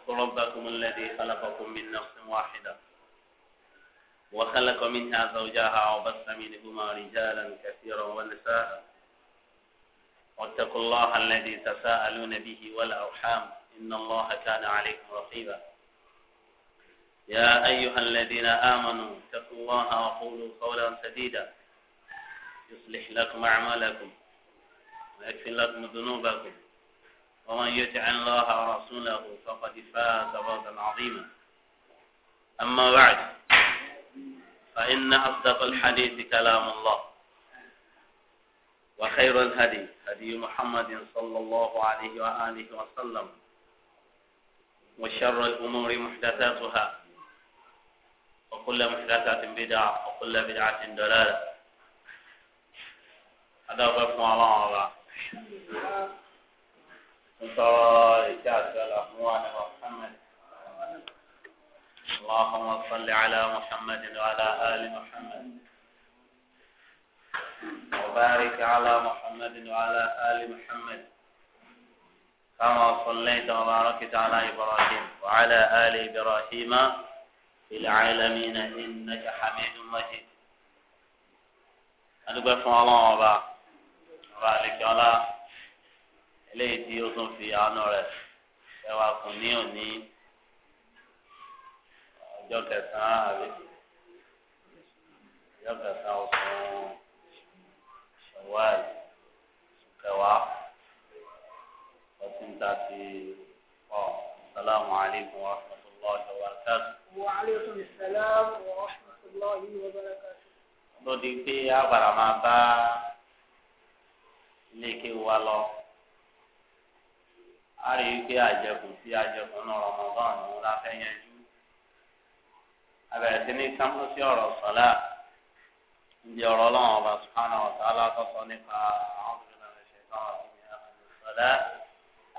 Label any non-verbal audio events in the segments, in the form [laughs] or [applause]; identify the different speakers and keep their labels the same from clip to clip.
Speaker 1: واتقوا ربكم الذي خلقكم من نفس واحدة وخلق منها زوجها وبث منهما رجالا كثيرا ونساء واتقوا الله الذي تساءلون به والأرحام إن الله كان عليكم رقيبا يا أيها الذين آمنوا اتقوا الله وقولوا قولا سديدا يصلح لكم أعمالكم ويكفر لكم ذنوبكم ومن يطع الله ورسوله فقد فاز فوزا عظيما أما بعد فإن أصدق الحديث كلام الله وخير الهدي هدي محمد صلى الله عليه وآله وسلم وشر الأمور محدثاتها وكل محدثات بدعة وكل بدعة ضلالة هذا هو الله
Speaker 2: وباركات على أخوان محمد
Speaker 1: اللهم صل على محمد وعلى آل محمد وبارك على
Speaker 2: محمد وعلى آل محمد كما صليت
Speaker 1: وباركت على إبراهيم وعلى آل إبراهيم في العالمين إنك حميد مجيد أدوك فعلا وبا وبارك على eléyìí tí ó tún fi àánú rẹ̀ ẹwà kùn ní òní ọjọ́ kẹsàn-án àbí
Speaker 2: ọjọ́ kẹsàn-án ọ̀sán ṣọwáì kẹwàá fourteen thirty four
Speaker 1: asalaamu alaykum wa rahmatulahi wa barakatu.
Speaker 2: wa aleykum salaam wa rahmatulahi wa barakatu.
Speaker 1: lódì pé a máa bá ilé kéwàá lọ a rí i pé àjẹkù sí àjẹkù náà Ramadan ni wọn la fẹ́ yanjú abẹ̀rẹ̀ sí ní sáńpọ̀ sí ọ̀rọ̀ sọ̀lá ndí ọ̀rọ̀ ọlọ́run ọba subhanahu wa ta'ala tọ́sọ nípa àwọn obìnrin náà ṣe tán ọ̀sìn sọ̀lá.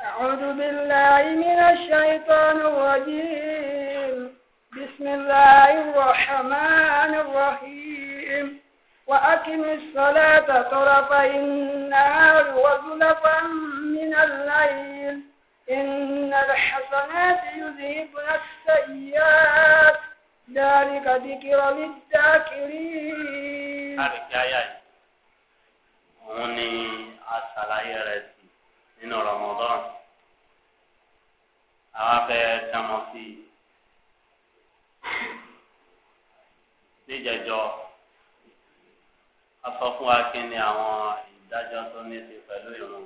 Speaker 2: أعوذ بالله من الشيطان الرجيم بسم الله الرحمن الرحيم وأقم الصلاة طرفي النهار وزلفا من الليل إن الحسنات يذهبن السيئات ذلك ذكر للذاكرين
Speaker 1: àrìkí ayá yìí òun ni Ramadan àwọn afẹ́ dámọ̀ sí i níjẹjọ a sọ fún wa kí ni àwọn ìdájọ́
Speaker 2: tó ní í pẹ̀lú ìrun.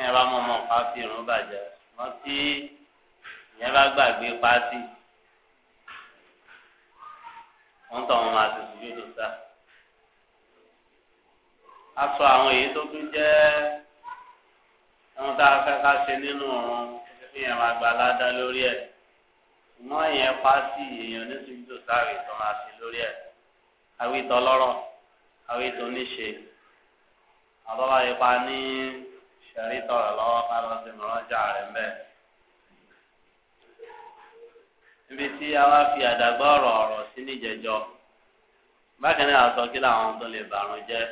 Speaker 1: kí ẹ bá mọ ọmọ ọ̀pá fi irun bàjẹ́ wọ́n tí ìyẹn bá gbàgbé pàṣẹ wọ́n tọ̀ wọn máa tètè yóò tó sá. a sọ àwọn èyí tó tún jẹ́ ohun tá a fẹ́ ká ṣe nínú ọ̀run kí ẹ máa gba aládá lórí ẹ̀ mọ ìyẹn pàṣẹ èèyàn nítorí tó sáré tó máa ṣe lórí ẹ̀ àwítọ́ lọ́rọ̀ àwítọ́ níṣe àbábáyé pa ní sẹ̀rí tọrọ lọ́wọ́ ká lọ sí mọ́rọ́jà rẹ̀ mbẹ́. ibi tí a wá fi àdàgbà ọ̀rọ̀ ọ̀rọ̀ sí níjẹjọ bákan náà a sọ kí làwọn tó lè bàrún jẹ́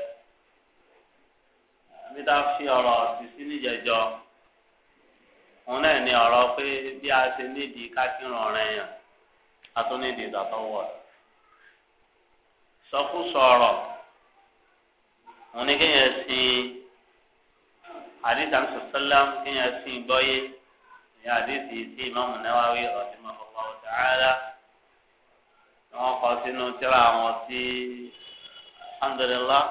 Speaker 1: ibi tá a fi ọ̀rọ̀ sí sí níjẹjọ òun náà ní ọ̀rọ̀ pé bí a ṣe nídìí ká kírun yẹn a tún nídìí ìdàtọ̀wọ̀ sọkúsọ ọ̀rọ̀ òun ní kéèyàn sin àdìsá ń sọ̀sọ́lá kéèyàn sí i gbọ́yé ìyá àdìsí sí ìmáàmù Nawawi rahimahullahu ta'ala ni wọ́n kọ́ sínú tíra àwọn sí alhamdulillah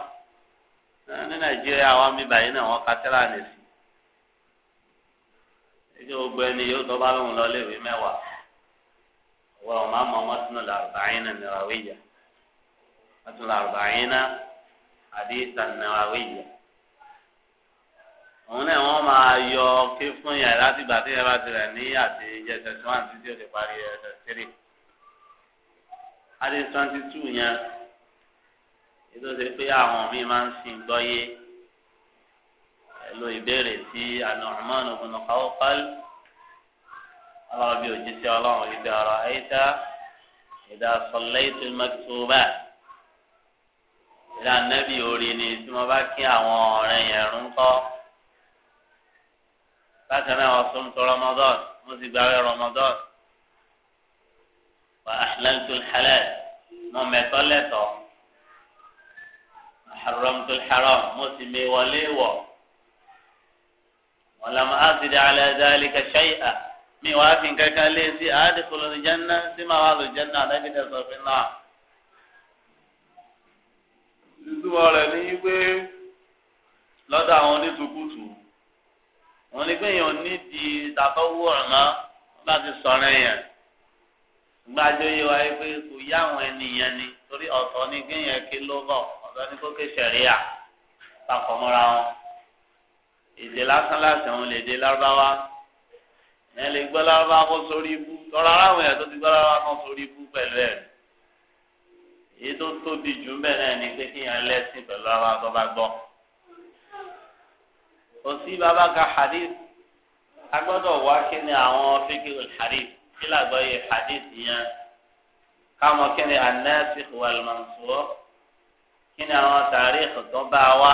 Speaker 1: ní Nàìjíríà wọn bí báyìí náà wọ́n ka tíra nìsí ẹjọ́ gbogbo ẹni yóò tọ́ bá lóun lọ léwé mẹ́wàá wọ́n ọ̀ma mọ̀ wọ́n tún lọ àrùbáyìn náà Nawawiyya wọ́n tún lọ àrùbáyìn náà àdìsá Nawawiyya òun náà wọ́n máa yọ kí fún yàrá láti gbà tí yàrá ti rẹ̀ ní àti jẹsẹ̀ tí wọ́n ti tí ó ti parí ẹsẹ̀ tírì. adé twenty two yẹn ètò ṣe pé àwọn míì máa ń sin gbọ́yé pẹ̀lú eh, ìbéèrè tí An-Nu'man ibn Qawqal ọlọ́run bí òjíṣẹ́ ọlọ́run ìgbà ọ̀rọ̀ àyíká ìdá sallaytul maktubat ìdá nẹ́bí orin ni tí wọ́n bá kí àwọn ọ̀rẹ́ yẹn rún فاتنه وصمت رمضان مزيد على رمضان واحللت الحلال نوم يطلط وحرمت الحرام مسلمي وليو ولم أزد على ذلك شيئا مي وافن كيكا ليسي أدخل الجنة سما غاض الجنة لكن تصل في النار
Speaker 2: لذوالا
Speaker 1: نيوه لدعوني تكوتو wọn ní pé èèyàn ní di ìtàkọ́wọ́ ọ̀nà láti sọ̀rọ̀ yẹn gbájọ yé wa pé kò yá àwọn ènìyàn ni torí ọ̀tọ̀ ní gbẹ̀yìn kí ló bọ̀ ọ̀tọ̀ ní kókè sẹ̀ríà papọ̀ mọ́ra wọn èdè lásán láti àwọn lè dé lárúbáwá yẹn lè gbọ́ lárúbáwá kó sórí ibú tọ́ra aráwọ̀ yẹn tó ti gbọ́ lárúbáwá kó sórí ibú pẹ̀lú ẹ̀ èyí tó tóbi jù ń bẹ̀ ni pé kíyàn kò sí bàbá ka hadith agbọ́dọ̀ wá kí ni àwọn fíkìrì hadith kí làgbọ́yé hadith yẹn káwọn kí ni an-nasikh wal-mansukh kí ni àwọn tàríkh tó bá wa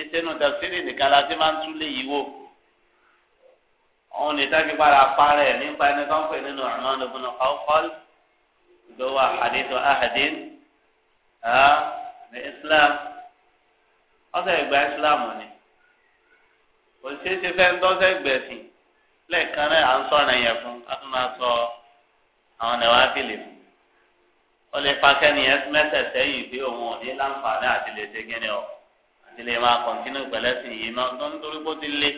Speaker 1: ìsinú tafsiri nìkan la ti máa ń tún lé yìí wò òun nìkan fi padà parẹ́ nípa ẹni tó ń pè nínú Nu'man ibn Qawqal gbowó hadith ahadin ah, ní islam ọ̀sẹ̀ ìgbà islam ni kò ṣeé ṣe fẹ́ ń dọ́sẹ̀ gbẹ̀sìn lẹ́ẹ̀kan náà à ń sọ̀rọ̀ yẹn fún a tún máa sọ àwọn ẹ̀wà fìlè fún ó lè fa kẹ́niyẹn mẹ́sẹ̀ sẹ́yìn bí òun ò ní láǹfààní àti lè ṣe gẹ́ni ọ̀ àti lè máa kọ̀ntínú pẹ̀lẹ́sìn yìí náà tó ń torí kó ti lé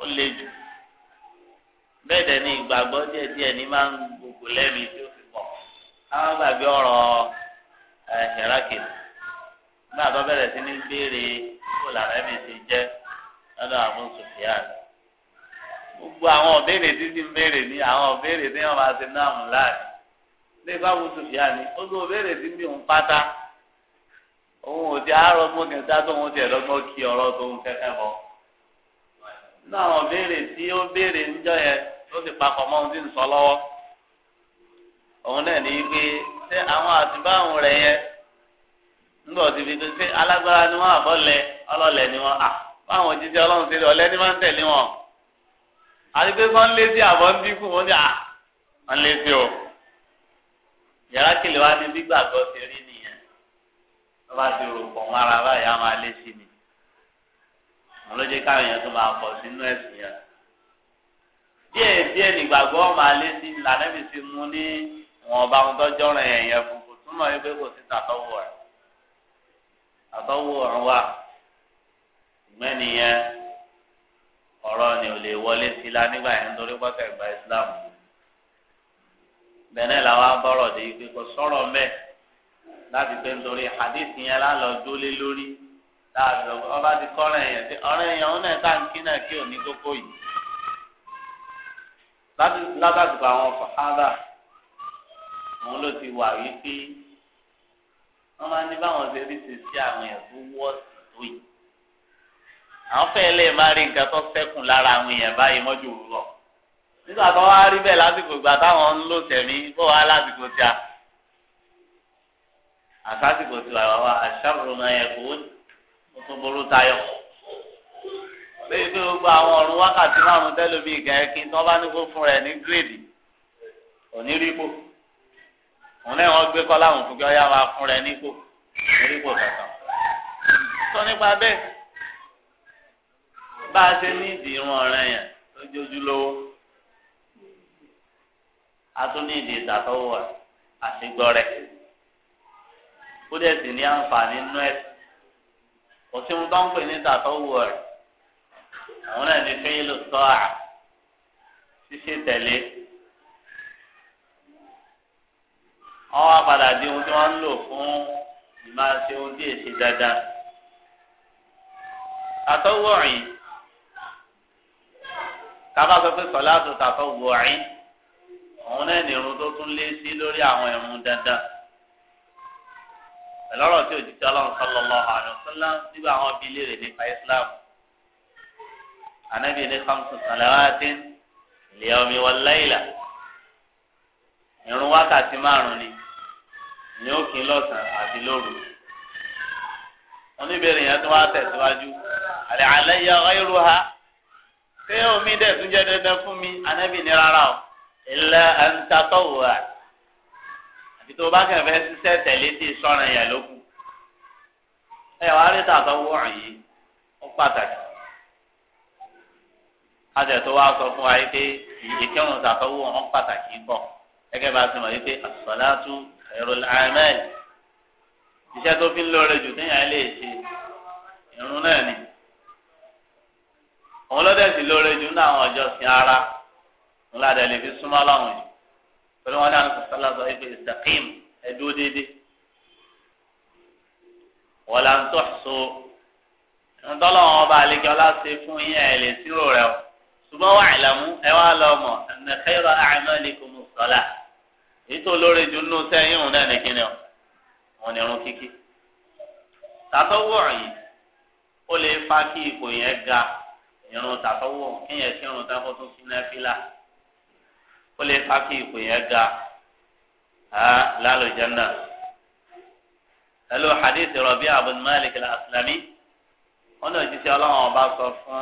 Speaker 1: ó le jù bẹ́ẹ̀ dẹ̀ ni ìgbàgbọ́ díẹ̀ díẹ̀ ní máa ń gbogbo lẹ́mi tí ó fi pọ̀ àwọn gbàgbé ọ̀rọ̀ ẹ̀hìnrákè eh, nígbà tó bẹ̀rẹ̀ sí ní béèrè kó làrá mi ti jẹ́ lọ́dọ̀ àwọn sùfìàn gbogbo àwọn ọ̀bẹ̀rẹ̀ títí ń béèrè ní àwọn ọ̀bẹ̀rẹ̀ tí wọ́n máa ṣe náà mú láàrin tí pátá òun ò ti tó òun ti kí ọ̀rọ̀ tó ń kẹ́kẹ́ àwọn tí ó béèrè níjọ́ yẹn tó ti papọ̀ mọ́ ohun tí ń sọ lọ́wọ́ òun náà ní pé ṣé àwọn àtibáhùn rẹ̀ yẹn fáwọn òjijì ọlọ́run ṣe ọ̀lẹ́ ní máa ń tẹ̀lé wọn àdìgbé kan lé sí àbọ̀ ń dínkù wọn dà wọn lé sí o yàrá kele wa ni gbígbàgbọ́ ti rí nìyẹn wọn bá ti rò pọ̀ wọn ara báyìí á máa lé sí ni wọn ló jẹ́ káwọn èèyàn tó máa pọ̀ sínú ẹ̀sìn yẹn díẹ̀ díẹ̀ nígbàgbọ́ máa lé sí ni ti mú ní wọn ọba wọn tọ́jọ́ rẹ̀ yẹn fún kò túmọ̀ ṣùgbọ́n nìyẹn ọ̀rọ̀ ni ò lè wọlé sí la nígbà yẹn nítorí pọ́kẹ́ ìgbà Islam bẹ́ẹ̀ làwọn abọ́rọ̀ dé ipe kò sọ̀rọ̀ mẹ́ láti pé nítorí hadith yẹn lálọ́ jólé lórí láàbí ọba ti kọ́rọ̀ yẹn tí ọ̀rẹ́ yẹn ọ̀nà ẹ̀ka nkí náà kí òní kókó yìí látàkùkọ àwọn fàhádà òun ló ti wà wípé wọ́n máa ní báwọn ṣe rí ṣe sí àwọn ẹ̀fọ́ wọ́ọ̀sì tó yìí àwọn fẹ́ẹ́ lè má rí nǹkan tó sẹ́kùn lára àwọn èèyàn báyìí mọ́jú òwúrọ̀ nígbà tó wá rí bẹ́ẹ̀ lásìkò ìgbà táwọn ń lò tẹ̀mí bó wá lásìkò tí a àsásìkò tí wàá wá àṣàrùnà ẹ̀kọ́ ó tún burú tayọ.
Speaker 2: bẹ́ẹ̀ bí gbogbo àwọn ọ̀run
Speaker 1: wákàtí márùn tẹ́lómi ìgẹ̀ẹ́kì tí wọ́n bá ní kó fún rẹ̀ ní gírèdì onírípò òun náà wọ́n gbé kọ́ láwọn òfin kí wọ́n yá wa fún rẹ̀ nípò
Speaker 2: onírípò kankan.
Speaker 1: sọ nípa bẹ́ẹ̀ bá a ṣe ní ìdí irun ọ̀rẹ́ yẹn lójoojúlówó a tún ní ìdí ìdàtọ́wọ́ àṣegbọ́rẹ́ ó dẹ̀ sì ní àǹfààní nú ẹ̀ kò sí ohun tó ń pè ní ìdàtọ́wọ́ rẹ̀ àwọn náà ní fílù sọ́ọ̀à ṣíṣe tẹ̀lé wọ́n wá padà di ohun tí wọ́n ń lò fún ìmáṣe ohun tí èsì dáadáa àtọ́wọ́ rìn tábà sọ pé sọláàtù tàfọ wọ̀ọ́yìn òun náà ní irun tó tún lé sí lórí àwọn ẹ̀rùn dandan pẹ̀lọ́rọ̀ tí òjijì ọlọ́run sallallahu alaihi wasallam síbi àwọn bíi léèrè nípa islam anabi ní khamsu salawatin liyawmi wal layla irun wákàtí márùn ni ni ó kí lọ́sàn-án àti lóru oníbèrè yẹn tó wá tẹ̀síwájú àlẹ́ àlẹ́ yẹ ọ́ irú ha ṣé omi dẹ̀ tún jẹ́ dandan fún mi ànábì ní rárá o ilẹ̀ ẹ̀ńtàtọ̀ wà àbí tó bá kàn fẹ́ ṣiṣẹ́ tẹ̀lé tí sọ̀rọ̀ yẹn ló kù ẹ̀ wá rí tàtọ̀ wọ̀n yìí ó pàtàkì àtẹ̀tọ̀ wa sọ fún wa yìí pé ìkẹ́wọ̀n tàtọ̀ wọ̀n ó pàtàkì bọ̀ gẹ́gẹ́ bá a ti mọ̀ yìí pé àsọ̀látú khairul a'mal iṣẹ́ tó fi ń lọ rẹ̀ jù téèyàn lè ṣe ìrún náà ni òun lọ́dẹ̀ sí lóore jù ní àwọn ọjọ́ sin ara òun ládàá lè fi súnmọ́ láwọn yìí pẹ̀lú wọn dáhùn sọ́sọ́lá sọ pé ìsàkíìmù ẹ̀dúró déédéé wọ́n là ń tọ́ so ntọ́lọ́wọ́n ọba àlejò aláṣẹ fún yín ẹ̀ lè sírò rẹ o ṣùgbọ́n wà ìlàmú ẹ wá lọ mọ̀ ẹnìkẹ́rọ àmàlẹ́kùn sọ́lá èyí tó lóore jù nínú sẹ́yìn òun náà nìkíni o wọn ni irun kíkí tàtọ́wọ́ yìí ó lè fa kí ipò yẹn ga ìrun tàtọ́wọ̀ kéèyàn kí irun tàkó tó fi náfìlà ó lè fa kí ipò yẹn ga lálùjẹ́ náà. pẹ̀lú hadith rọ̀bí abun malik al-aslami wọn náà jíṣẹ́ ọlọ́run ọba sọ fún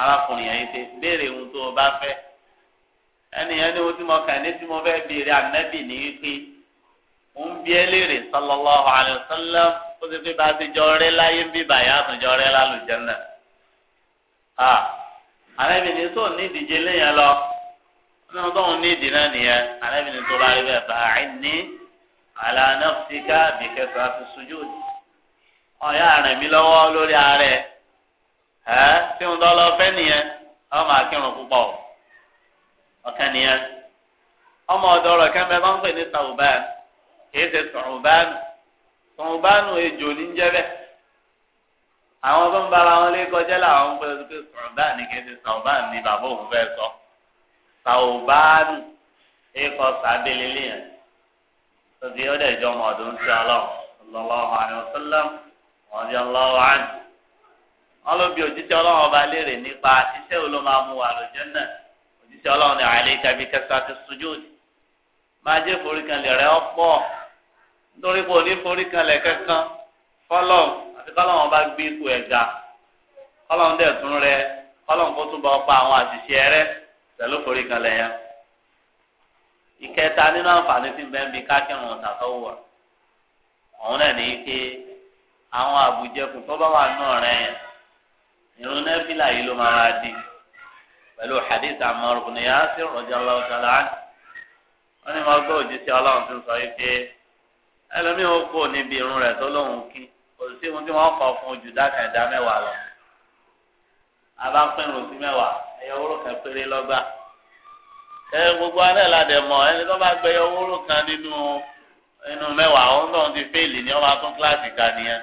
Speaker 1: arákùnrin yẹn pé béèrè ohun tó o bá fẹ́ ẹni yẹn ní ohun tí mo kàn ní tí mo fẹ́ béèrè ànábì ní pé ń bí ẹ léèrè sallallahu alaihi wasallam ó ti pé bá a ti jọ rẹ́ láyé ń bí bàyà àtúnjọ rẹ́ lálùjẹ́ náà. àrẹ́bìnrin tó ní ìdíje lẹ́yìn lọ nínú tó ń ní ìdí náà nìyẹn àrẹ́bìnrin tó bá ala bẹ́ẹ̀ bá àì ní a fìkà bìkẹ́sà ti sojú ọ̀yà rẹ̀ mi lọ́wọ́ lórí ààrẹ ẹ̀ tí ń dọ́lọ́ fẹ́ nìyẹn ọmọ akírun púpọ̀ ọ̀kan nìyẹn ọmọ ọ̀dọ́ ọ̀rọ̀ kẹ́mẹ́ bá ń pè ní àwọn tó ń bára wọn lé kọjá làwọn ń pẹ́ pé sọ̀rọ̀bá ni kí n ti sọ̀rọ̀bá ni bàbá òun fẹ́ sọ sàwòbáàdù ẹ̀kọ́ sàbẹ̀lẹ̀ lẹ́yìn tóbi ó dẹ̀ jọ ọmọ ọdún sí ọlọ́run lọ́lọ́run àrùn sílẹ̀m wọ́n jẹ́ ọlọ́run àrùn. wọ́n ló bi òjíṣẹ́ ọlọ́run ọba léèrè nípa iṣẹ́ wo ló máa mú wa lọ́jọ́ náà òjíṣẹ́ ọlọ́run ní àlẹ́ ìkàbí kẹsà ti sùjúdù máa jẹ́ foríkanlẹ̀ rẹ̀ ọ̀pọ̀ nítorí pé oníforíkanlẹ̀ kankan fọ́lọ́run àti kọ́lọ́wọ́n ọba gbé ipò ẹ̀ga kọ́lọ́wọ́n dẹ̀ tún rẹ kó tún ọ pa àwọn àṣìṣe rẹ pẹ̀lú forí kan lẹ́yìn. ìkẹta nínú àǹfààní tí bẹ́ẹ̀ bí kákẹ́rùn ọ̀tà tó wà náà ní pé àwọn tó bá wà rẹ irun nẹ́fìlà yìí ló máa di pẹ̀lú hadith gbọ́ òjíṣẹ́ ọlọ́run sọ yìí pé ẹlòmíín ó kó níbi irun rẹ̀ tó kò sí ohun tí wọ́n kọ̀ fún ojú dákan ẹ̀dá mẹ́wàá lọ. abápẹ́rù sí mẹ́wàá ẹ̀yọ wúrò kan péré lọ́gbà. ẹ gbogbo alẹ́ la dẹ̀ mọ̀ ẹni tó bá gbé ẹyọ wúrò kan nínú nínú mẹ́wàá òun náà ti fẹ́ẹ̀lì ni wọ́n máa tún kíláàsì kan nìyẹn.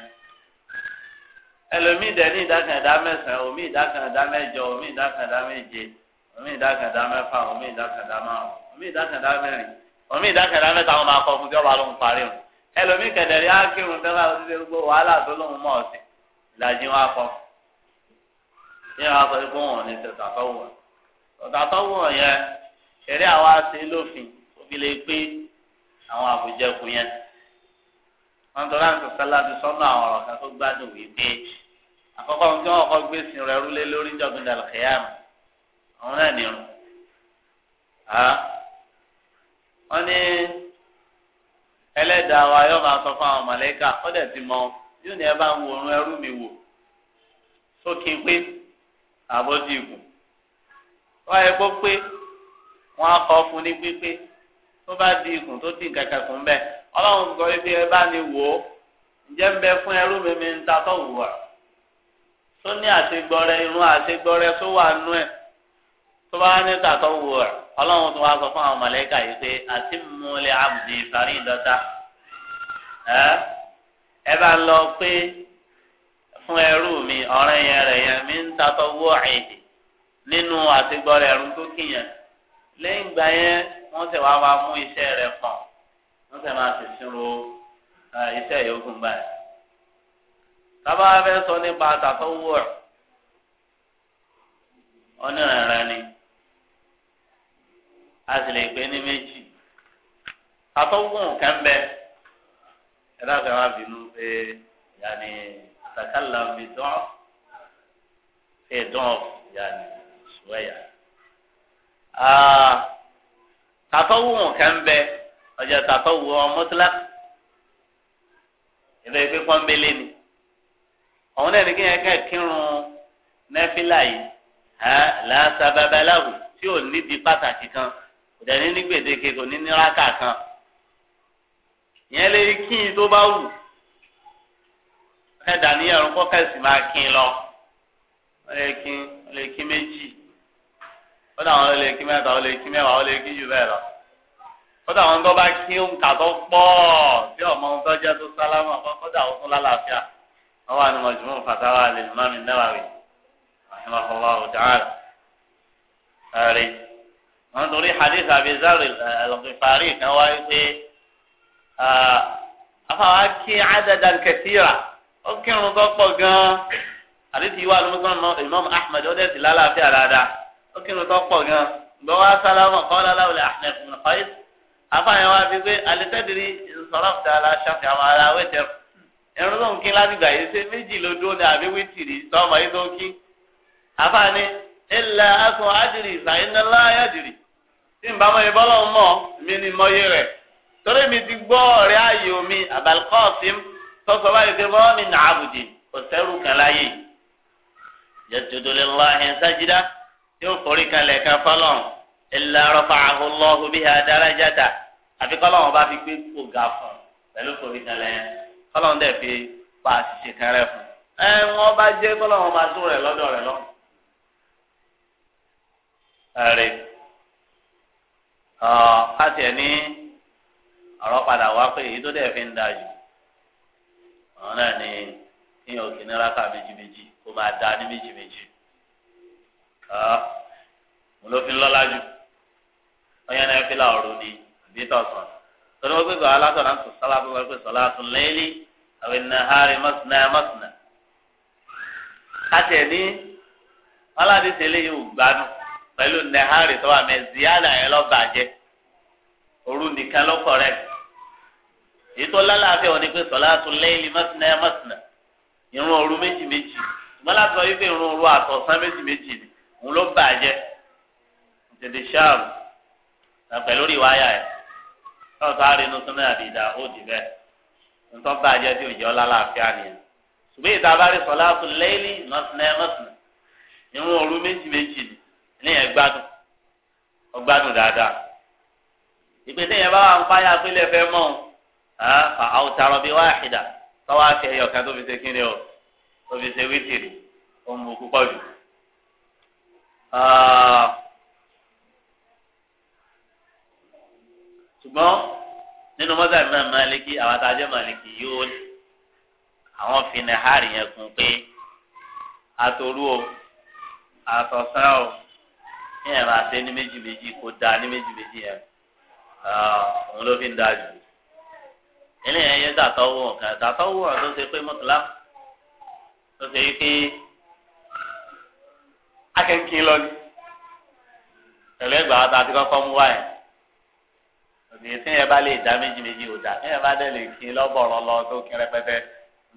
Speaker 1: ẹlòmíì dẹ̀ ní ìdákan ẹ̀dá mẹ́sàn-án òmíì ìdákan ẹ̀dá mẹ́jọ òmíì ìdákan ẹ̀dá méje òmíì ìdákan ẹ̀dá mẹ́fà òmíì ìdákan ẹ̀dá márùn-ún òmíì ìdákan ẹ̀dá mẹ́rin òmíì ìdákan ẹ̀dá mẹ́ta wọn máa kọ fún tí wọ́n bá lóun parí wọn ẹlòmí kẹdẹrí ákírun tẹ́lá ọdún gbogbo wàhálà tó lóun mọ̀ ọ̀sìn ìlàjì wọn akọ ní wọn akọ ikú wọn ní tẹ̀tàtọ̀wọ̀ tẹ̀tàtọ̀wọ̀ yẹn kẹrí àwa ṣe lófin òfin lè pé àwọn àbújẹkù yẹn wọn tọ́lá ń sọ̀tẹ́lá ti sọ́nà àwọn ọ̀rọ̀ kan tó gbádùn wí pé àkọ́kọ́ tí wọn kọ́ gbé sin rẹ̀ rúlé lórí jọ̀gbìn dàlùkẹ́yàmù àwọn náà nìrun wọ́n ní. ẹlẹ́dàá wa yóò máa sọ fún àwọn mọ̀lẹ́kà ó mọ yóò ní ẹ bá ń wo orun ẹrú mi wò sókè pé àbọ̀dì ìbò wọ́n yẹ kó pé wọ́n á kọ́ fún ní pípé tó bá di ìkùn tó di nǹkan kan fún bẹ́ẹ̀ ọlọ́run ibi ẹ bá ń bẹ fún ẹrú mi mi ń ta tó wù wá tó ní irun tó wà tó bá ní tàtọ́ wù ọ́ ọlọ́run tó wá sọ fún àwọn mọ̀lẹ́kà yìí pé àti múlẹ̀ àbùdí ìfarí ìdọ́ta ẹ bá lọ pé fún ẹrú mi ọ̀rẹ́ yẹn rẹ̀ yẹn mi ń tàtọ́ wù ọ́ ẹ̀dì nínú àtigbọ́rẹ̀ ẹ̀rú tó kíyàn lẹ́yìn ìgbà yẹn wọ́n sì wá wá mú iṣẹ́ rẹ̀ pọ̀ wọ́n sì máa sì ṣírò iṣẹ́ yòókù báyìí. tábà fẹ́ sọ nípa tàtọ́ wù ọ́ ọ ni a sì lè gbé ní méjì atọ́gùn kẹ́ńbẹ́ ẹ dákẹ́ wá bínú pé yàní àtàkàlà fi dán fi dán yàní sùwẹ́yà. tatọ́gùn kẹ́ńbẹ́ ọjà tatọ́gùn ọmọtìlá ìlú ẹgbẹ́ pọ́nbélé ni àwọn náà ní kí yẹn kẹ́ kírun nẹ́fílà yìí làásàbàbà láwù tí ò nídìí pàtàkì kan ìdẹ̀ni ní gbèdéke kò ní ní rákà kan ìyẹn lè kí n tó bá wù ẹ̀dà ní ẹ̀rùn kọ́kẹ́sì máa kí n lọ ó lè kí ó lè kí méjì ó dà wọn ó lè kí mẹ́ta ó lè kí mẹ́wàá ó lè kí jù bẹ́ẹ̀ lọ ó dà wọn tó bá kí òǹkà tó pọ̀ bí ọmọ ohun tó jẹ́ tó sálámà ó dà tó lálàáfíà wọ́n wà ní mọ̀jùmọ́ fatawa lè má mi náwàwí àhìmọ́ fọwọ́ ọ̀dà rẹ̀ wọn torí hadith abizar eh, al-ghifari kan wáyé pé afáwa kí adada kẹsíra ó kírun tó pọ̀ gan hadith yìí wà lómùsùn imam ahmed ó dẹ̀sí lálàáfíà dáadáa ó kírun tó pọ̀ gan gbọ́ wá sálámù kọ́lá láwùlẹ̀ ahmed ibn qais afáwa wá fi pé alitẹ́dìrí sọ̀rọ̀ fìdá aláṣàfẹ́ àwọn ará wẹ́tẹ̀ ẹ̀rọ tó ń kí ládìgbà yìí ṣe méjì ló dúró ní àbí wítìrì sọ́mọ yìí tó ń kí afáwa ni ilà asùn adìrì sàyìn náà láyà dìrì tí n bá mọ ìbọn lọ́wọ́ mọ̀ mi ni mọ iye rẹ̀ torí mi ti gbọ́ ọ̀rẹ́ ayò mi àbálùkọ́ọ̀sìm tọ́sọ báyìí pé bọ́ọ̀ mi nà àbùdì kò sẹ́rù kan láyè yẹtùdùlélọ́ ahìn sájídá tí ó forí kalẹ̀ kan fọlọ́n ilà rọ́fà àhùlọ́hù bí adárájáta àfi kọ́lọ́wọ́n bá fi gbé kó ga fún pẹ̀lú forí kalẹ̀ yẹn kọ́lọ́wọ́n dẹ̀ fi pa àṣìṣe kan fún ẹ wọ́n bá jẹ́ kọ́lọ́wọ́n máa tó rẹ̀ lọ́dọ̀ rẹ̀ lọ́wọ́ káṣíẹ ní ọ̀rọ̀ padà wá pé èyí tó dẹ̀ fi ń da jù ọ̀rọ̀ náà ni ní òkè ní rákà méjìméjì kó máa da ní méjìméjì mo ló fi ń lọ́lá jù ọyàn náà fi làwòrán ni àbí tọ̀sán tọ́lá wọ́n gbégbá alátọ̀ náà sọ̀tún sálá fún wọn pé sọ̀lá tún léèlì àwọn ènìyàn hàrì mọ́sánà mọ́sánà káṣíẹ ní aládìsẹ́ lè yóò gbádùn pẹ̀lú nẹ̀hárì tó wà mẹ́ ziyada yẹn lọ́ọ́ bàjẹ́ òru nìkan ló kọ̀rẹ́ ètò lálàáfíà wọn ni pé sọ̀láàtù lẹ́yìn mọ́sánná mọ́sánná irun òru méjì méjì ṣùgbọ́n láti sọ wípé irun òru àtọ̀sán méjì méjì ni òun ló bàjẹ́ tètè ṣáàbù pẹ̀lú rí wáyà ẹ̀ lọ́wọ́ tó arínú súnmọ́ àdìdà ó dì bẹ́ẹ̀ ntọ́ bàjẹ́ tí ò jẹ́ ọ́ lálàáfíà nìyẹn ṣùgbọ́n ìta bá rí lẹ́yìn mọ́sánná mọ́sánná irun òru méjì méjì ni eléyàn gbádùn ó gbádùn dáadáa ìpè téèyàn bá wà ń fáyà pélé fẹ́ mọ́ ọ́n fa àwùtarọ̀ bíi wáhìdà tọ́wọ́ àti ẹ̀yọ̀ kan tó fi ṣe kíni o tó fi ṣe wítìrì ó mú púpọ̀ jù. Ah. ṣùgbọ́n nínú mọ́tà ìmọ̀ mọ́lẹ́kì àwọn àtàjẹ́ mọ́lẹ́kì yóò àwọn fìnnà hàrì yẹn kún pé àtòrú o àtọ̀sán o yẹn máa ṣe ní méjì méjì kó da ní méjì méjì yẹn òun ló fi ń da jù eléyẹn yẹn dàtọ́wọ́ kan dàtọ́wọ́ kan tó ṣe pé mọ́tòlá tó ṣe yí pé akẹ́kẹ́ lọ ní pẹ̀lú ẹgbàá tá a ti kọ́kọ́ mú wáyé òbí tí yẹn bá lè dá méjì méjì ò dá yẹn bá dẹ̀ lè kí lọ́bọ̀rọ̀ lọ tó kí rẹpẹtẹ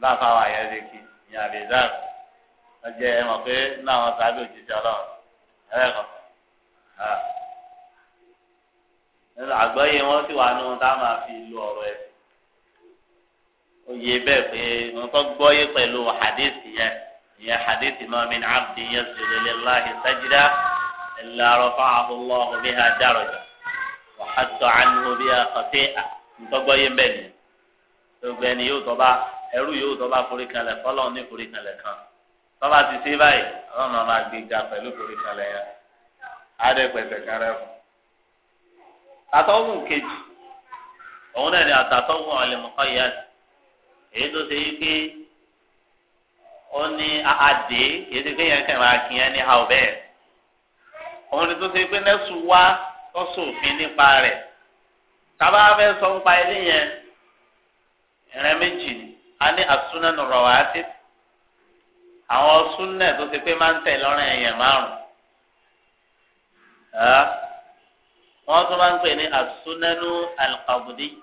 Speaker 1: bá fáwọn àyẹ̀ lè kí ìyá àbẹ̀dá ọjẹ́ ẹ mọ̀ pé náà wọn sábẹ́ òjijì ọlọ́run ẹ̀rẹ́ kan. Ah. àgbọ́yé wọn sì wà nù tá a máa fi lu ọ̀rọ̀ ẹ̀ oyè bẹ́ẹ̀ pé wọn kọ́ gbọ́yé pẹ̀lú hadith yẹn ìyẹn hadith ma min abdin yasjudu lillahi sajda illa rafa'ahu Allahu biha daraja wa hatta anhu biha khati'a wọn kọ́ gbọ́yé bẹ́ẹ̀ ni gbogbo ẹni yóò tọ́ba ẹrú yóò tọ́ba forí kanlẹ̀ fọlọ́ọ̀ ní forí kanlẹ̀ kan tọ́ba ti ṣe báyìí ọlọ́run máa gbé ga pẹ̀lú forí kanlẹ̀ yẹn. adẹ́gbẹ̀sẹ̀ kẹrẹ fún. àtọ́wù kejì òun náà ni àtàtọ́wù ọ̀lẹ́mọ̀kọ́ yá èyí tó ṣe yíké ó ní àdé kìí ṣe pé yẹn ní ha òun ni tó ṣe pé wá nípa rẹ̀ tábà fẹ́ sọ ilé yẹn ìrìn méjì a ní wá sí àwọn tó ṣe pé máa ń tẹ̀ wọ́n tún máa ń pè ní asunanu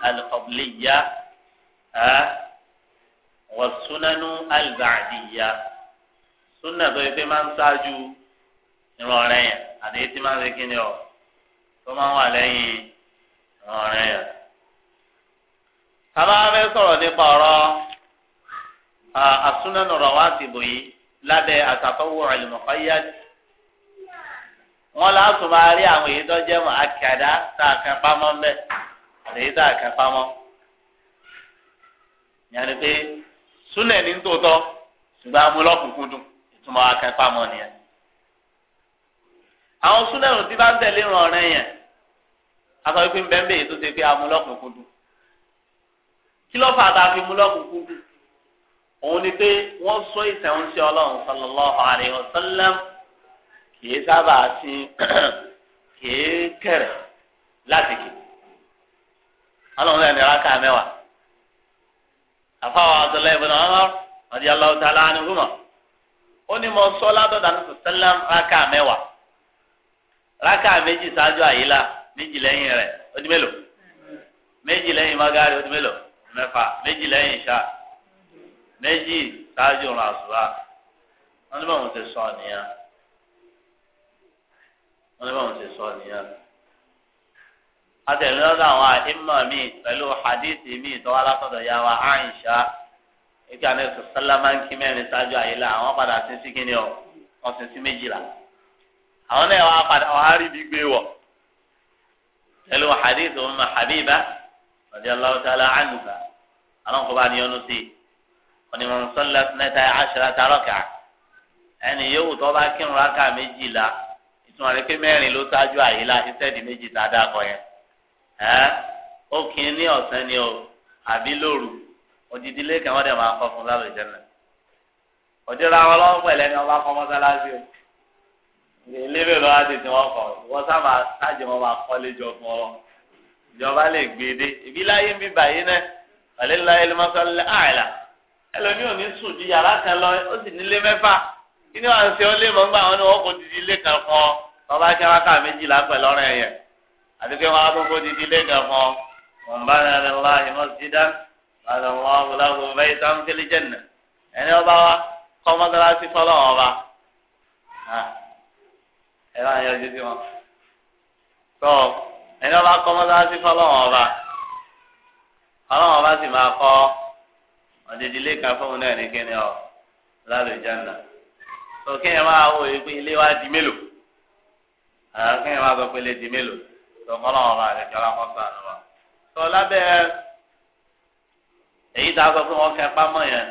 Speaker 1: alqabliya wasunanu alba'diya sunna tó yẹ pé máa ń ṣáájú ìrọ̀rẹ́ yẹn àti etí máa ń ṣe kí ni ọ tó máa ń wà lẹ́yìn ìrọ̀rẹ́ yẹn. kàmá fẹ́ sọ̀rọ̀ nípa ọ̀rọ̀ asunanu rawatibu yìí lábẹ́ àtàkọ́wò al-muqayyad.
Speaker 2: wọn láti máa rí àwọn
Speaker 1: èyí tó jẹ́ mọ́ tá a kan pamọ́ mbẹ́ èyí tá a kan pé ní tòótọ́ ṣùgbọ́n amúlọ́kùnkùn dùn ìtumọ̀ akan nìyẹn àwọn súnẹ̀ rùn tí bá ń ràn yẹn aṣọ ìpín bẹ́ńbẹ́ yìí tó ṣe pé amúlọ́kùnkùn dùn kí ló fà fi wọ́n sọ ìtẹ̀wọ́n sí ọlọ́run kìí sábà sin [clears throat] kìí kẹrẹ láti kì ọlọ́run ẹni raka mẹ́wàá àfàwọn Abdullahi ibn Umar radiyallahu ta'ala anhuma ó ní mo sọ ládọdà ní sọsẹlẹm raka mẹ́wàá raka méjì ṣáájú àyílá méjì lẹ́yìn rẹ̀ ó di mélòó méjì lẹ́yìn magari ó di mélòó mẹ́fà méjì lẹ́yìn ṣá méjì ṣáájú ọrùn àṣùwà wọn ní báwọn ti sọ nìyẹn wọn ní báwọn ṣe sọ nìyẹn
Speaker 2: atẹ̀lé lọ́dọ̀ àwọn
Speaker 1: àìmọ̀ mi pẹ̀lú hadithi mi tọ́wọ́ látọ̀dọ̀ ya wa Aisha ike anẹ́sọ̀ sálámánkì mẹ́rin ṣáájú àyílá àwọn padà sí sí kíni ọ wọn sì sí méjìlá àwọn náà wà padà wà rí bí gbé wọ pẹ̀lú hadith Ummu Habiba radiyallahu ta'ala anha àwọn kò bá ní ọdún sí ọ̀nì mọ̀nsọ́lá sinẹ́tà àṣírà tààrọ̀ kà ẹni yóò tọ́ bá kírun rákà méjìlá. ìtumọ̀ rẹ̀ pé mẹ́rin ló ṣáájú àyílá ìṣẹ́ẹ̀dì méjì tá a dá akọ yẹn ẹ́ ó ní ni o àbí lóru odidi lé kẹ́wọ́n dẹ̀ máa kọ́ fún lálùjẹ́ náà wọn bá o ìlébè tí sábà sáàjì wọn máa fún ọ ìjọba lè gbé e dé láyé bàyí náà máa sọ àìlà ní sùn ju yàrá ni wọ́n ń ṣe tọ́ba kí wákà méjìlá pẹ̀lú ọ̀rọ̀ ẹ̀yẹ àti pé wọn akókó di ilé gan fún ọ wọn bá rẹ lọ láàyè mọ́sídá àti wọn awolawo bẹ́ẹ̀ tó ń tẹ́lẹ̀ jẹ́nà ẹni ọba wa kọ́ mọ́sálásí fọlọ́ ọba ẹ bá yọ ojú sí wọn tọ́ ẹni ọba kọ́ mọ́sálásí fọlọ́ ọba fọlọ́ ọba sì máa kọ́ ọ̀dẹ̀dẹ̀ ilé kan fún un náà ní kíni ọ lálùjẹ́ nà tó kéèyàn máa wọ ìpín ilé wa di mélòó kéèyàn máa sọ pé lè di mélòó tó kọ́ náà ọ̀rọ̀ àlejò alákọ̀ọ́sọ àná wa. tó lábẹ́ èyí tá a sọ pé wọ́n kẹ́ pámọ́ yẹn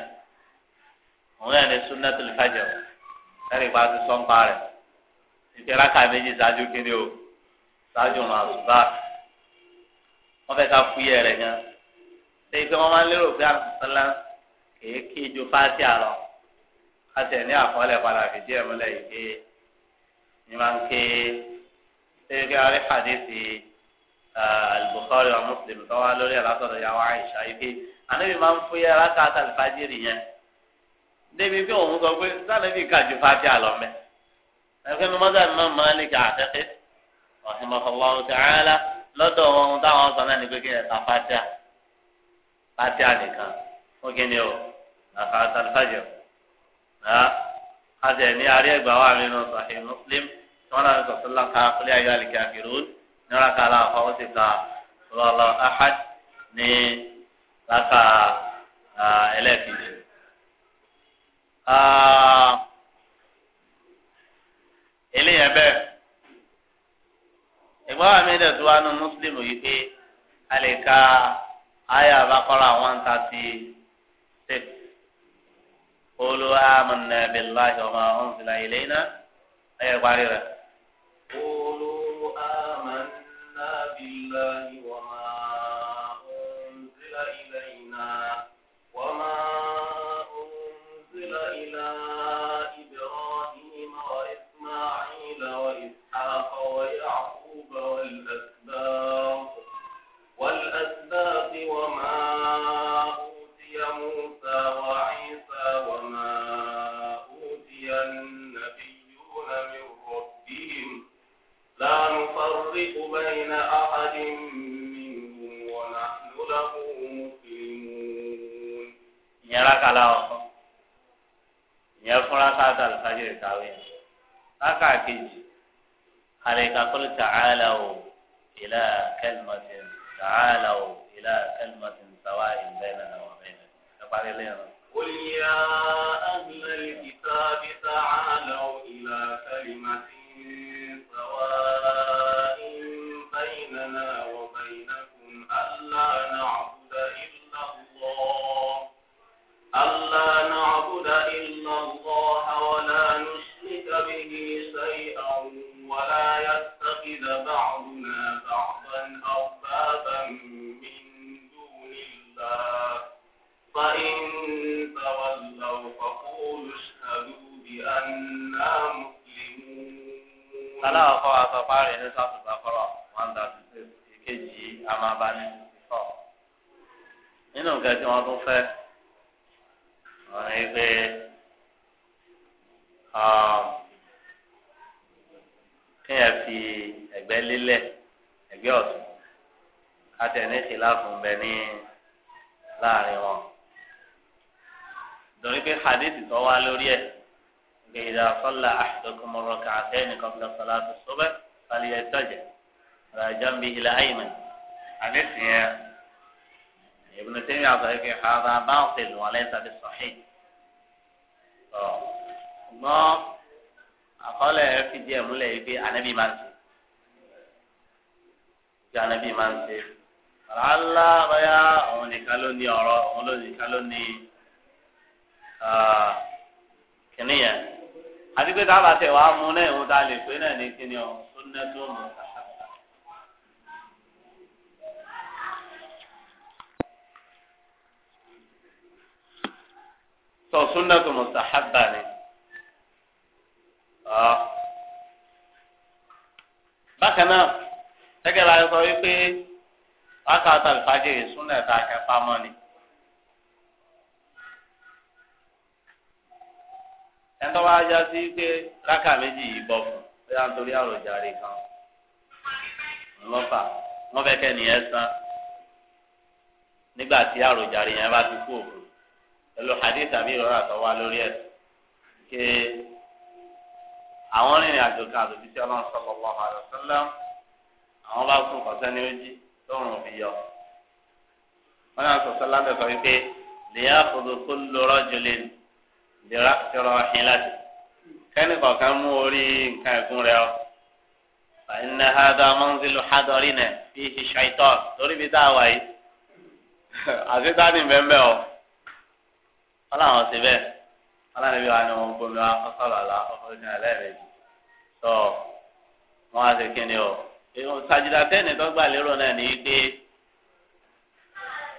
Speaker 1: òun yẹn ni sunnatul fajr ẹ̀rí pa ti sọ́ńpa rẹ̀ ìfẹ́ra ká méjì ṣáájú kiri o ṣáájú ọ̀nà àṣùbà wọ́n fẹ́ ká fúyẹ́ rẹ̀ yẹn ṣé ife wọn máa ń lérò pé àṣùsọ́lá kìí kí ju fáṣí àlọ́ àti ẹ̀ ní àkọọ́lẹ̀ padà fìdí ẹ̀ múlẹ̀ yìí pé ní máa ń ké. سيدي على حديث البخاري ومسلم طبعا لوري على صدر يا عائشة يبي أنا بمن في ركعة الفجر يعني débi pé òun sọ pé sálẹ̀bì kàjú fàájì àlọ́mẹ́ ẹgbẹ́ mi mọ́tà mi máa ń máa ń lè kà àtẹ́kẹ́ ọ̀hìnmọ̀fọ̀wọ́ tààlà lọ́dọ̀ ohun táwọn sọ náà ni pé kí ẹ̀ ta fàájà fàájà nìkan fún kí ni o àkàtà fàájì àti ẹ̀ ní àárẹ̀ ìgbà wà mí nù Muslim tọ́lá ní sọ̀tọ́lá ká kílẹ̀ ayọ́ àlìkẹ́ àfẹ́rún ní rákà aláwọ̀ fáwọn sì ká lọ́lọ́ ahad ní rákà ẹlẹ́ẹ̀kejì. eléyẹn bẹ́ẹ̀ ìgbọ́n àmì ìdẹ̀tú wa nu mùsùlùmù yìí pé a lè ka ayé àbákọ́rọ̀ àwọn ta ti ṣe olú àmàlà bíláhi ọmọ ọ̀hún sílá ilé iná ẹ̀yẹ parí rẹ̀.
Speaker 2: قولوا آمنا بالله
Speaker 1: واصل وليس بالصحيح àtàlùfájìrì súnà ẹ̀ta akẹ́pamọ́ ni. ẹ̀ńtọ́ wa já sí pé rákà méjì yìí bọ̀ fún bóyá nítorí àròjàre kan ńlọ́fà wọ́n fẹ́ kẹ́ni ẹ̀ san nígbà tí àròjàre yẹn bá ti kú òkú pẹ̀lú hadith àbí ìrora tó wá lórí ẹ̀ ké àwọn rìnrìn àjò kan àtòbí sí ọlọ́run sallallahu alaihi wasallam àwọn bá kún kọ́sẹ́ ní ojí lọ́rùn òbí yọ wọn náà sọ sọlá bẹ sọ wípé lèyà kòtò kó lọrọ jòlè lèrà tẹrọ ọhìn láti kẹ́ni kọ̀ọ̀kan mú orí nǹkan ẹ̀kún rẹ ọ. fàyínà hádà mọ́nzílù hádọ́rì nà bí ìṣàìtọ́ lórí bí tá a wà yìí [laughs] àti tani bẹ́ẹ̀ ọ. wọn làwọn ti bẹ́ẹ̀ wọn làwọn ibi wà ní wọn gbomi wa ọsọlọ àlá ọkùnrin náà lẹ́ẹ̀mejì tó wọn á ti kí o. ìhùn sàjìdá tẹ́ni tó gbà lérò náà ní í pé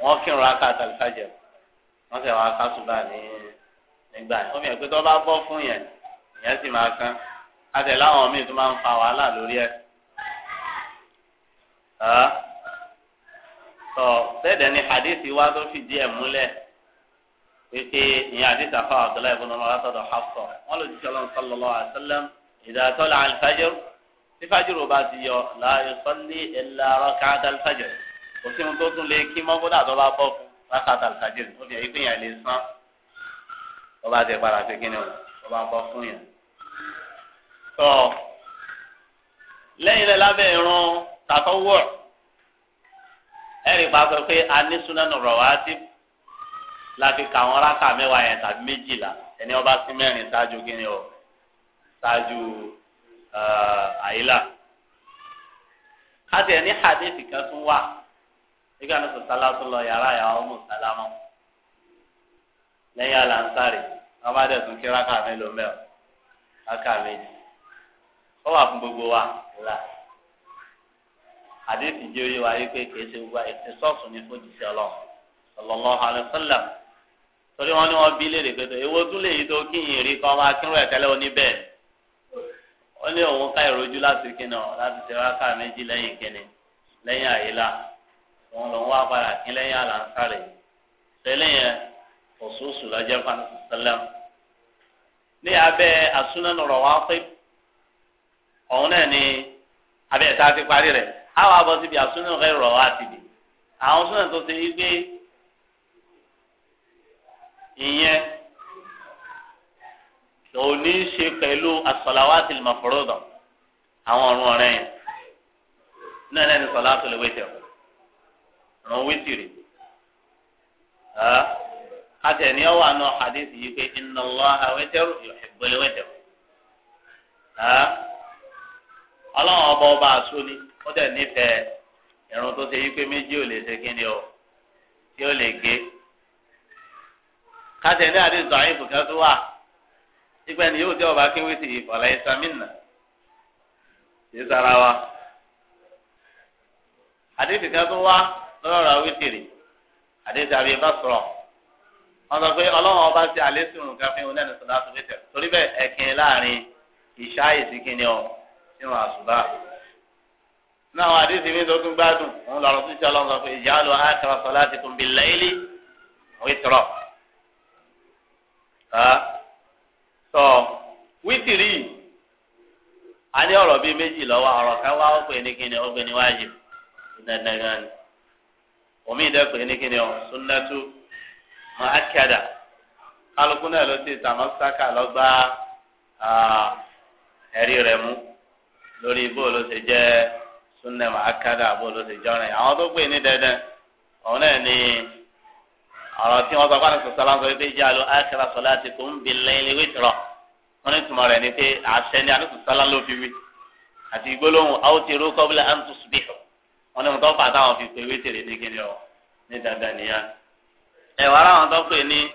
Speaker 1: wọ́n kírun aka àtàlùfájẹ wọ́n sì wọ́n aka ṣùgbọ́n ní nígbà yẹn wọ́n fi hàn pé tó bá bọ́ fún yẹn ìyẹn sì máa kán àtẹ láwọn míì tó máa ń fa wàhálà lórí ẹ̀ tọ bẹ́ẹ̀ dẹ̀ ni hadith wa tó fìdí ẹ̀ múlẹ̀ pépé ìyẹn hadith afa abdullahi ibn umar látọ̀dọ̀ hafsọ wọn lò jíjọ lọ́n sallallahu alaihi wasallam idha tí fájìrò bá ti yọ la yusalli illa rak'at al-fajr kò sí ohun tó tún lè kí mọ́ kódà tó bá bọ́ fún lákàtà àlùfájì ó fi ẹ̀yìn pé yẹn lè san tó bá ti padà fi kíni o tó bá bọ́ fún yẹn. tọ́ lẹ́yìn rẹ̀ lábẹ́ irun tàkọ́wọ́ ẹ̀rì pàṣẹ pé a ní súnánù rawatib láti kà wọ́n rákà mẹ́wàá yẹn tàbí méjìlá ẹni ó sí mẹ́rin ṣáájú kíni o ṣáájú àyílà. a ti ní hadithi kan tún wà. nígbà tó sọ̀tàlá tó lọ yàrá ìyàwó ọmọ sàlámọ́ lẹ́yìn àlàǹsárì wọ́n bá dẹ̀sùn kí rákà mélòó mẹ́ọ̀ rákà méjì ó wà fún gbogbo wa la àdéhùn ìjẹ́ oyé wa ṣe ní fún jìṣẹ́ torí wọn ni wọn bí pé tún lè yí tó kíyìn rí kọ́ wọn lọ wá padà kí lẹ́yìn àlàǹsàrè tẹ́lẹ̀ yẹn ọ̀ṣọ́ọ̀ṣù lọ́jọ́ fanisi sẹ́lẹ̀m. ní abẹ́ asúnánù rọ̀ wá pé ọ̀hún náà ni abẹ́ ẹ̀ta ti parí rẹ̀ àwọn abọ́ síbi asúnánù rẹ̀ rọ̀ wá ti bì àwọn súnánù tó ti gbé ìyẹn ló ní ṣe pẹ̀lú as-salawatil mafruḍah àwọn ọ̀run ọ̀rẹ́ yẹn náà náà ni sọ̀lá tó lè wé tẹ̀ àwọn wítìrì atẹni ọwọ àná hadith yìí pé inna Allaha wẹtẹrù yuhibbul wẹtẹrù ọlọ́run ọba ọba àsúni ó ni, nífẹ̀ẹ́ irun tó ṣe yí pé méjì ò lè ṣe ni o tí ó lè gé kátẹ̀ní hadith da'if kan tó wà ìgbà ni yóò tẹ ọba kéwé sí ìfọ̀lá ìsàmìnà wa hadith kan tó lọ́rọ̀ wítìrì àdéhùn àbí bá sọ̀rọ̀ wọn sọ pé ọlọ́run ọba ti àlésùn nǹkan fún un lẹ́nu sọ̀dá sọ̀rọ̀ tẹ̀ torí bẹ́ẹ̀ ẹ̀kin láàrin ìṣá ìsìnkìnì ọ̀ sínú àṣùbà náà àwọn àdéhùn mi tó tún gbádùn òun lọ́rọ̀ tó ṣe ọlọ́run sọ pé ìyá lọ àkàrà sọ láti kún bí lẹ́yìnlí wítìrọ̀ sọ wítìrì a ní ọ̀rọ̀ bíi méjì lọ́wọ́ ọ̀rọ̀ kan wá ó ní kíni ó ní wájib dandan gan ni omi ìdẹ́pẹ́ ní kíni ọ sunnatu mu'akkada kálukú náà ló ti tàmọ́ sáka lọ́gbà ẹ̀rí rẹ̀ mú lórí bó ló ṣe jẹ́ sunna mu'akkada bó ló ṣe jọ́rin àwọn tó gbé ní dandan òun náà ni ọ̀rọ̀ tí wọ́n sọ fún àwọn sọ̀rọ̀ sọ pé jẹ́ àlọ́ akhira salatikum bil layli witra wọ́n ní tùmọ̀ rẹ̀ ni pé àṣẹ ni àlọ́ sọ̀rọ̀ ló fi wí àti gbólóhùn aw tiru qabla an wọn ní wọn tó fà táwọn fi pé wítìrì ní kíni ọ ní dandan nìyẹn ẹ wàá láwọn tó pè ní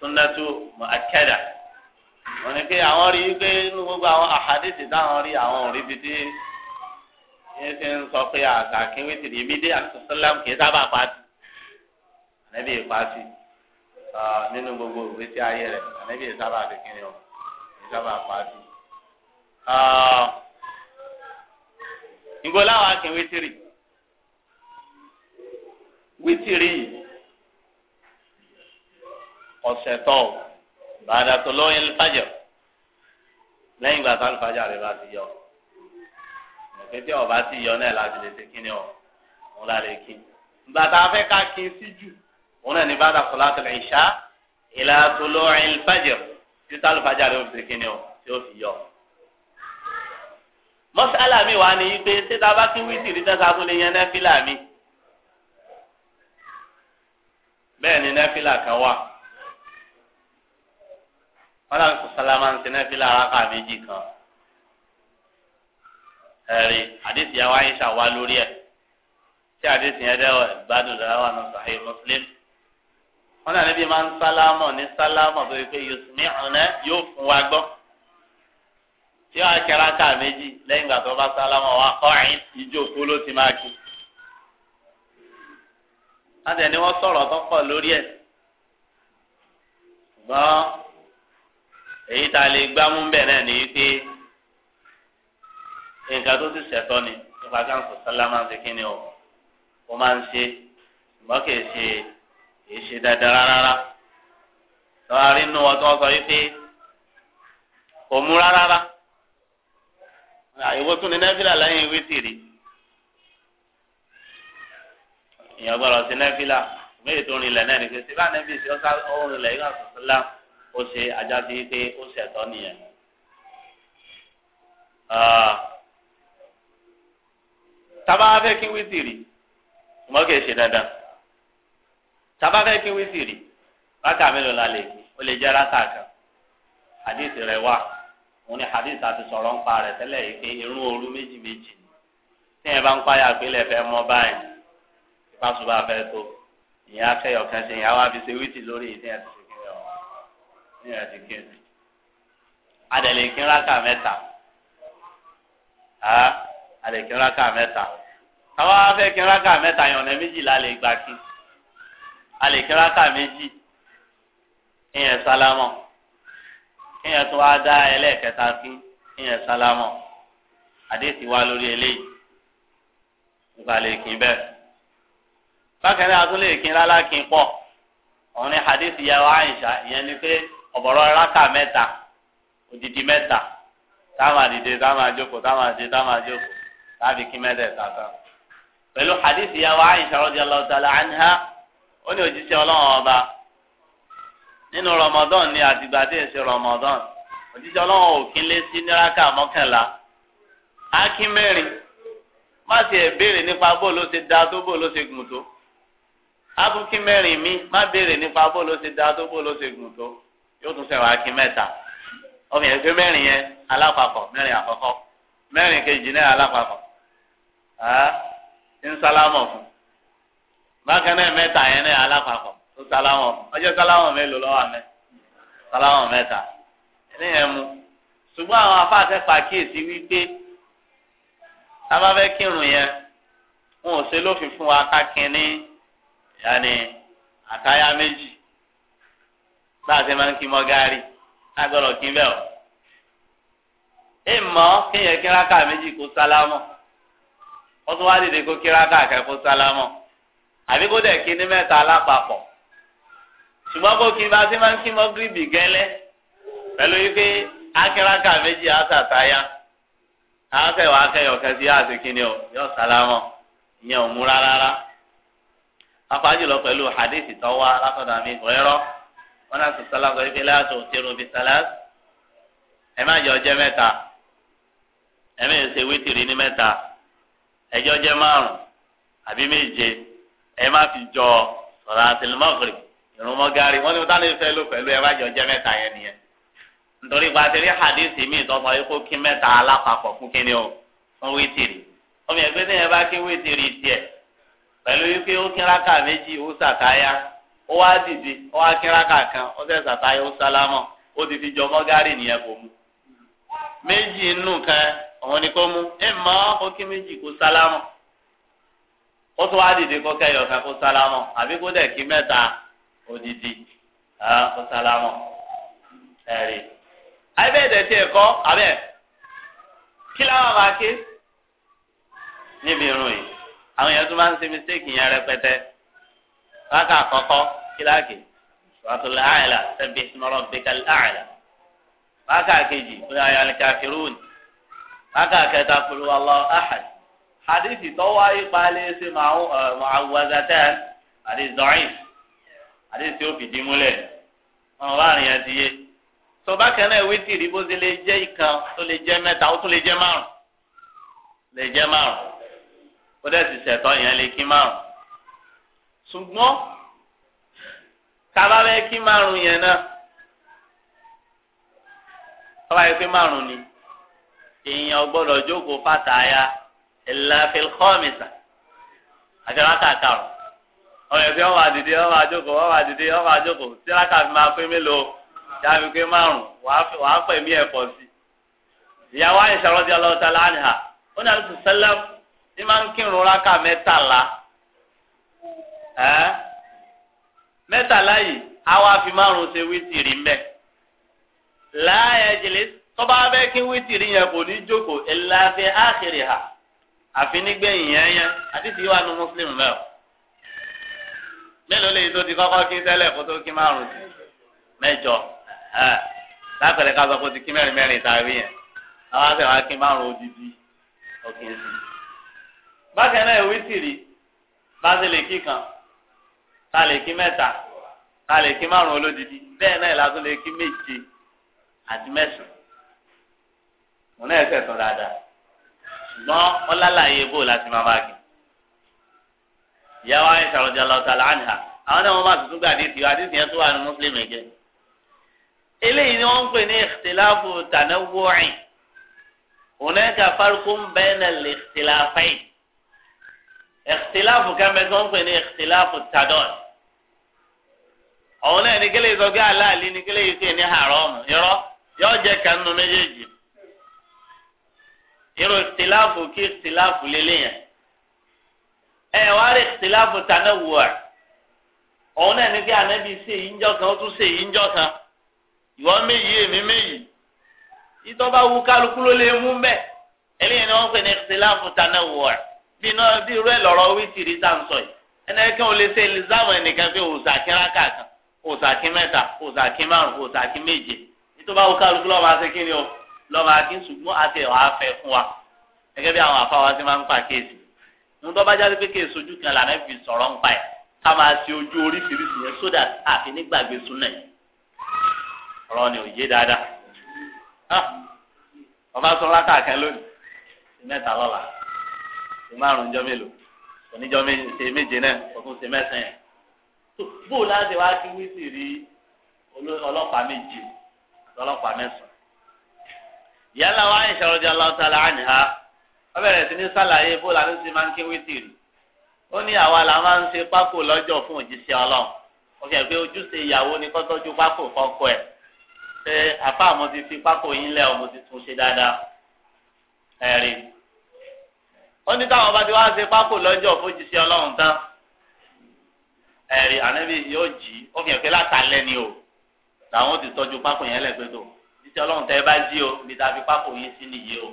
Speaker 1: sunnatu mu'akkada wọn ní pé àwọn rí i pé inú gbogbo àwọn àhádìsì táwọn rí àwọn òrí bi tí yín ti ń sọ pé àgbà kí wítìrì ibi dé àtúntòlám kì í sábà pàtì ànábì ìpàtì nínú gbogbo ìgbésí ayé rẹ ànábì ìsábà fi kíni ọ kì í sábà pàtì. ìgbòláwà kí wítìrì wítìrì yìí ọ̀sẹ̀ tọ̀ bàdà tó lọ́yìn fàjọ lẹ́yìn ìgbà tó àlùfájà rẹ̀ bá ti yọ òkè tí ọba ti yọ náà láti lè ṣe kíni ọ òun la lè kí ìgbà tá a fẹ́ ká kí sí jù òun náà ní bàdà sọlá tó lè ṣá ìlà tó lọ́yìn fàjọ tí tó àlùfájà rẹ̀ ó fi ṣe kíni ọ tí ó fi yọ mọ́sálà mi wà ní ipe ṣé tá a bá kí wítìrì tẹ́sà tó lè yẹn náà fílà mi. bẹ́ẹ̀ ni nẹ́fìlà kan wà wọ́n náà kò sálámà ń ṣe nẹ́fìlà aráka méjì kan ẹ̀rí àdìsí yà wá ń ṣàwá lórí ẹ̀ tí àdìsí yẹn dẹ́wọ̀ ìgbádùn dáwà nù sàhíì Muslim wọ́n náà níbi máa ń sálámọ̀ ní sálámọ̀ tó yẹ yosùmí ọ̀nẹ́ yóò fún wa gbọ́ tí wọ́n á kẹ́ra méjì lẹ́yìn ìgbà tó bá sálámọ̀ wa kọ́ àyín ìjókòó ló ti máa kí adẹ ni wọn sọ̀rọ̀ tó pọ̀ lórí ẹ ṣùgbọ́n èyí tá a lè gbámú bẹ́ẹ̀ náà ni pé nǹkan tó ti ṣẹ̀tọ́ ni nípa káńsù sálámà ṣe kí ni o ó máa ń ṣe ṣùgbọ́n kì í ṣe kì í ṣe dáadáa rárá lọ́wọ́ arínú wọn tó wọ́n sọ wípé kò mú rárá ìwọ tún ní nẹ́fìlà lẹ́yìn ìwé tìrì. èèyàn gbọ́dọ̀ sí nẹ́fìlà méjì tó rinlẹ̀ náà ni pé síbá nẹ́bí sí ọ́sá ó rinlẹ̀ yìí náà sọ̀tún lá ó ṣe ajá sí pé ó ṣẹ̀tọ́ nìyẹn. tábà fẹ́ kí wítìrì ṣùgbọ́n kì í ṣe dandan tábà fẹ́ kí wítìrì rákà mélòó la lè kí ó lè jẹ́ rákà kan hadith rẹ̀ wà òun ni hadith àti sọ̀rọ̀ ń pa rẹ̀ tẹ́lẹ̀ yìí pé irun òru méjì méjì ni tí bá ń pààyà pé lè fẹ́ mọ́ báyìí pásù bá fẹ́ tó ìyẹn akẹ́yọ̀ kan ṣe ìyẹn àwọn àfisẹ́ wíìtì lórí ìdíyẹn ti ṣe kíni ọ̀hún
Speaker 2: ìyẹn ti kíni.
Speaker 1: adẹ̀lẹ̀ kí rákà mẹ́ta adẹ̀lẹ̀ kí rákà mẹ́ta táwọn afẹ́ kí rákà mẹ́ta yẹn ọ̀nà méjìlá lè gbà kí alẹ̀ kí rákà méjì ìyẹn sálámọ̀ ìyẹn tó wá dá ẹlẹ́ẹ̀kẹta kí ìyẹn sálámọ̀ àdéhìí wá lórí eléyìí ìbàlẹ̀ kí bẹ́ẹ̀ bákan náà a tún lè kin rárá kin pọ̀ òun ni hadith ìyàwó àyìnṣá ìyẹn ni pé ọ̀bọ̀rọ̀ rákà mẹ́ta òdìdí mẹ́ta táwọn àdìde táwọn àjókòó táwọn àdìde táwọn àjókòó táàbí kí mẹ́tẹ̀ẹ̀ta tán. pẹ̀lú hadith ìyàwó àyìnṣá radiyallahu ta'ala anha ó ní òjíṣẹ́ ọlọ́run ọba nínú rọmọdán ni àtìgbà tí èsì rọmọdán òjíṣẹ́ ọlọ́run ò kí lé sí ní rákà mọ́kànlá á kí mẹ́rin má ti ẹ̀ béèrè nípa bó ló ti da tó bó ló ti gùn tó abúkí mẹ́rin mi má béèrè nípa bó ló ṣe da tó bó ló ṣe gùn tó yóò tún sẹ̀wọ̀n akí mẹ́ta ọmọ yẹn pé mẹ́rin yẹn alápapọ̀ mẹ́rin àkọ́kọ́ mẹ́rin kejì náà alápapọ̀ ń sálámọ̀ fún bákan náà mẹ́ta yẹn náà alápapọ̀ tó sálámọ̀ fún ọjọ́ sálámọ̀ mélòó lọ́wọ́ mẹ́ sálámọ̀ mẹ́ta ẹni yẹn mu ṣùgbọ́n àwọn afáàfẹ́ pàkíyèsí wípé tábàfẹ́ kírun yẹn wọn ò ṣe lófin fún wa ká kínní. yanni ataya méjì bá máa ń kí mọ gaari agbọdọ kí bẹ o ẹ mọ kéèyàn kíráka méjì kó sálámọ wọn tún wá dìde kó kíráka kẹ kó sálámọ àbí kó dẹ̀ kí ní ṣùgbọ́n kó kí bá a máa ń kí mọ a gẹ́lẹ́ pẹ̀lú wípé akíráka méjì á sàtáyà yọ sálámọ ìyẹn ò afájùlọ pẹ̀lú hadithi tó wá látọ̀dọ̀ àmì ìwérọ́ wọn náà sọ sọlá sọ ìpínlẹ̀ àti òtẹ́rù bíi sálẹ́s ẹ má jẹ ọjẹ́ mẹ́ta ẹ má ṣe wítìrì ní mẹ́ta ẹ jẹ ọjẹ́ márùn àbí méje ẹ má fi jọ sọ̀rọ̀ àtìlímọ́gìrì ìrùmọ́gárì wọn ni wọn táwọn ìfẹ́ lò pẹ̀lú ẹ má jẹ ọjẹ́ mẹ́ta yẹn nìyẹn nítorí gba ti rí hadithi míì tó sọ yìí o fún wítìrì ọmọ ẹgbẹ́ tí yẹn bá kí wítìrì tiẹ̀ pẹ̀lú wípé ó kíraka méjì ó sàtáyà ó wá dìde ó wá kíraka kan ó sẹ̀ sàtáyà ó sálámọ̀ ó ti fi jọ mọ́gárì nìyẹn kò mú méjì nù kan òun ni kò mú ẹ̀ mọ́ ó kí méjì kó sálámọ̀ ó tún wá dìde kó kẹyọ kan kó sálámọ àbí kó dẹ̀ kí mẹ́ta òdìdí kó sálámọ ẹ̀rí. àbẹ̀dẹ̀ tí ẹ̀kọ́ abẹ́ kí láwọn máa ké níbi irun yìí àwọn èèyàn tó máa ń ṣe mistake yẹn rẹpẹtẹ rákà àkọ́kọ́ kíláàkì suratul A'la sabbih isma rabbikal a'la rákà kejì ya ayyuhal kafirun rákà kẹta qul huwallahu ahad hadithi tó wáyé palẹ̀ ṣe mu'awwazatan hadith da'if hadith tí ó fìdí múlẹ̀ wọn bá rìn yẹn ti yé tó bá kẹ́ náà wítìrì bó ti lè jẹ́ ìkan tó lè jẹ́ mẹ́ta ó tún lè jẹ́ márùn lè jẹ́ márùn ó dẹ̀ ti ṣẹ̀tọ́ yẹn lé kí márùn ṣùgbọ́n tábà bẹ́ẹ̀ kí márùn yẹn náà tọ́ba yẹ pé márùn ni èèyàn gbọ́dọ̀ jókòó fàtàyà ìlàfíl kọ́mìsà àti rákàtà rọ̀ ọ̀rọ̀ ẹ̀fẹ́ wọn wà dìde wọn wà jókòó wọn wà dìde wọn wà jókòó tí rákàtà máa pé mélòó jáfi pé márùn wàá pẹ̀mí ẹ̀fọ́ sí ìyàwó àyìnṣẹ́ rọ́jà lọ́ọ́ ta láàánì hà ó ní àlùkò sẹ́lẹ̀mù ní máa ń kírun rákà mẹ́tàlá ẹ́ mẹ́tàlá yìí àwa fi márùn ṣe wítìrì mbẹ́ láàyè jìlẹ̀ tọ́ba abẹ́ kí wítìrì yẹn kò ní jókòó ẹ̀láfẹ́ àkèrè hà àfi nígbẹ̀yìn yẹn yẹn àti tí wàá nu mùsùlùmí mẹ́ọ̀
Speaker 2: mélòó lè tó ti kọ́kọ́ kí tẹ́lẹ̀ kó tó kí márùn sí
Speaker 1: mẹ́jọ ẹ̀ lápẹ̀rẹ̀ ká sọ pé ó ti kí mẹ́rin mẹ́rin tàbí yẹn àwọn àti àwọn akí márùn odidi ọ̀kìn sí i bákan náà ìwé sì rí bá ṣe lè kí kan ta lè kí mẹ́ta ta lè kí márùn olódìdí bẹ́ẹ̀ náà la tún lè kí méje àti mẹ́sàn òun náà ẹsẹ̀ tán dáadáa ṣùgbọ́n ọlálàyé bò láti máa bá kí ìyàwó àyíṣà ọjà lọta láàánìhà àwọn náà wọn bá tuntun gbà àdìsí àdìsí yẹn tó wà ní mùsùlùmí ẹgẹ eléyìí ni wọn pè ní ìṣẹláàbù tànáwó rìn òun náà kà fárúkú ń bẹ́ẹ̀ náà lè ṣẹlá fẹ́yìí. اختلاف kẹfẹ tó ń pè ní ìxtìláàfù tadọ́n ọ̀hún náà ní kílè sọ pé aláàlí ní kílè yìí pè ní haram irọ́ yóò jẹ kánú méjèèjì irú ìxtìláàfù kí ìxtìláàfù lélẹ̀ yẹn ẹ wá rí ìxtìláàfù tanawwu' ọ̀hún náà ní kí anábì ṣe èyí ńjọ́ kan ó tún ṣe èyí ńjọ́ kan ìwọ méyì èmi méyì ìtọ́ bá kálukú ló lè mú mbẹ́ eléyìí ni wọ́n pè ní ìxtìláàfù tanawwu' bínú bí irú ẹ lọ́rọ̀ wítìrì tá à ń sọ yìí ẹnìyẹn kí wọn lè ṣe ìlìsáàmù ẹnìkan fi òòsà kí rákà kan òòsà kí mẹ́ta òòsà kí márùn òòsà kí méje nítorí báwo kálukú lọ́ọ́ máa ṣe kí ni o lọ́ọ́ máa kí ṣùgbọ́n àti ẹ̀wà afẹ́ fún wa gẹ́gẹ́ bí àwọn afáwa ṣe máa ń pa kéèsì nítorí bá jáde pé kéèsì ojú kan làná fi sọ̀rọ̀ ń pa ẹ̀ ká máa ṣe ojú oríṣiríṣi yẹn sódà márùn jọ mélòó oníjọ ṣe méje náà ọdún ṣe mẹ́sàn yẹn tó bóò láti wá kí wí sí rí ọlọ́pàá méje ọlọ́pàá mẹ́sàn. yálà wa Àìṣà radiyallahu ta'ala anha wọ́n bẹ̀rẹ̀ sí ní sàlàyé bóò láti ṣe máa ń kí wí sí rí ó ní àwa la máa ń ṣe pákó lọ́jọ́ fún òjíṣẹ́ ọlọ́run ó fi hàn ojúṣe ìyàwó ni kọ́tọ́jú pákó fọ́kọ ẹ̀ ṣe àfáà mo ti fi pákó yín lẹ́ ọ mo ti tún ṣe dáadáa wọ́n ní táwọn bá ti wá ṣe pákó lọ́jọ́ fojúṣe ọlọ́run tán ẹ̀rí ànábì yóò jí ó fi hàn pé látàlẹ́ ni o làwọn ti tọ́jú pákó yẹn lẹ́gbẹ̀ẹ́ tó jíṣẹ́ ọlọ́run tẹ́ ẹ bá jí o ibi tá a fi pákó yín sí nìyí o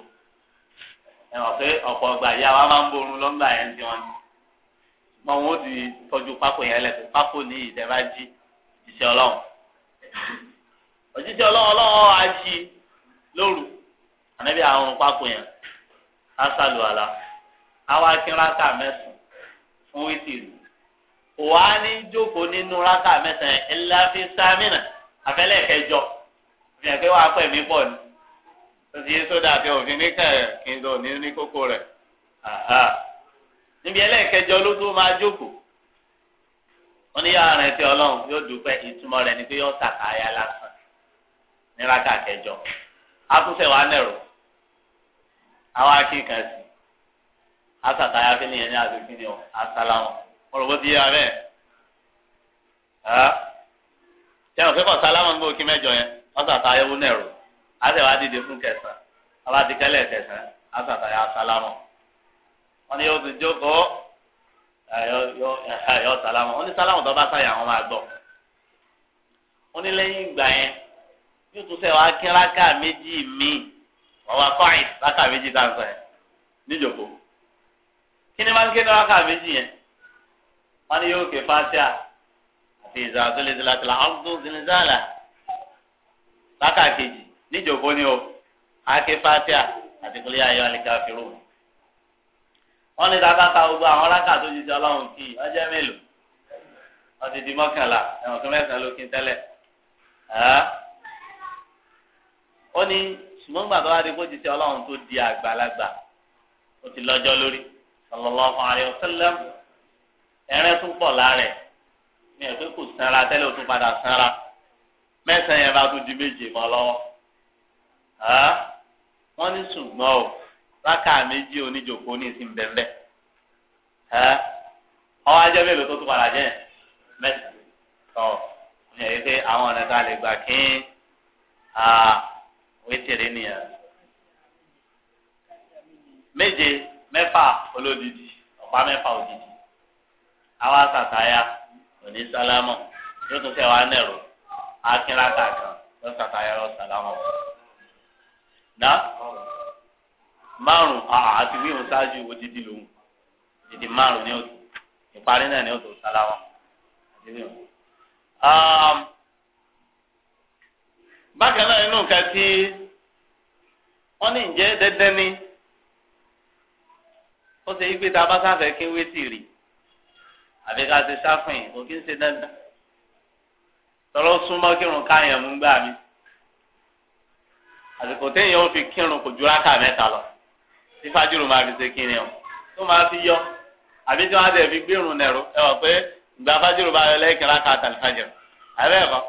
Speaker 1: ẹ mọ̀ pé ọ̀pọ̀ ọgbà ìyá wa máa ń borun lọ́gbà yẹn ti wọn mọ wọn ó ti tọ́jú pákó yẹn lẹ́gbẹ̀ẹ́ pákó ní ìtẹ́ bá jí jíṣẹ́ ọlọ́run òjíṣẹ́ ọlọ́run ọlọ́run á jí lóru ànábì àrùn pákó àwa kí rákà mẹ́sàn fún wítìrì wà á ní jókòó nínú rákà mẹ́sàn ẹlẹ́fín sámìnà àfẹ́lẹ́ kẹjọ ìyẹn pé wàá pẹ̀ mí pọ̀ ni tòsí yé sódà àti òfin níkẹ̀ kí n tó ní ní kókó rẹ̀ níbi ẹlẹ́kẹjọ ló tó máa jókòó wọ́n ní yàrá rẹ̀ tí ọlọ́run yóò dúpẹ́ ìtumọ̀ rẹ̀ ni pé yóò tàkà ayá lásán ní rákà kẹjọ akúfẹ̀ wa nẹ̀rọ àwọn akíkan sí asàtà ya fi ní ẹni àti kíni ọ asàlámù ọlọpàá ti yára bẹ́ẹ̀ ṣé o fẹkọ sálámù ní òkè mẹ́jọ yẹn asàtà ayẹwo náà rò asẹwà dìde fún kẹsàn aládìkẹlẹ kẹsàn asàtà ya sálámù wọn ni yóò tún jókòó yọ sálámù wọn ni sálámù tó bá sáyà wọn máa gbọ́ wọn ni lẹ́yìn ìgbà yẹn yóò tún sẹ wàá kí rákà méjì míì wọn wá fáìn rákà méjì tá yẹn níjókòó. Kini ni máa ń ké ní rákà méjì yẹn wọn ni yóò ké fásíà àti zilizala rákà kejì níjòkó ni o àké fásíà àti kúlẹ̀ ayọ̀ àlìkà fìrò wọn ní dáká ka gbogbo àwọn rákà tó ti di ọlọ́run kì í ọjọ́ mélòó wọn ti di mọ́kànlá ẹ̀wọ̀n tó mẹ́sàn-án ló kí n tẹ́lẹ̀ ó ní wa di kó ti di ọlọ́run tó di àgbàlagbà ó ti lọ́jọ́ lórí sallallahu alayhi wa sallam ẹrẹ tún pọ̀ láàrẹ̀ ní ẹ̀fẹ́ kò sanra tẹ́lẹ̀ o tún padà sanra mẹ́sàn-án yẹn bá tún di méje mọ́ lọ́wọ́ wọ́n ní ṣùgbọ́n o rákà méjì oníjòkó ní ìsìn bẹ́ẹ̀ ọwọ́ ajẹ́ mélòó tó tún padà jẹ́ mẹ́sàn-án ní ẹ̀yẹ́ àwọn ọ̀nà tá a lè gbà kí wíṣẹ̀rẹ̀ nìyẹn méje mẹ́fà olódìdí ọ̀pá mẹ́fà òdìdí àwa sàtáyà òní sálámọ̀ yóò tún fẹ́ wá nẹ̀rọ akínláta kan lọ sàtáyà lọ sálámọ̀ ná márùn àti wíwọn ṣáájú òdìdí lòun òdìdí márùn ní òtún ìparí náà ní òtún sálámọ̀ àti wíwọn bákan náà nínú nǹkan tí wọ́n ní ǹjẹ́ dandan ni ó ṣe wípé tá a bá sáfẹ́ kí wé sì rí àbí ká ṣe sáfìn kò kí ń ṣe dandan tọ́lọ́ súnmọ́ kírun káyàn mú gbà mí àsìkò téèyàn ó fi kírun kò ju rákà mẹ́ta lọ tí fájúrò máa fi ṣe kíni o tó máa fi yọ àbí tí wọ́n á tẹ̀ fi gbérun nẹ̀rú ẹ wọ̀ pé ìgbà fájúrò bá yọ lẹ́yìn rákà àtàlífàjọ àbẹ́ ẹ̀kọ́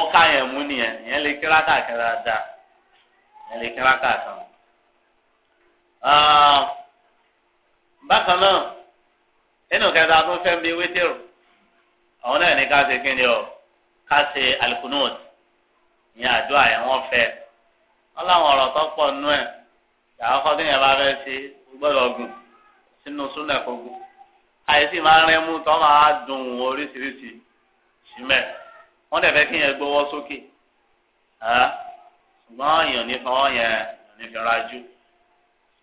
Speaker 1: ọkà yẹn mú nìyẹn ìyẹn lè kí rákà kẹrẹ dáa ìyẹn lè kí rákà kan. Ah, bákan náà nínú kẹta tó fẹ́ bí wítìrù àwọn náà ní ká ṣe kíni o ká ṣe alikunut ní àdúrà yẹn fẹ́ wọ́n láwọn ọ̀rọ̀ tó pọ̀ nú ẹ̀ yàrá kọ́ tí yẹn bá fẹ́ ṣe gbọ́dọ̀ gùn sínú súnà kókó àìsí máa rìn mú tó máa dùn oríṣiríṣi símẹ̀ wọ́n dẹ̀ fẹ́ kí yẹn gbowó sókè ah, ṣùgbọ́n èèyàn yẹn èèyàn rájú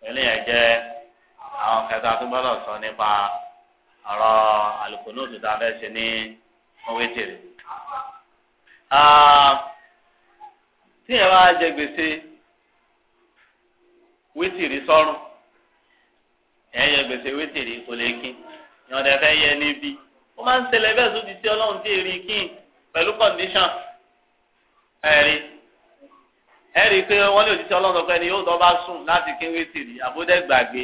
Speaker 1: eléyà jẹ́ àwọn kẹta tó gbọ́dọ̀ sọ nípa ọ̀rọ̀ àlùkùnúùtù tá a fẹ́ ṣe ní mọ́wétìrì. tí ẹ bá jẹ gbèsè wétìrì sọ́rùn ẹ yẹ gbèsè wétìrì kò lè kí ìyọ̀dẹ̀ fẹ́ yẹ níbí ó máa ń ṣẹlẹ̀ bẹ́ẹ̀ sódì sí ọlọ́run tí èrì kí pẹ̀lú kọ̀ǹdíṣàn ẹ̀rí ẹ rí i pé wọ́n lè òjíṣẹ́ ọlọ́run pé ẹni yóò dọ́ bá sùn láti kéwé tìrì àbúdẹ́ gbàgbé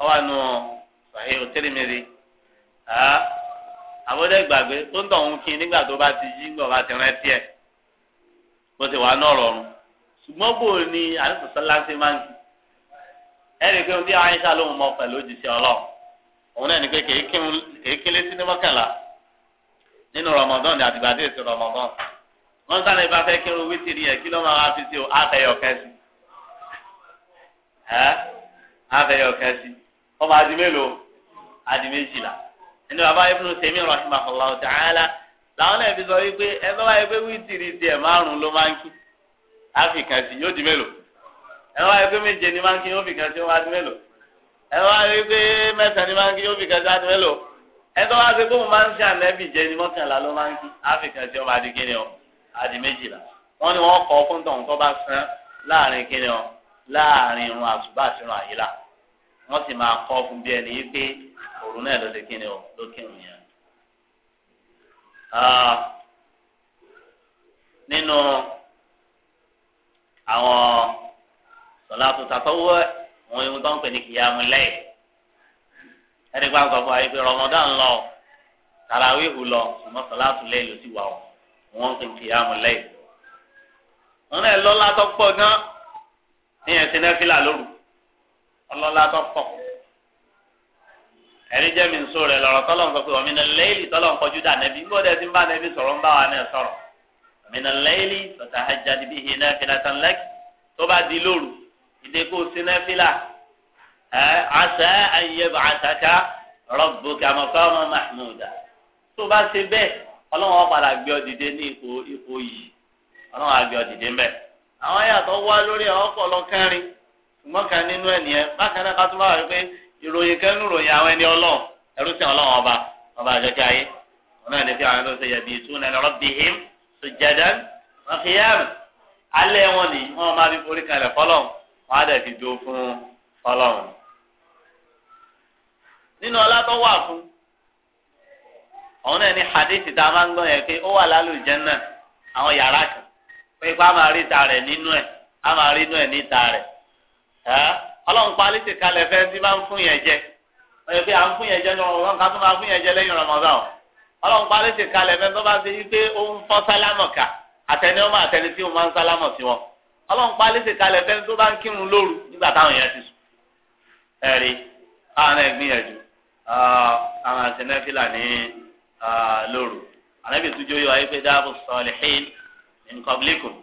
Speaker 1: ọwọ́ àánú Sahih Tirmidhi àbúdẹ́ gbàgbé tó ń tọ̀ ń kí nígbà tó bá ti yí nígbà bá ti rántí ẹ̀ bó ti wà náà rọrùn ṣùgbọ́n bò ní àdìsọ́sọ́ láti máa ń kí ẹ rí i pé bí Aisha lóhùn mọ́ pẹ̀lú òjíṣẹ́ ọlọ́run òun náà ní pé kèékélé sí ní mọ́kànlá nínú Ramadan àtìgbà wọn sáré bá fẹ́ kírun wítìrì yẹn kí ló máa wá fi sí o àfẹyọ kẹsì ẹ àfẹyọ kẹsì ọmọ adi mélòó adi méjìlá ẹni bàbá ibùdó sèmi rahimahullahu ta'ala làwọn náà fi sọ wípé ẹ bá wáyé pé wítìrì tiẹ̀ márùn ló máa ń kí àfi kẹsì yóò di mélòó ẹ wáyé pé méje ni máa ń kí yóò fi kẹsì yóò adi mélòó ẹ wáyé pé mẹ́ta ni máa ń kí yóò fi kẹsì adi mélòó ẹ tó wáyé pé mo máa ń ṣe ànẹ́bì jẹ ni mọ́kànlá ló máa ń kí àfi kẹsì yóò máa di kíni àdì méjìlá wọ́n ní wọ́n kọ́ fún tọ̀hún tó bá sán láàrin kíni ọ láàrin irun àsùbá àti irun àyílà sì máa kọ́ fún bí ẹni yìí pé òru náà ló kíni ọ ló kírun yẹn. Ah, nínú àwọn sọlá tó tàtọ́wọ́ wọn ohun tó ń pè ní kìyàmù lẹ́yìn ẹni gbàgbọ́ fún wa pé rọmọdán lọ tàràwíhù lọ ṣùgbọ́n sọlá tó lẹ́yìn ló ti wà wọ́n wọn kì í fi àmú lẹ́yìn wọn náà lọ́lá tó pọ̀ gan ní ẹ̀sìn náà fìlà lóru ọlọ́lá tó pọ̀ ẹ̀rí jẹ́ mi ń sọ rẹ̀ lọ́rọ̀ tọ́lọ̀ ń sọ pé ọ̀mìnà lẹ́yìn tọ́lọ̀ ń kọjú dà nẹ́bí gbọ́dọ̀ ti ń bá nẹ́bí sọ̀rọ̀ ń bá wa náà sọ̀rọ̀ ọ̀mìnà lẹ́yìn fatahajjad bihi nafilatan lak tó bá di lóru ìdẹ́kọ̀ sí náà fìlà ẹ̀ àṣẹ an yab'athaka rabbuka maqaman mahmuda tó bá ṣe bẹ́ẹ̀ ọlọ́run ọ̀padà gbé ọ dìde ní ipò ipò yìí ọlọ́run àgbé ọ dìde mbẹ́ àwọn yàtọ̀ wá lórí ọkọ̀ lọ́kẹ́rin ṣùgbọ́n kan nínú ẹ̀ nìyẹn bákan náà ká tún pé ìròyìn kan ròyìn àwọn ẹni ọlọ́run ẹrú sí ọlọ́run ọba ọba àjọkẹ́ ayé wọn náà fi àwọn ẹgbẹ́ sọ yẹbi ìtúnà ẹni rabbihim sujadan wa qiyam alẹ́ wọn ni wọn máa fi forí kalẹ̀ fọlọ́run wọn ọ̀hún náà ní hadithi tá a máa ń gbọ́ yẹn pé ó wà lálùjẹ́nà àwọn yàrá kan pé ipá máa rí ta rẹ̀ nínú ẹ̀ á máa rí inú ẹ̀ níta rẹ̀ ẹ́ ọlọ́run pa alẹ́ ti kalẹ̀ fẹ́ tí máa ń fún yẹn jẹ ọ̀yẹ́ pé à ń fún yẹn jẹ lọ́wọ́ wọn ká tó máa fún yẹn jẹ lẹ́yìn Ramadan ọlọ́run pa alẹ́ ti kalẹ̀ fẹ́ tó bá ti yí pé ó ń fọ́ sálámọ̀ ká àtẹni ọmọ àtẹni tí ó máa ń sálámọ̀ sí wọn ọlọ́run pa ti kalẹ̀ fẹ́ tó bá ń kírun lóru nígbà táwọn yẹn ti sùn ẹ̀rí àwọn ẹ̀gbìyànjú àwọn àti ní lóru ànábì tó jóyè wáyé pé dáàbò sọlẹ̀hìn in qablikum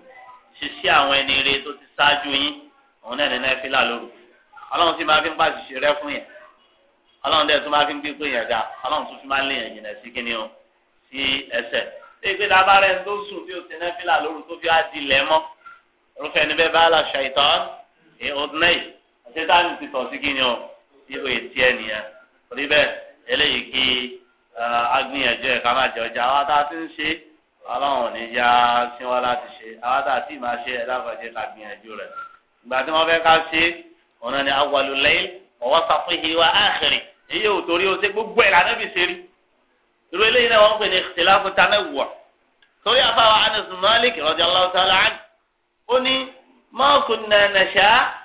Speaker 1: ṣiṣẹ́ àwọn ẹni eré tó ti ṣáájú yín òun náà ní náfìlà lóru ọlọ́run sì máa fi ń pàṣẹ ṣeré fún yẹn ọlọ́run dẹ̀ tó máa fi ń gbégbé yẹn dá ọlọ́run tó fi máa ń lé yẹn jìnà sí kíni o sí ẹsẹ̀ ṣé ìgbé dábàá rẹ̀ tó sùn bí o ti náfìlà lóru tó fi á di lẹ̀ mọ́ irúfẹ́ ẹni bẹ́ẹ̀ bá la ṣàìtàn ẹ̀ ọdúnẹ́yì àti ti tọ̀ sí kíni o sí òye tiẹ̀ nìyẹn torí bẹ́ẹ̀ eléyìí kí agbìyànjú ẹ̀ ká má jẹ ọjà àwa tá a ti ń ṣe ọlọ́run ò ní yá sí wa láti ṣe àwa tá a ti máa ṣe ẹ̀ láfàjẹ́ ká gbìyànjú rẹ̀ ìgbà tí wọ́n fẹ́ ká ṣe ọ̀nà ni awwalul layl wa wasafihi wa akhirih èyí ò torí o ṣe gbogbo ẹ̀ lànà fi ṣe rí irú eléyìí náà wọ́n pè ní ikhtilafu tanawwu torí àbáwá Anas Malik radiyallahu ta'ala anhu ó ní ma kunna nasha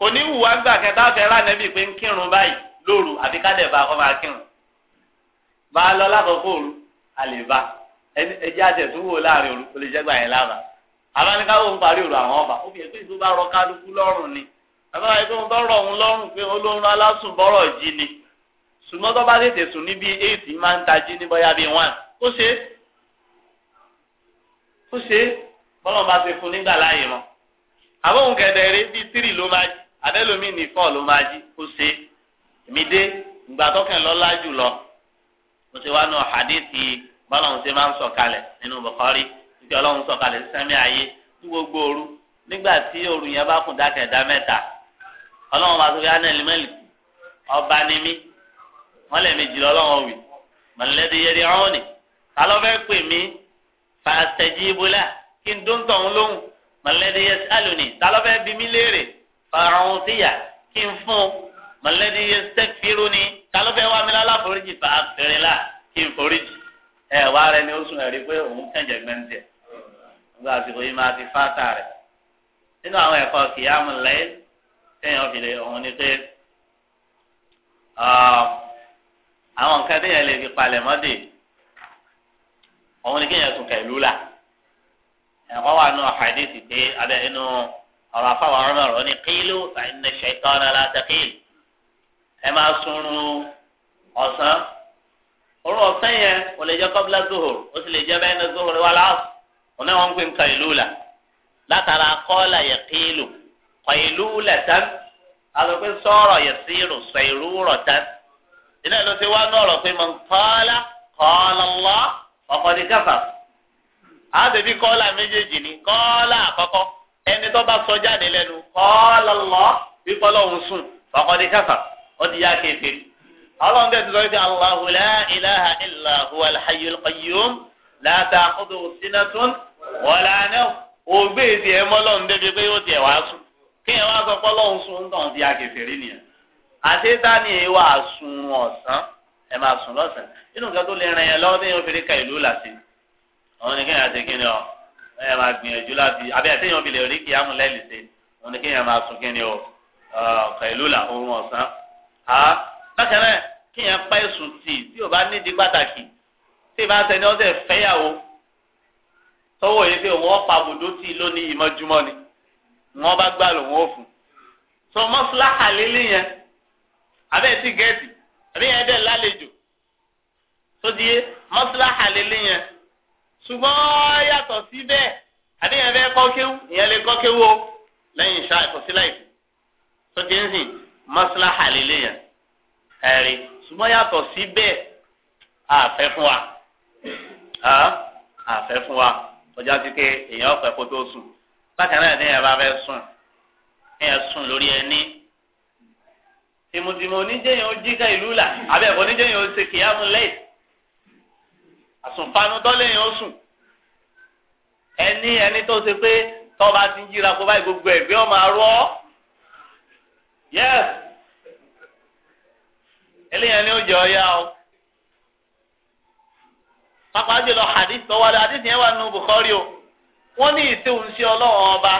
Speaker 1: kò ní wùwá gbà kẹta fẹ́ ránẹ́bì pé ń kírun báyìí lóru àbí kádẹ̀ bá kọ́ máa kírun bá a lọ lákòókò òru a lè bá ẹjẹ́ àtẹ̀túwò láàrin òru kò lè jẹ́ gbà yẹn lába àbáníkáwò parí òru àwọn ọba ó fi èpè tó bá rọ kálukú lọ́rùn ni àbáwá ẹgbẹ́ wọn tọrọ òun lọ́rùn pé olóorun alásùn bọ́rọ̀ jí ni ṣùgbọ́n tó bá tètè sùn ní bíi eight máa ń tají ní bóyá bíi one ó ṣe é ó ṣe bọ́lọ̀ bá ti fún nígbà láàyè mọ́ àbóhùn kẹ̀dẹ̀ rẹ bíi three ló máa jí abẹ́lómi ní fọ́ọ̀lù máa jí kó ṣe èmi dé ìgbà tọkàn lọ́la jù lọ mo ṣe wá nù hadithi bọ́lọ́hún ṣe máa ń sọ̀kalẹ̀ nínú Bukhari ìfẹ́ ọlọ́hún sọ̀kalẹ̀ sẹ́mi ayé tí gbogbo ooru nígbà tí ooru yẹn bá kùn dákẹ́dá mẹ́ta ọlọ́hún bá sọ fún yánà ẹlẹ́mẹ́lì ọba ni mí wọ́n lè méjì lọ́lọ́hún wì mọ̀lẹ́dí yẹ́dí ọ̀hún ni kálọ́ fẹ́ pè mí fàṣẹjì ibùlà kí n dóńtọ̀ ń lóhùn mọ̀lẹ́dí yẹ́sálùní kálọ́ fẹ́ bí mí léèrè àwòdíyà kí n fún mọ̀lẹ́dí sẹ́kìrú ni kálọ́fẹ́ wa mi lálá foríjì fà àfẹ́rẹ́ la kí n foríjì ẹ wá rẹ ni ó sùn ẹ̀rí pé òun kẹ̀jẹ̀ gbẹ̀ǹtẹ̀ nígbà àsìkò yìí máa fi fáta rẹ̀ nínú àwọn ẹ̀kọ́ kìyàmù lẹ́yìn téèyàn fi lè òun ni pé àwọn nǹkan téèyàn lè fi palẹ̀ mọ́dè òun ni kéèyàn sùn kẹ̀lú la ẹ̀kọ́ wà nù àhàdìsì pé abẹ́ inú ọ̀rọ̀ afáwọn ọ̀rọ̀ náà rọ ní kílù fàìnà ṣẹ̀tọ́nà látàkìlì ẹ máa sunrun ọ̀sán orun ọ̀sán yẹn ó lè jẹ́ kọ́bílá zuhur ó sì lè jẹ́ bẹ́ẹ̀ ní zuhur wà láàsù wọn náà wọ́n ń pè ń la látara kọ́ọ̀là yẹ kílù kàìlú la tán àlọ́ sọ̀rọ̀ yẹ sírù sẹ̀rù rọ̀ tán iná ló ti wá nọ̀rọ̀ pé mọ̀ kọ́ọ̀lá kọ́ọ̀lá lọ́ ẹni tó bá sọ jáde lẹ́nu kọ́ọ̀lọ́lọ́ wípé ọlọ́run sùn fàkọ́dé káfà ọdí yá kéèké ọlọ́run tẹ̀sí sọ wípé Allahu la ilaha illa huwa al-hayyul qayyum la ta'khudhuhu sinatun wala ògbé èdè ẹ̀ mọ́lọ́run débi pé yóò tiẹ̀ wá sùn kí ẹ wá sọ pé ọlọ́run sùn ń tàn nìyẹn àti tani ẹ wà sùn ọ̀sán ẹ máa sùn lọ́sàn nǹkan tó lè rìn yẹn lọ́wọ́ fi ẹ máa gbìyànjú láti àbí àtẹ̀yàn bi lè rí kí amú lẹ́lì ṣe òun ni kéèyàn máa sùn kíni o pẹ̀lú là oorun ọ̀sán. bákan náà kéèyàn pa ẹ̀sùn tì tí ò bá nídìí pàtàkì tí ìbá sẹni ọ̀sẹ̀ fẹ́yàwó tọwọ́ yìí pé òun ọ̀pá àbùdó tì lónìí ìmọ̀júmọ́ ni wọ́n bá gbà lòun ò fún. sọ mọ́sálà àlélẹ́ yẹn abẹ́ ti gẹ̀ẹ́tì àbí yẹn dẹ̀ lálejò tó di mọ́sálà àlélẹ́ yẹn ṣùgbọ́n yàtọ̀ síbẹ̀ àdéhùn fẹ́ kọ́ kéwú ìyẹn lè kọ́ kéwú o lẹ́yìn ìṣá ìkọsílẹ̀ ìkú tó ti ń sìn mọ́sálásà lélẹ̀ yẹn ẹ̀rí ṣùgbọ́n yàtọ̀ síbẹ̀ àfẹ́ fún wa àfẹ́ fún wa ọjà ti pé èèyàn ọ̀fẹ́ kó tó sùn bákan náà ní ẹ̀ bá fẹ́ sùn ẹ sùn lórí ẹni tìmùtìmù oníjẹyìn ó jíkà ìlú là abẹ ẹkọ oníjẹyìn ó ṣe kìyàmù lẹ́yìn àsùnfànudọ́lẹ̀ yẹn ó sùn ẹni ẹni tó ṣe pé tọ́ba ti ń jíra kó báyìí gbogbo ẹ̀gbẹ́ ọmọ arọ́ yẹ́s eléyàn ni ó jẹ ọyá o pápá jùlọ hadith tó wálé hadith yẹn wà o wọ́n ní ìṣeun sí ọba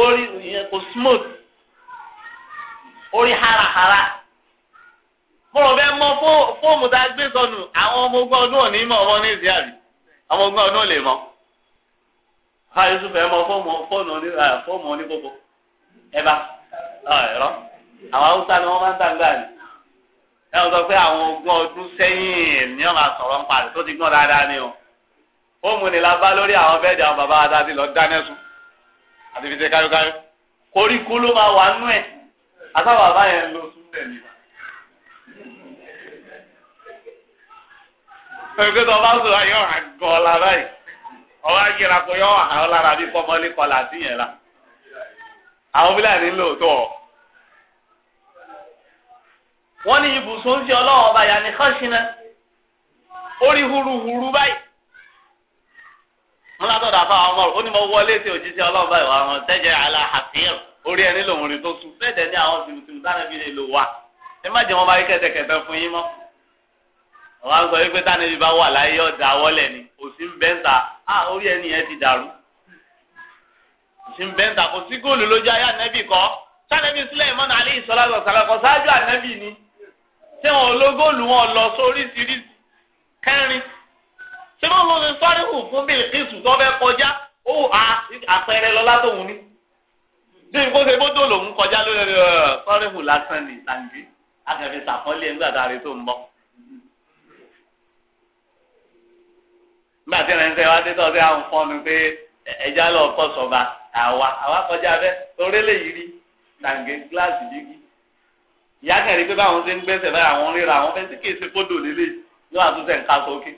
Speaker 1: orí kò smooth orí harahara. mo ò fẹ́ mọ fóòmù tá a gbé sọnù àwọn ọmọ ogun ọdún òní mọ̀ ọmọ ní ìsìn àbí ọmọ ogun ọdún ò lè mọ. báyìí sùn fẹ́ mọ fóòmù oníkókó ẹ bá ẹ̀rọ àwọn haúsá ni wọ́n máa ń tàgbà ni ẹ ọ sọ pé àwọn ogún ọdún sẹ́yìn ni wọ́n máa sọ̀rọ̀ ń parí tó ti gbọ́n dáadáa ni o ó mú ni lábá lórí àwọn bẹ́ẹ̀dì àwọn bàbá wa dáadé lọ dáná sùn àti fi ṣe káyọkáyọ koríko ló máa wà nú ẹ àtàwọn bàbá yẹn
Speaker 2: lọ sùn bẹ́ẹ̀ ẹgbẹ́ tó bá sọ̀rọ̀ yọ àgọ́ ọ̀la báyìí ọba yẹra kó yọ àwọn lára bí
Speaker 1: kọ́mọ́lé kọlà sí yẹn la àwọn fúlàní lóòótọ́ wọ́n ní ibùsùn sí ọlọ́wọ́ ọba yà ní orí huruhuru báyìí wọn látọ̀dọ̀ àfa ọmọ rẹ̀ ó ní mo wọlé sí òjíṣẹ́ ọlọ́wọ́ báyìí wọn tẹ́jẹ́ àlà orí ẹni lòun rìn tó sùn bẹ́ẹ̀ dẹ̀ ní àwọn tìmùtìmù sáré fi lè lò wá ẹ má jẹ́ wọn bá rí kẹ̀tẹ̀kẹ̀tẹ̀ fún yín mọ́ àwọn àgbà wípé táni bíbá wà láyé ọ̀dà wọlé ni òsì ń bẹ́ńtà á ah, orí ẹni yẹn ti dàrú òsì ń bẹ́ńtà kò sí góòlù lójú ayé ànẹ́bì kọ́ sànẹ́bì Sulaiman alẹ́ ìsọlá sọ̀sàlá kọ́ sáájú ànẹ́bì ni tí wọn ló góòlù wọn lọ sóríṣiríṣi kẹrin tí wọn lọ sọ́ríhù fún bílíkìsù tó fẹ́ kọjá ó àpẹẹrẹ lọ́lá tóun ní bí nǹkan ṣe bó dòlò ń kọjá lórí sọ́ríhù lásán ní tàǹgì akẹ́fẹ́ sàkọ́lé ńgbà tá a rí tó ń bọ̀. nígbà tí ẹ̀rẹ́ ń sẹ́wá dé tọ́ sí àwọn fọ́nù pé ẹja lọ kọ́ sọ̀ba àwa àwa kọjá abẹ́ torí lè rí tàǹgẹ̀ gíláàsì yígi. ìyá kẹrin pé báwọn ṣe ń gbẹ́sẹ̀ báyà àwọn ríra àwọn fẹ́ sí kí èsì fódò lélẹ̀ yóò àtúnṣe nǹkan sókè.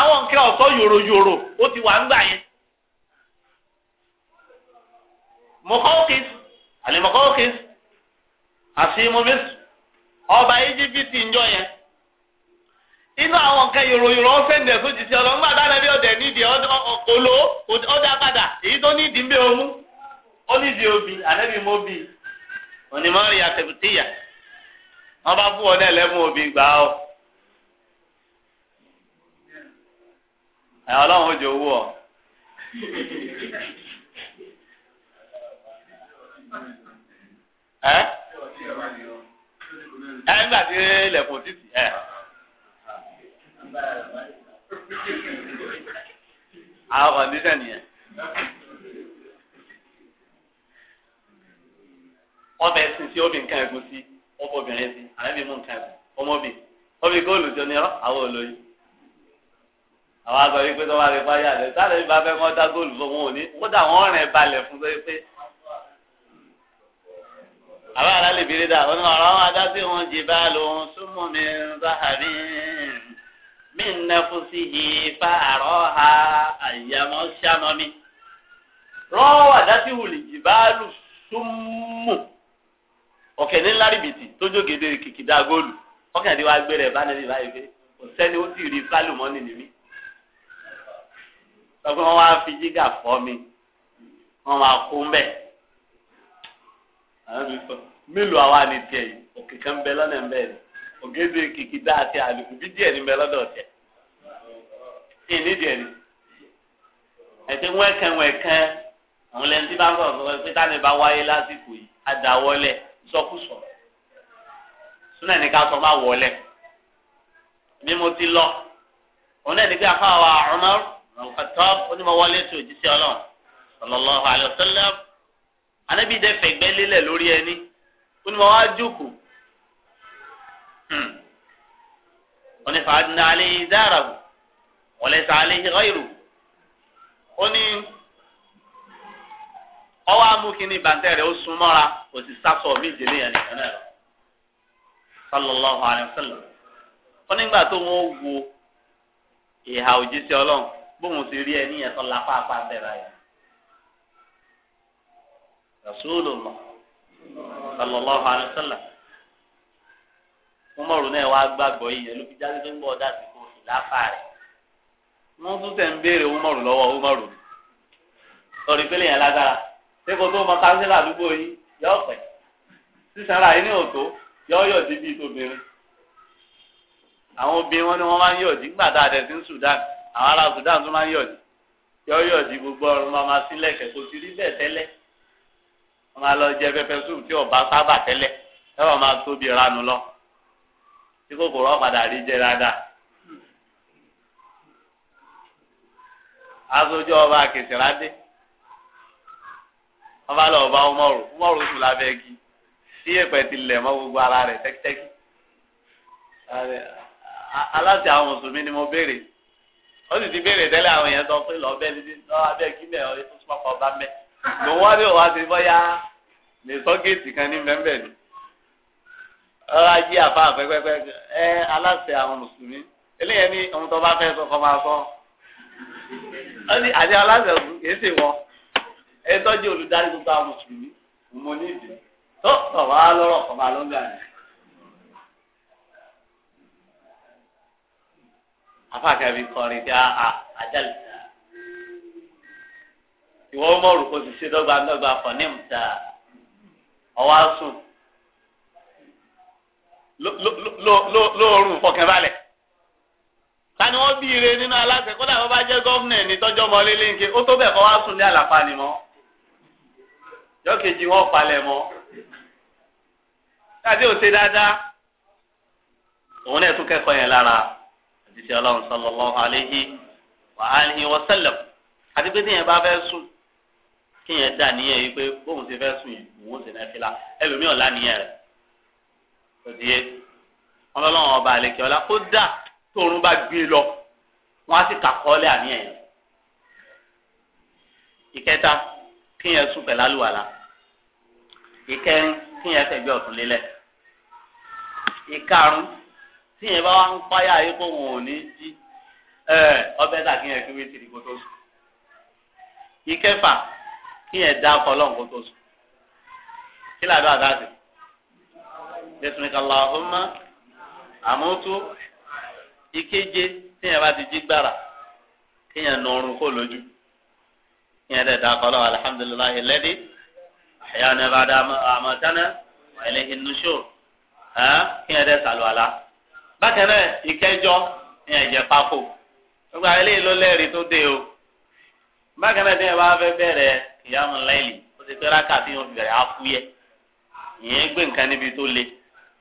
Speaker 2: àwọn nǹkan ọ̀sọ́ yòròyòrò ó ti wà ń gbà yẹn.
Speaker 1: mọ̀kọ́kì àlè mọ̀kọ́kì àfihàn mẹsùn ọba íjíbítì ń jọ yẹn inú àwọn nǹkan yòròyòrò ọ̀fẹ́ǹdẹ̀ tó jìṣẹ́ ọlọ́run gbàdá nàbí ọ̀dẹ̀ nídìí ọ̀kọ́ló ọ̀dà padà èyí tó nídìí ń bẹ omú ó nídìí obì ànábì mọ́ bì onímọ̀rì àtẹ̀kùtìyà wọ́n bá ọ lẹ́mú obì gbà ọ́ ẹ̀ ọlọ́run ọ.
Speaker 2: ẹ nígbà tí ilẹ̀kùn títì ẹ.
Speaker 1: àwọn kọ̀ǹdíṣẹ̀ nìyẹn. wọ́n bẹ sin sí obì nǹkan ẹ̀gún sí wọ́n fọ obìnrin sí àlẹ́bí mú nǹkan ẹ̀gún ọmọbì obì góòlù tó ní ọ àwọn olóyè àwọn àgbà yìí pé tó bá lè fáyà rẹ sáré bá fẹ́ kọ́ dá góòlù fún wọn ò ní kódà wọ́n rìn balẹ̀ fún tó yẹ pé àbá àlálẹ̀ bèrè dà wọn ọ̀rọ̀ àwọn adásí wọn jì bá lòun súnmọ́ mi báhàrí mí nẹ́kú sí i fa àrọ́ ha àyàmọ́ sàmọ́ mi. rọ́ọ̀ adásí wùlì jì bá lù súnmọ́ ọ̀kẹ́ ní lárìbìtì tójó gèdè kìkìdá góòlù ọ̀kẹ́ àti wàá gbé rẹ̀ bá báyìí pé kò ó sì rí fálù mọ́ni nìmi. sọ pé wọ́n wá fi jígà fọ́ mi wọ́n máa kó mbẹ́ àbí sọ mélòó àwa ni tiẹ̀ yìí òkè kan bẹ lọ́nà ń bẹ́ẹ̀ ni ògèdè kìkì dá àti àlùkù bí díẹ̀ ní bẹ lọ́dọ̀ tiẹ̀ ìní díẹ̀ ni ẹ̀sẹ̀ wẹ́kẹ̀ wẹ́kẹ̀ àwọn lẹ́nu tí bá ń sọ̀rọ̀ pé táni bá wáyé lásìkò yìí àdáwọlé sọkúsọ súnà ní ká sọ má wọlé bí mo ti lọ òun náà ní kí afáwa Umar Khattab onímọ̀ wọlé tó jíṣẹ́ ọlọ́run sallallahu alaihi wasallam anabi dẹ fẹ̀gbẹ́ lélẹ̀ lórí ẹni ó ní mo wá jókòó hmm. ó ní fàdínà alẹ́ ìdáràbù ọ̀lẹ́sà alẹ́ ìrọ̀ìrù ó ní ọwọ́ amúkíní bàtẹ́ rẹ̀ ó sún mọ́ra kò sì sásọ méje léyàn nìkan náà sallallahu alayhi wa sallam ó nígbà tó wọ́n wo ìhà òjíṣẹ́ ọlọ́run bóun ti rí ẹni yẹn tó lápá apá bẹ̀rẹ̀ ayọ̀ rasulullah sallallahu alayhi wa sallam umaru náà wàá gbàgbọ́ yìí yẹn ló fi jáde nígbà ọ̀dà àti kò sì láfa rẹ̀ wọ́n tún tẹ̀ ń béèrè umaru lọ́wọ́ umaru sọ̀rọ̀ ìpele yẹn lágbára sẹ́kọ̀ọ́ tó mọ kánsílà àdúgbò yìí yọ ọ̀pẹ̀ sísanra yìí ní òtó yọ ọ̀yọ̀ di bíi tóbìnrin àwọn obìnrin wọn ni wọ́n máa ń yọ̀dí nígbà tá a dẹ̀ sí Sudan àwọn ará Sudan tún máa ń yọ̀dí yọ ọ̀yọ̀ gbogbo ọ̀run máa ma sílẹ̀ kẹ̀kọ́ wọ́n máa lọ jẹ pẹpẹ súù tí ọba sábà tẹ́lẹ̀ ẹ̀rọ máa tóbi ranu lọ tí kòkòrò ọ̀padà rí jẹ dáadáa. asojú ọba kìsìládé ọba lọ ọba ọmọrù ọmọrù sùn lábẹ́ igi tí èpè ti lẹ̀ mọ́ gbogbo ara rẹ̀ tẹ́kítẹ́kí aláṣẹ àwọn mùsùlùmí ni mo béèrè ó sì ti béèrè tẹ́lẹ̀ àwọn èèyàn sọ pé lọ́ọ́ bẹ́ẹ̀ lọ́ọ́ abẹ́ kí mẹ́ẹ̀ ọ́ tó súnmọ́ kọ́ ọba mẹ́ẹ̀ mo wá ní òwá ti bọ́yá ní sọ́gẹ́tì kan ní mẹ́mbẹ́ ni ọ̀rá jí àfa pẹ́pẹ́pẹ́ ẹ aláṣẹ àwọn mùsùlùmí eléyẹn ní ohun tó bá fẹ́ sọ kọ́ máa sọ ọ ní àti aláṣẹ òkú kìí ṣe wọ ẹ tọ́jú olùdarí gbogbo àwọn mùsùlùmí mo ní ìdí tó tọ̀wá lọ́rọ̀ kọ́ máa ló ń gbà ní. afa kẹbi kọrin tí a àjálù ìwọ ọmọ rò kó ti ṣe dọ́gba dọ́gba fọ ní ìmùta ọwọ́ sùn lóòrùn fọkànbalẹ̀ tani wọn bí ire nínú aláṣẹ kódà wọn bá jẹ gómìnà ní tọjọ mọ lélẹńkẹ ó tó bẹ́ẹ̀ kọ wá sùn ní àlàpà ni mọ jọkejì wọn palẹ̀ mọ́ káàdé ò ṣe dáadáa òun náà tún kẹ́kọ̀ọ́ yẹn lára àdìsí Ọlọ́run sallallahu alaihi wa alihi wa sallam àti pé tíyẹn bá fẹ́ sùn kínyẹn dà níyẹn yìí pé bóun ti fẹ́ sùn yìí òun sì náà fi la ẹlòmíì ọ̀la níyẹn rẹ̀ òdìye wọn lọ́wọ́ ọba àlekè ọ̀la ó dà tóorun bá gbé lọ wọn á sì kàkọ́ọ́lẹ̀ àníyàn yẹn ìkẹta kínyẹn sùn pẹ̀lú àlùwàlà ìkẹrin kínyẹn fẹ̀gbẹ́ ọ̀tún lélẹ̀ ìkarùn tíyẹn bá wà ń páyà yìí pé òun ò ní jí ọbẹ̀ dà kínyẹn fi wí tìrì kótó ìkẹfà kí yẹn dá ọkọ ọlọ́run kó tó sùn kí làdó àdáàdì bismika Allahumma àmútú ìkeje tí yẹn bá ti jí gbára kí yẹn nu oorun kó lójú kí yẹn dẹ̀ dá ọkọ ọlọ́run alhamdulillahi alladhi ahyana ba'da amatana wa ilayhi nushur kí yẹn dẹ̀ sàlùwàlá bákan náà ìkẹjọ kí yẹn jẹ pákó gbogbo àwọn eléyìí ló lẹ́rìí tó dé o bákan náà tẹ́yẹ̀ bá fẹ́ bẹ̀rẹ̀ kìyàmù láìlì ó ti pẹ́ rákà tí wọ́n fi bẹ̀rẹ̀ afúyẹ́ ìyẹn gbé nǹkan níbi tó le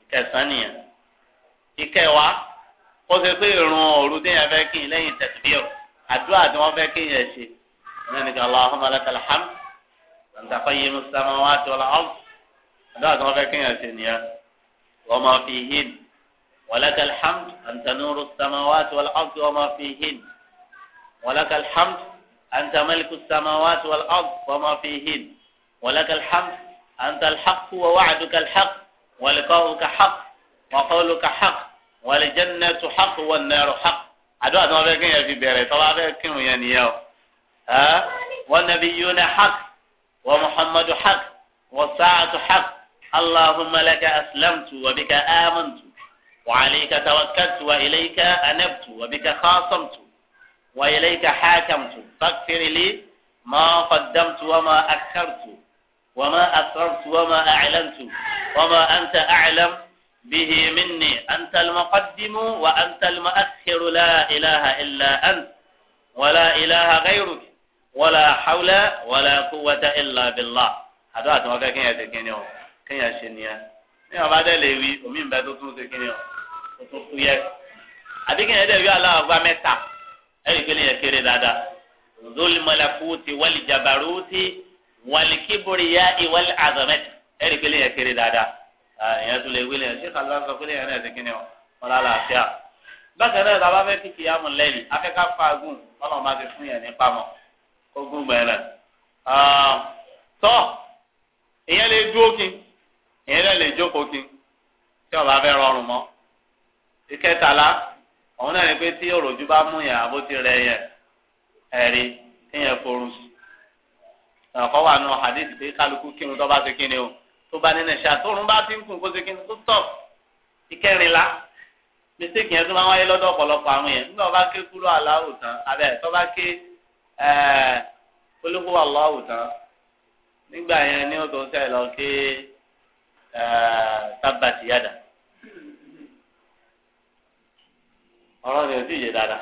Speaker 1: ìkẹsàn nìyẹn ìkẹwàá ó ṣe pé ìrun òru tẹ́yẹ̀ fẹ́ kí n lẹ́yìn tẹ̀síbíọ̀ àdúrà tí wọ́n fẹ́ kí n yẹn ṣe náà nìkan Allahumma lakal hamd anta qayyimu samawati wal ard àdúrà tí wọ́n أنت ملك السماوات والأرض وما فيهن ولك الحمد أنت الحق ووعدك الحق ولقاؤك حق وقولك حق والجنة حق والنار حق أدو أدو أبيكين يا في بيري طبعا أبيكين يعني يا ها والنبيون حق ومحمد حق والساعة حق اللهم لك أسلمت وبك آمنت وعليك توكلت وإليك أنبت وبك خاصمت وإليك حاكمت فاغفر لي ما قدمت وما أخرت وما أسررت وما أعلنت وما أنت أعلم به مني أنت المقدم وأنت المؤخر لا إله إلا أنت ولا إله غيرك ولا حول ولا قوة إلا بالله هذا أتوقع كن يتكين كن يشنيا ní ọba dẹ lè wí omi ìbẹ tó tún ṣe kí ni ọ tó tún ẹ̀yìn pé lèyàn kéré dáadáa zoli malakuti wali jabaruti wali kiburiya iwali azamẹti ẹ̀yìn pé lèyàn kéré dáadáa ẹ̀yìn tó lè wí lèyàn ṣé kàlá sọ pé lèyàn náà ti kíni ọ ọlá làásìá bákan náà làwọn afẹ́ kìkì yà mú lẹ́yìn afẹ́ ká fagùn ọlọ́run máa ti fún yẹn ní pamọ́ ogún gbẹ̀rẹ̀ tọ́ ìyẹn lè dúró kí ìyẹn lè jókòó kí tí ọba fẹ́ rọrùn mọ́ ìkẹtàlá òun náà ní pé tí òròjú bá mú yàn abó ti rẹ yẹn ẹ̀rí kéèyàn forun sí ọ̀kọ́ wà nù hadith pé kálukú kírun tó bá ti kíni o tó bá nínú ìṣe àtòrun bá ti ń kún kó ti kíni tó tọ̀ ìkẹrìnlá mistake yẹn tó máa wáyé lọ́dọ̀ ọ̀pọ̀lọpọ̀ àwọn yẹn nígbà wọn bá ké kúrò aláwò tán abẹ́ tó bá ké olóko aláwò tán nígbà yẹn ní o tó lọ ké tábàtì yàdà. ọ̀rọ̀ rẹ̀ ò sì yé dáadáa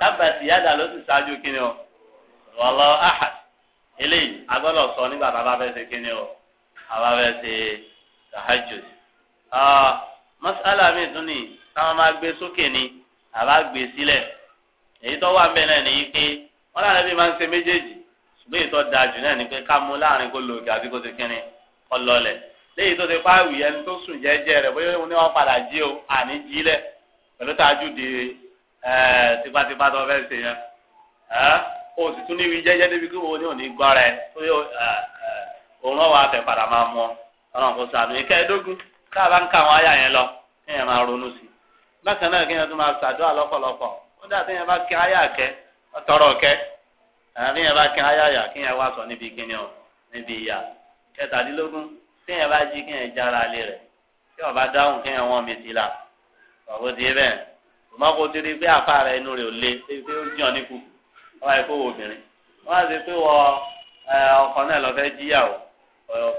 Speaker 1: tábàtì yàda ló sì ṣáájú kíni o wọlọ ahad eléyìí agbọ́dọ̀ sọ nígbà tá a bá fẹ́ kíni o a bá fẹ́ tún ni táwọn máa gbé sókè ni a bá gbé sílẹ̀ èyí tó wà náà nìyí pé náà máa ń méjèèjì ṣùgbọ́n èyí tó da jù náà ni pé ká mú láàrin kó àti kó kíni léyìí tó ti ẹni tó sùn jẹ́jẹ́ rẹ̀ bóyá ni wọ́n padà o àní jí pẹ̀lú tájú di tipátipá tó fẹ́ se yẹn o sì tún níbi jẹ́jẹ́ débi kí wo ni ò ní gbọ́ rẹ̀ tó yọ òun ọ̀wọ́ afẹ́ padà máa mọ ọ̀ràn kò sànù ìkẹ́ẹ̀dógún tá a bá ń ka àwọn àyà yẹn lọ kí yẹn máa ronú sí i bákan náà kí yẹn tún máa ṣàdúrà lọ́pọ̀lọpọ̀ ó dà tí yẹn bá kí àyà kẹ ọ̀tọ̀rọ̀ kẹ àbí yẹn bá kí àyà yà kí yẹn wá sọ níbi kíni o níbi ìyà kẹtàdínlógún tí yẹn bá jí kí yẹn jára lé rẹ̀ tí ó bá dáhùn kí yẹn ọ̀bọ̀ ti bẹ́ẹ̀ ọmọkò ti rí pé àfa inú rẹ ò le pé ó jàn ní kùkù wọn àìkó wo obìnrin wọn á sì pé wọ ọkọ náà lọ fẹ́ jíyàwó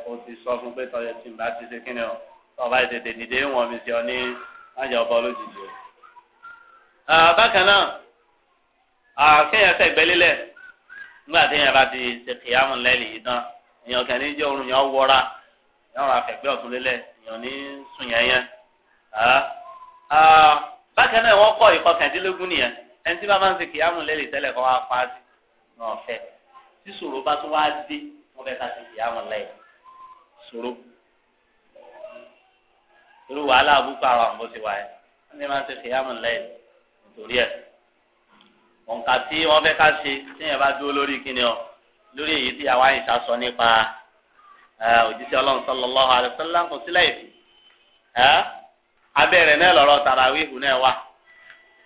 Speaker 1: o ti sọ fún pé tọyọ tí n bá ti ṣe kí ni ọ ọba ìtètè dìde wọn mi sí ọ ní májà ọba olójijì o. bákan náà kéèyàn sẹ̀gbẹ́lélẹ̀ nígbà téèyàn bá ti ṣe kìyàmù lẹ́lì yìí tán èèyàn kàn ní jẹ́ oorun yẹn wọ́ra yẹn wọ́n afẹ́gbẹ́ ọ̀tún èèyàn ní sùn yẹn yẹn. Ah, bákan náà wọ́n kọ́ ìkọ́ kẹ̀dínlógún nìyẹn ẹni tí bá máa ń ṣe kìyàmù lẹ́lẹ̀ tẹ́lẹ̀ kọ́ wá pa á sí ní ọ̀fẹ́ tí sòrò bá tún wá dé wọ́n fẹ́ ká ṣe kìyàmù lẹ́yìn sòrò irú wàhálà àbúkọ àwọn àmọ́ ti wáyé wọ́n ti máa ń ṣe kìyàmù lẹ́yìn nítorí ẹ̀ òǹkà tí wọ́n fẹ́ ká ṣe tíyẹn bá dúró lórí kíni ọ lórí èyí tí àwa ìṣà sọ nípa eh, òjíṣẹ́ ọlọ́run sallallahu alaihi wasallam kò sílẹ̀ abẹ́rẹ́ náà lọ́rọ̀ tarawihu náà wà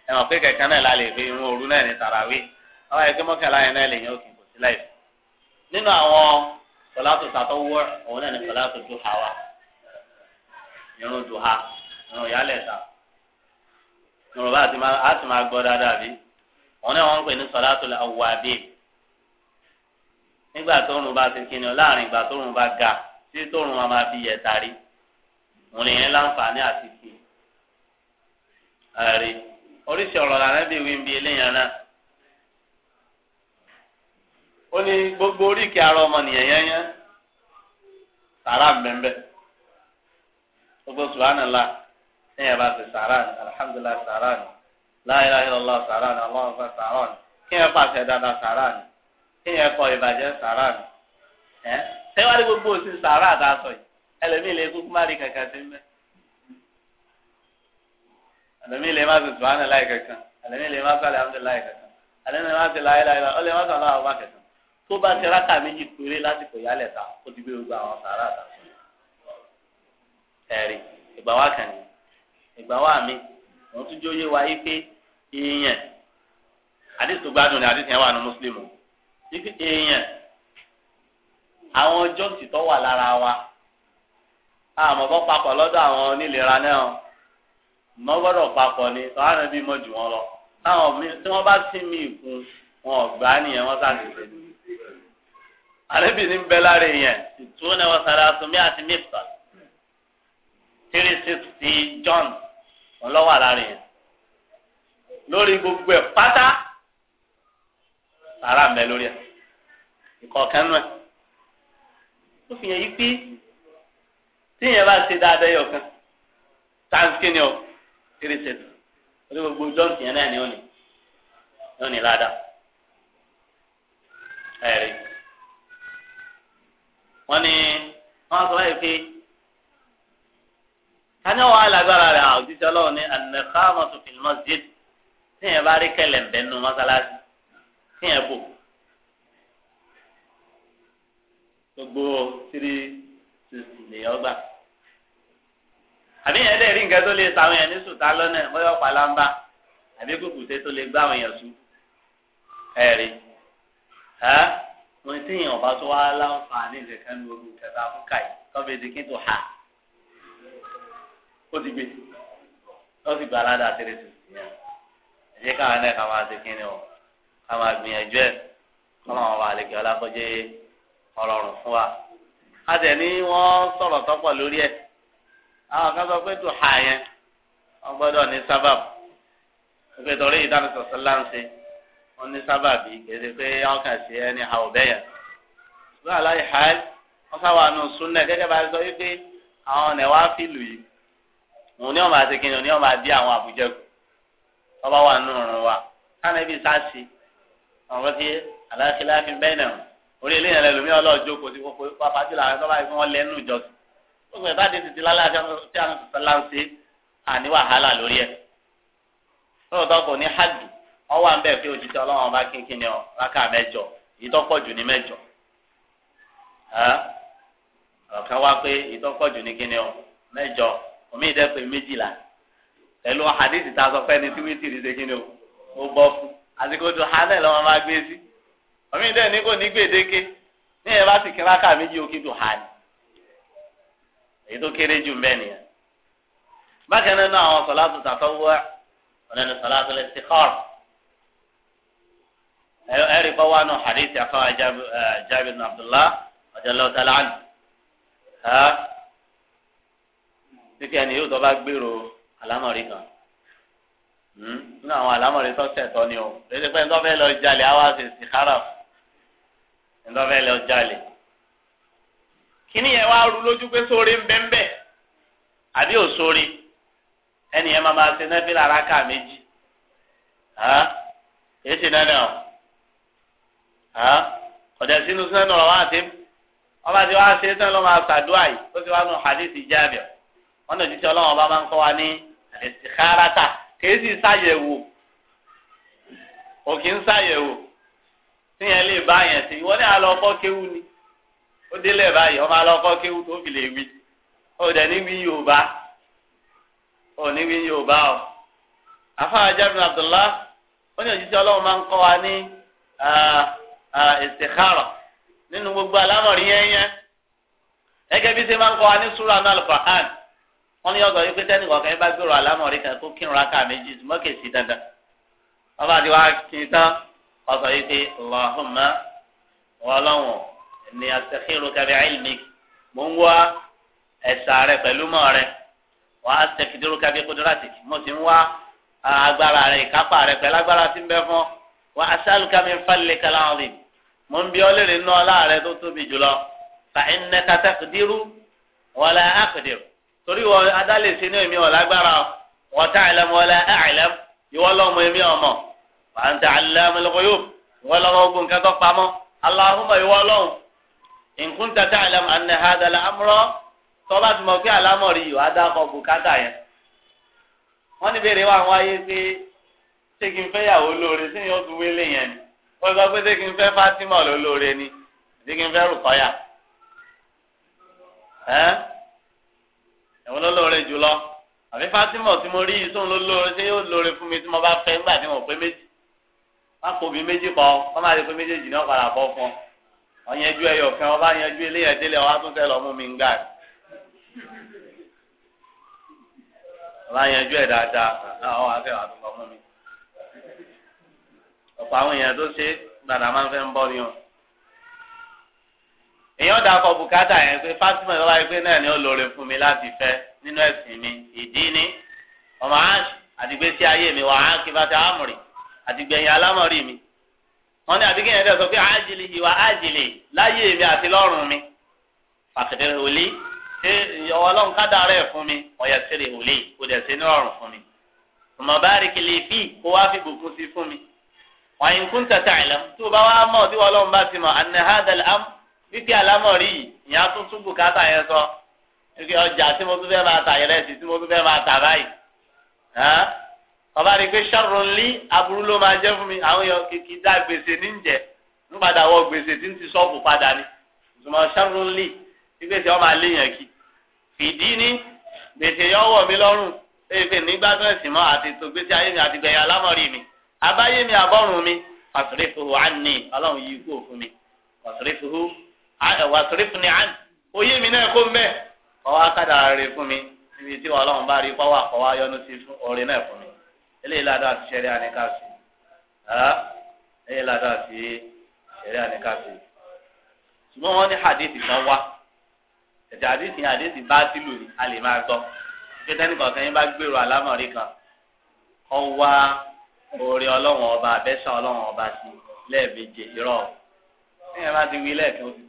Speaker 1: ẹ mọ̀ pé kẹ̀kẹ́ náà la lè fi irun òru náà ní tarawih àwọn ẹgbẹ́ mọ́kànlá yẹn náà lè yàn òkè kò sí láì fún. nínú àwọn sọlátò sàtọ́wọ́ òun náà ní sọlátò duha wa irun duha irun ìyálẹ̀ta yorùbá á ti máa gbọ́ dáadáa bí òun náà wọ́n ń pè ní sọlátò awwabin nígbà tó rùn bá ti kíni láàrin ìgbà tó rùn bá ga tí tó rùn máa fi yẹ̀ tari òun lèyẹn láǹfààní àti fi ààrẹ oríṣi ọ̀rọ̀ làrá bí wí ń bi eléyàn náà ó ní gbogbo oríkì ara ọmọnìyàn yányá sàrà mbẹ́mbẹ́ gbogbo subhanallah ẹ̀yàn bá ti sàrà ni alhamdulilah sàrà ni la ilaha illallah sàrà ni Allahu akbar sàrà ni kéèyàn pàṣẹ dáadáa sàrà ni kéèyàn kọ ìbàjẹ́ sàrà ni ẹ̀ tẹ́wájú gbogbo òsì sàrà àtàtọ̀ yìí ẹlẹ́mìí lè kúkú má rí kankan sí mẹ́ ẹlẹ́mìí lè má sùn sùn láì kankan ẹlẹ́mìí lè má sùn àlẹ́ láì kankan ẹlẹ́mìí lè má sùn láì láì láì ọlẹ́mìí má sùn aláwọ̀ má kankan tó bá ti rákà méjì péré lásìkò yálẹ̀ ta ó ti gbé gbogbo àwọn sàrà ta ẹ̀rí ìgbà wa kàn ní ìgbà wa mi wọ́n tún jóyè wa yí pé èèyàn àdìsí gbádùn ni àdìsí yẹn wà ní mùsùlùmí èèyàn àwọn ọjọ́ tìtọ́ wà lára wa àmọ́ ah, bọ́ papọ̀ lọ́dọ̀ àwọn onílera náà mọ́ gbọ́dọ̀ papọ̀ ni sọ́hánà bí mọ̀ jù wọ́n lọ táwọn tí wọ́n bá sí mi ìkun wọn ò gbá nìyẹn wọ́n sáré ṣe ni.
Speaker 2: àlébì ní bẹ́ẹ̀ lára èèyàn
Speaker 1: ìtúnẹ̀ wọn sáré asomí àti mipsa three sixty john wọn lọ́wọ́ àlára èèyàn lórí gbogbo ẹ̀ pátá sàrà ń bẹ lórí ẹ̀ ìkọ̀ọ̀kan nù ẹ̀ ó fi hàn yí pé tí yẹn bá ń ṣe dáadáa yọ kan thanksgiving ọ kéré ṣètò orí gbogbo jọ́ǹtì yẹn náà ni ó ní ó ní ládàá ẹ̀rí wọ́n ní wọ́n sọ báyìí pé tani wọn alágbára rẹ àwùjọ ah, ọlọ́run ní anakhamatu fil masjid tí yẹn bá rí kẹlẹ̀ ń bẹ nínú mọ́sálásí tí yẹn bò gbogbo three sixty lèyàn gbà àbí yẹn lè rí nǹkan tó lè sàwọn yẹn ní sùtá lọ́nà bóyá ọ̀pàlàmbá àbí kùkùté tó lè gbá àwọn yẹn sùn ẹ̀rí ẹ́ wọn tí yẹn ọba tó wá láǹfààní ìṣẹ̀kan ní orí ìkẹta fúkà yìí tọ́bi ti kíntù ha ó ti gbé lọ́sì gba aládàá tẹ̀lé tó ti yẹn ẹ̀jẹ̀ káwọn náà ká máa ṣe kíni o ká máa gbìyànjú ẹ̀ kọ́nà wọn wà lè kí ọlọ́run fún wa àwọn kan sọ pé dùhà yẹn wọn gbọ́dọ̀ ní sábàbù pé torí ìdánisọ̀sọ́ láǹṣe wọn ní sábàbí kéde pé wọn kàn sí ẹni àwọn bẹ́yà ṣùgbọ́n aláì ha wọn sábà nù súnẹ̀ gẹ́gẹ́ bá a sọ wípé àwọn ọ̀nà wa fi lù yìí òun ní ọ̀ma àti kìnìún ní ọ̀ma bí àwọn àbújá kù tọ́ba wà nù ọ̀run wa kánẹ́bí sáàsì ọ̀rọ̀ tí aláìkíláàfin bẹ́ẹ̀ nà orí ilé yẹn lẹ́lòmí ọlọ́ọ̀jókòó ti fọ́fọ́ pápá jùlọ àwọn gbogbo ẹ̀ bá di títí lálẹ́ àti àwọn tí àwọn sọ̀tàn láǹṣe àní wàhálà lórí ẹ̀ lóòótọ́ kò ní hajj ọwọ́ à ń bẹ̀ pé òjijì bá kínkín ni ọ rákà mẹ́jọ ìtọ́pọ̀ jù ní mẹ́jọ ọ̀kan wá pé ìtọ́pọ̀ jù ní ọ mẹ́jọ omi méjìlá pẹ̀lú hadith ta sọ o ó bọ́ fún àsìkò tó gbé sí omi ní kò ní gbèdéke ní èyí tó kéré jù mbẹ nìyẹn bákan náà àwọn sọláàtù tàtọwọ ọlẹnu sọláàtù lẹsíkọr ẹrí bá wà nù hadith afáwà jábìrì nù abdullah ọjọlọ tàlán ha títí ẹni yóò tó bá gbèrò alámọ̀rí kan hmm? nínú àwọn alámọ̀rí tó tẹ̀tọ́ ni o lórí pé ń tọ́ lọ jalè àwọn àṣẹ ìsìkárà ń lọ jalè. Kini yẹn wá rú lójú pé sórí ń bẹ́ ń bẹ́ àbí ò sórí ẹnì yẹn máa ma ṣe nẹ́fìlà aráka méjì èyí ti nánà ọ̀dẹ̀ sínú sínú ọ̀rọ̀ wá àti ọba tí wàá ṣe é tán ló máa ṣàdúrà yìí ó ti wá nù hadith Jabir wọn lọ jíjẹ Ọlọ́run ọba máa ń kọ́ wa ní àlẹsìkárátà kìí sì ṣàyẹ̀wò òkì ń ṣàyẹ̀wò tíyẹn lè bá yẹn sí ìwọ ní àlọ ọkọ kéwù ni ó délé báyìí ọmọ alọ́kọ́ kéwú tó fi lè wí ó dẹ̀ ní wí yorùbá ó ní wí yorùbá o afáà jábìrì abdullah ó ní òjijì ọlọ́run máa ń kọ́ wa ní istikhara nínú gbogbo alámọ̀rí yẹn yẹn gẹ́gẹ́ bí ṣe máa ń kọ́ wa ní súra náà al wọ́n ní ọgbọ̀n yìí pé tẹ́nìkọ̀ọ́kan yẹn bá gbèrò alámọ̀rí kan kó kírun rákà méjì mọ́kèsí dandan ọba àti wa kì í tán ọ̀sọ̀ yìí pé Allahumma wọ́n lọ́wọ́n ni astakhiruka bi ilmik mo ń wá ẹ̀sà rẹ pẹ̀lú mọ́ rẹ wa astakidiruka bi qudratik mo sì ń wá agbára rẹ ìkápá rẹ pẹ̀lú agbára tí ń bẹ fún wa as'aluka min fadlika al mo ń bí ọ lè rìn tó tóbi jùlọ fa innaka taqdiru wa la torí wọ adálèsè ní èmi ọ̀lágbára wa ta'lamu wa la a'lam ìwọ lọ́mọ èmi ọmọ wa anta allamul ghuyub ìwọ lọ́mọ ogun kẹtọ́ pamọ́ Allahumma ìwọ lọ́hùn nǹkan tata àlẹmọ àná hàdà làmúrọ tọba tí mo fi àlámọ rí yòó adakọ bùkátà yẹn wọn ní bèrè wa àwọn ayé pé ṣé kí n fẹ́ yàwó lóore sí ni ó tún wélé yẹn ni wọn sọ pé ṣé ni ẹwọn ló jùlọ àbí Fatima tí mo rí yìí tóun ló si ṣé yóò lóore fún mi tí mo bá fẹ́ nígbà tí mo pé méjì má kó méjì ọ̀yẹ́jú ẹyọ kan ọba yẹjú eléyẹn délé ọba tún tẹ́ lọ mú mi ń gà ní.
Speaker 2: ọba yẹjú ẹ̀ dáadáa àwọn afẹ́wà tó lọ mú mi. ọ̀pọ̀ àwọn
Speaker 1: èèyàn tó ṣe gbàdá máa ń fẹ́ ń bọ́ ni o. èèyàn dà kọ bùkátà yẹn pé fásitì ọba yẹn pé náà ni ó lóore fún mi láti fẹ́ nínú ẹ̀sìn mi ìdí ni ọmọ àṣì àdìgbésí ayé mi wà á kí bá ti àmùrì àdìgbẹ̀yìn alámọ̀rí mi wọn ní àbíkẹ́ yẹn dẹ́ sọ pé ájìlì ìwà ájìlì láyé mi àti lọ́rùn mi fàkìdẹ́rẹ́ òlé ṣé ìyọ̀wọ́ ọlọ́run kádà rẹ̀ fún mi ọ̀yà sẹ́rẹ̀ òlé kò dẹ̀ sí nírọ̀rùn fún mi ọmọ báàrí kìlì fi kó wá fi bùkún sí fún mi wọn yìí kún tẹ̀tẹ̀ àìlẹ́ tó bá wá mọ̀ tí ọlọ́run bá ti mọ̀ anahadal am àlámọ̀ rí yìí ìyá tó tún bùkátà yẹn sọ ọjà tí mo tún fẹ́ máa tà yẹlẹ́sì tí mo tún fẹ́ máa tà báyìí ọba rí i pé sharrun li aburú ló máa jẹ́ fún mi àwọn èèyàn kìkì dá gbèsè níjẹ́ ń padà wọ gbèsè tí ń ti sọ́ọ̀bù padà ni ìtumọ̀ sharrun li gbèsè ọmọ àléyàn kì fìdí ní gbèsè yọ wọ̀ mí lọ́rùn pé nígbàdàn ẹ̀sìn mọ́ àti ètò gbèsè ayé mi àti gbẹ̀yà alámọ̀rí mi abáyé mi àbọ̀rùn mi wàsírífùhù ánì ọlọ́run yìí kú òfin eléyìí ládàá sí ṣẹ̀ríà ní ká sí eléyìí ládàá sí ṣẹ̀ríà ní ká sí. ṣùgbọ́n wọ́n ní hadith kan wá ẹ̀jẹ̀ hadith yẹn hadith bá sílù ni a lè máa gbọ́ pétẹ́nì kọ̀ọ̀kan yín bá gbèrò àlámọ̀rí kan ọ wá oore ọlọ́wọ̀n ọba àbẹ́sàn ọlọ́wọ̀n ọba sí lẹ́ẹ̀mejì irọ́ ẹ̀yìn bá ti wí lẹ́ẹ̀kan oṣù.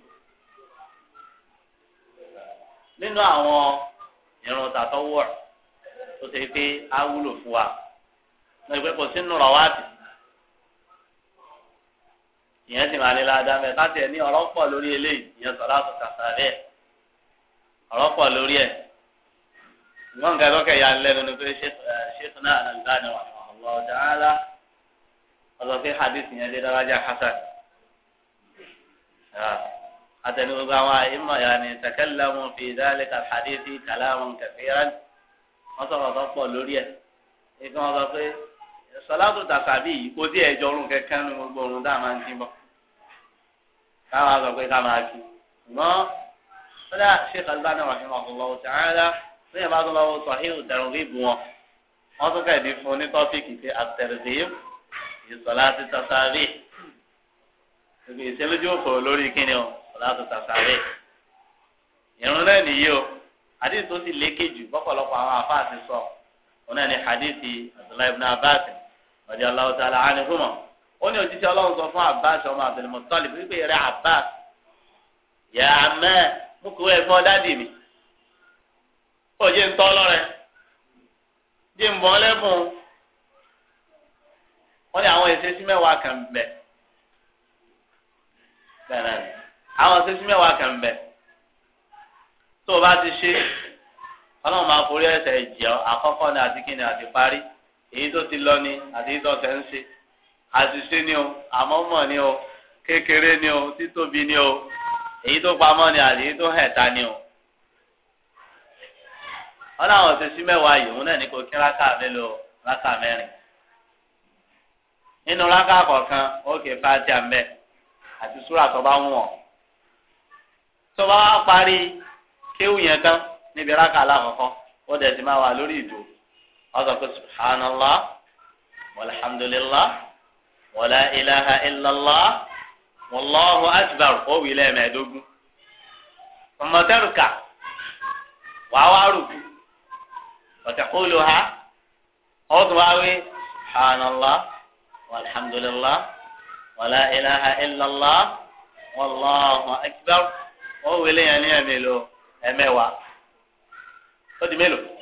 Speaker 1: nínú àwọn ìrùn tàtọ́wọ̀ tó ṣe pé á wúlò fún wa. ní pẹ́ kò sí nù rọ́wátì ìyẹn sì máa ní ládàá mẹ́ láti ẹ̀ ní ọ̀rọ̀ pọ̀ lórí eléyìí ìyẹn sọ láti kàtà rẹ̀ ọ̀rọ̀ pọ̀ lórí ẹ̀ ìwọ̀n nǹkan ẹ̀kọ́ kẹ̀yà lẹ́nu ni lọ́gbẹ́ kò sí nù rọ̀wáàtì ìyẹn sì máa ní ládàá mẹ́ káṣí ẹ̀ ní ọ̀rọ̀ pọ̀ lórí eléyìí ìyẹn sọ̀rọ̀ àtúntò kàtà bẹ́ẹ̀ ọ̀rọ̀ pọ̀ lórí ẹ̀ ìwọ́n nǹkan lọ́kẹ̀ ya lẹ́nu ni pé ṣéèkù eleyii iyen so lati àlùbáàdàn wà lọ́wọ́ dáhàlá ọlọ́pẹ́ ni hadith yẹn dé dáradà hasan àtẹnu gbogbo àwọn àìmọ̀ yà ni mu fi ka dhalika alhadithi kalaman kathiran wọ́n sọ̀rọ̀ pọ̀ lórí ẹ̀ ikú wọn sọ pé sọlátù tàṣàbí yìí kò sí ẹjọ ọrùn kẹkẹ ní gbogbo ọrùn tá a máa ń dín bọ káwọn sọ pé ká máa kí ṣùgbọ́n sọlá sheikh albani rahimahullahu ta'ala lóye bá tó bá wọ sọhíù tẹrùbíbù wọn wọn tún kẹ̀dí fún ní tọ́fíìkì pé àtẹrùbíb ìsọlátù tàṣàbí ìgbè ìṣẹlójú òkòrò lórí kíni o sọlátù tàṣàbí ìrún náà nìyí o àdìsí tó ti lékejì bọ́pọ̀lọpọ̀ àwọn àfáà ti sọ òun ni hadithi abdullahi ibn abbas ọjà aláwọ tá a la hàn fún mọ ó ní òjijì Ọlọ́run sọ fún Abbas ọmọ Abdul Muttalib wípé rẹ Abbas yà á mẹ mú kó ẹ fún ọdádì mi ó jẹ ń tọ́ lọ́rẹ́ jẹ ń bọ́ lẹ́bùn wọ́n ní àwọn ìṣesí mẹ́wàá kan bẹ̀ àwọn ìṣesí mẹ́wàá kan bẹ̀ tó o bá ti ṣe Ọlọ́run máa forí ẹ̀ṣẹ̀ jẹ́ àkọ́kọ́ ni àti kíni àti parí èyí tó ti lọ ni àti èyí tó tẹ̀ ń ṣe àṣìṣe ni o àmọ́ mọ̀ ni o kékeré ni o títóbi ni o èyí tó pamọ́ ni àti èyí tó hẹ̀ta ni o. wọ́n láwọn ṣe sí mẹ́wàá yìí òun náà ní kò kí rákà mélòó rákà mẹ́rin nínú rákà kọ̀ọ̀kan ó kè fàájì àmbẹ́ àti súrà tó bá wù wọ́n tó bá wá parí kéwù yẹn tán níbi rákà alákọ̀ọ́kọ́ ó dẹ̀ ti máa wà lórí ìdòwò wọ́n sọ pé subhanallah walhamdulillah wala ilaha illallah wallahu akbar ó wí lẹ́ẹ̀mẹ́ẹ̀dógún ọmọdérùkà wàá wá rùkú ọ̀tẹ̀kúlù ha ọ̀tún wá wí subhanallah walhamdulillah wala ilaha illallah wallahu akbar ó wí lẹ́yìn ẹ̀mẹ́lò ẹ̀mẹ́wàá ó di mélòó.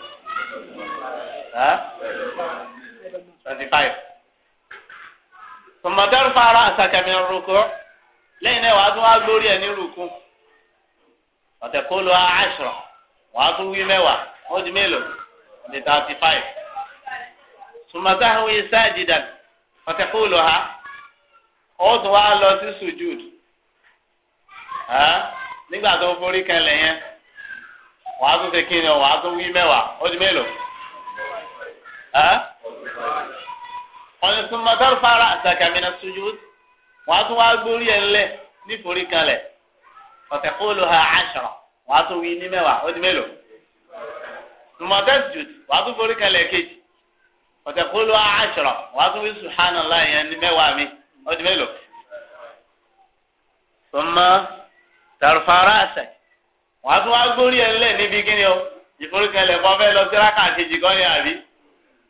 Speaker 1: twenty five. fara àṣàkẹ́mi rúkọ́ lẹ́yìn náà wàá tún wá lórí ẹ̀ ní rúkú ọ̀tẹ̀ kó lo àṣọ wàá tún wí mẹ́wàá ó di mélòó lo ha ó tún wá lọ sí sùjúd nígbà tó forí kan yẹn wàá tún ṣe kí ni
Speaker 2: wọ́n
Speaker 1: ní súnmọ́ fara wọ́n á tún wá gbórí ẹ̀ lẹ̀ kalẹ̀ ọ̀tẹ̀ kóòlù ha wọ́n á tún wí ní mẹ́wàá ó di mélòó wọ́n á tún forí kalẹ̀ kejì ọ̀tẹ̀ kóòlù ha wọ́n á tún wí ní mẹ́wàá mi ó di mélòó. fara àṣẹ wọ́n á tún wá gbórí ẹ̀ lẹ̀ níbi kíni o ìforí kalẹ̀ fẹ́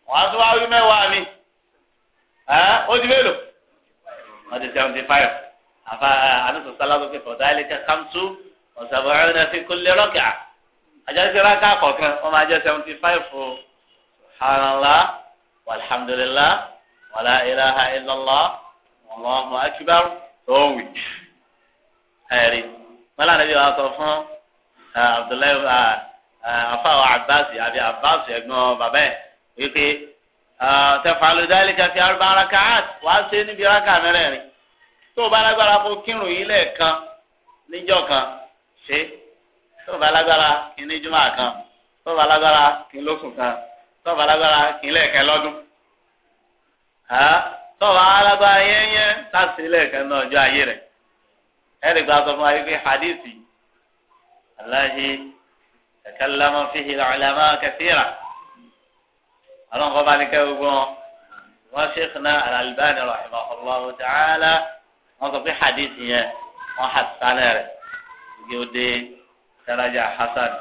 Speaker 1: wọ́n á tún wá wí mẹ́wàá mi ó di mélòó wọ́n ti seventy five àfa àdúgbò sálábùkẹ́ fọ̀dá ẹlẹ́kẹ́ kàmtú ọ̀sàbọ̀rẹ́ náà fi kúlẹ̀ rọ́kà àjọṣe rákà kọ̀ọ̀kan wọ́n máa jẹ́ seventy five o subhanallah walhamdulillah wàlá ilaha illallah wallahu akbar tó wì ẹ̀rí mọ́lá nàbí wa sọ fún eh, abdullahi afa eh, wa abbas àbí abbas ẹ̀gbọ́n bàbá ẹ̀ wípé tẹfàlù dálíkà fi arúgbó arakáàt wàá ṣe níbi rákà mẹ́rẹ̀ẹ̀rin tó o bá lágbára fún kírun yìí lẹ́ẹ̀kan níjọ́ kan ṣe tó o bá lágbára kí ní jùmọ̀ kan tó o bá lágbára kí lóṣù kan tó o bá lágbára kí lẹ́ẹ̀kan lọ́dún tó o bá lágbára yẹ́nyẹ́ láti lẹ́ẹ̀kan náà ọjọ́ ayé rẹ̀ ẹ̀rì gba sọ fún wa wípé hadithi aláhi takallama fihi al-ulama kathira ọlọ́run kọ́ bá ní kẹ́wọ́ gbọ́n wọ́n Sheikhna Al-Albani rahimahullahu ta'ala wọ́n sọ pé hadith yẹn wọ́n hasanẹ̀ rẹ̀ ìgbé òde daraja hasan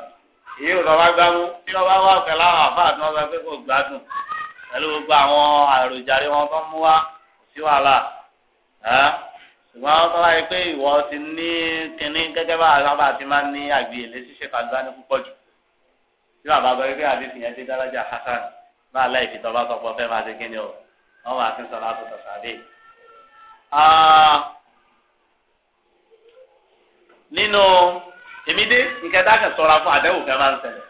Speaker 1: èyí ò lọ́wọ́ gbámú tí wọ́n bá wà pẹ̀lú àwọn àfáà tí wọ́n sọ pé kò gbádùn pẹ̀lú gbogbo àwọn àròjàre wọn tó ń mú wá sí wàhálà ṣùgbọ́n wọ́n tọ́lá yìí pé ìwọ ti ní kínní gẹ́gẹ́ bá àgbà ti máa ní àgbìyèlé ṣíṣe pàdánù púpọ̀ jù tí bàbá gbọ́ pé àdéhùn yẹn dé daraja hasan bá aláì fi tọ́ba sọ pọ̀ fẹ́ máa ṣe kíni o wọ́n máa fi sọ̀rọ̀ àtúntò sàbí. nínú èmi dé nkẹta kan sọra fún àdéhùn kan máa ń ṣẹlẹ̀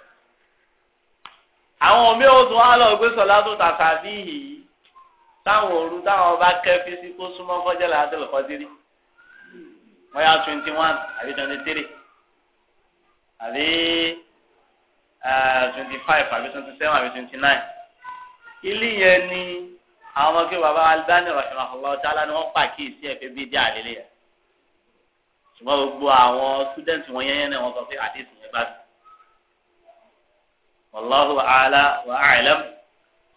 Speaker 1: àwọn omi ò tún wá lọ gbé sọlá tó ta sàbí yìí táwọn òru táwọn bá kẹ́ fi sí kó súnmọ́ kọjá láti lọ́kọ́ dírí wọ́n yá twenty one àbí twenty three àbí twenty five àbí twenty seven àbí twenty nine ilé yẹn ni àwọn kí baba Albani rahimahullah ta'ala ni wọ́n pàkíyèsí ẹ̀fẹ́ bíi dí àlélẹ́ yẹn ṣùgbọ́n gbogbo àwọn student wọn yẹn yẹn náà wọ́n sọ pé àdéhùn yẹn bá wallahu a'la wa a'lam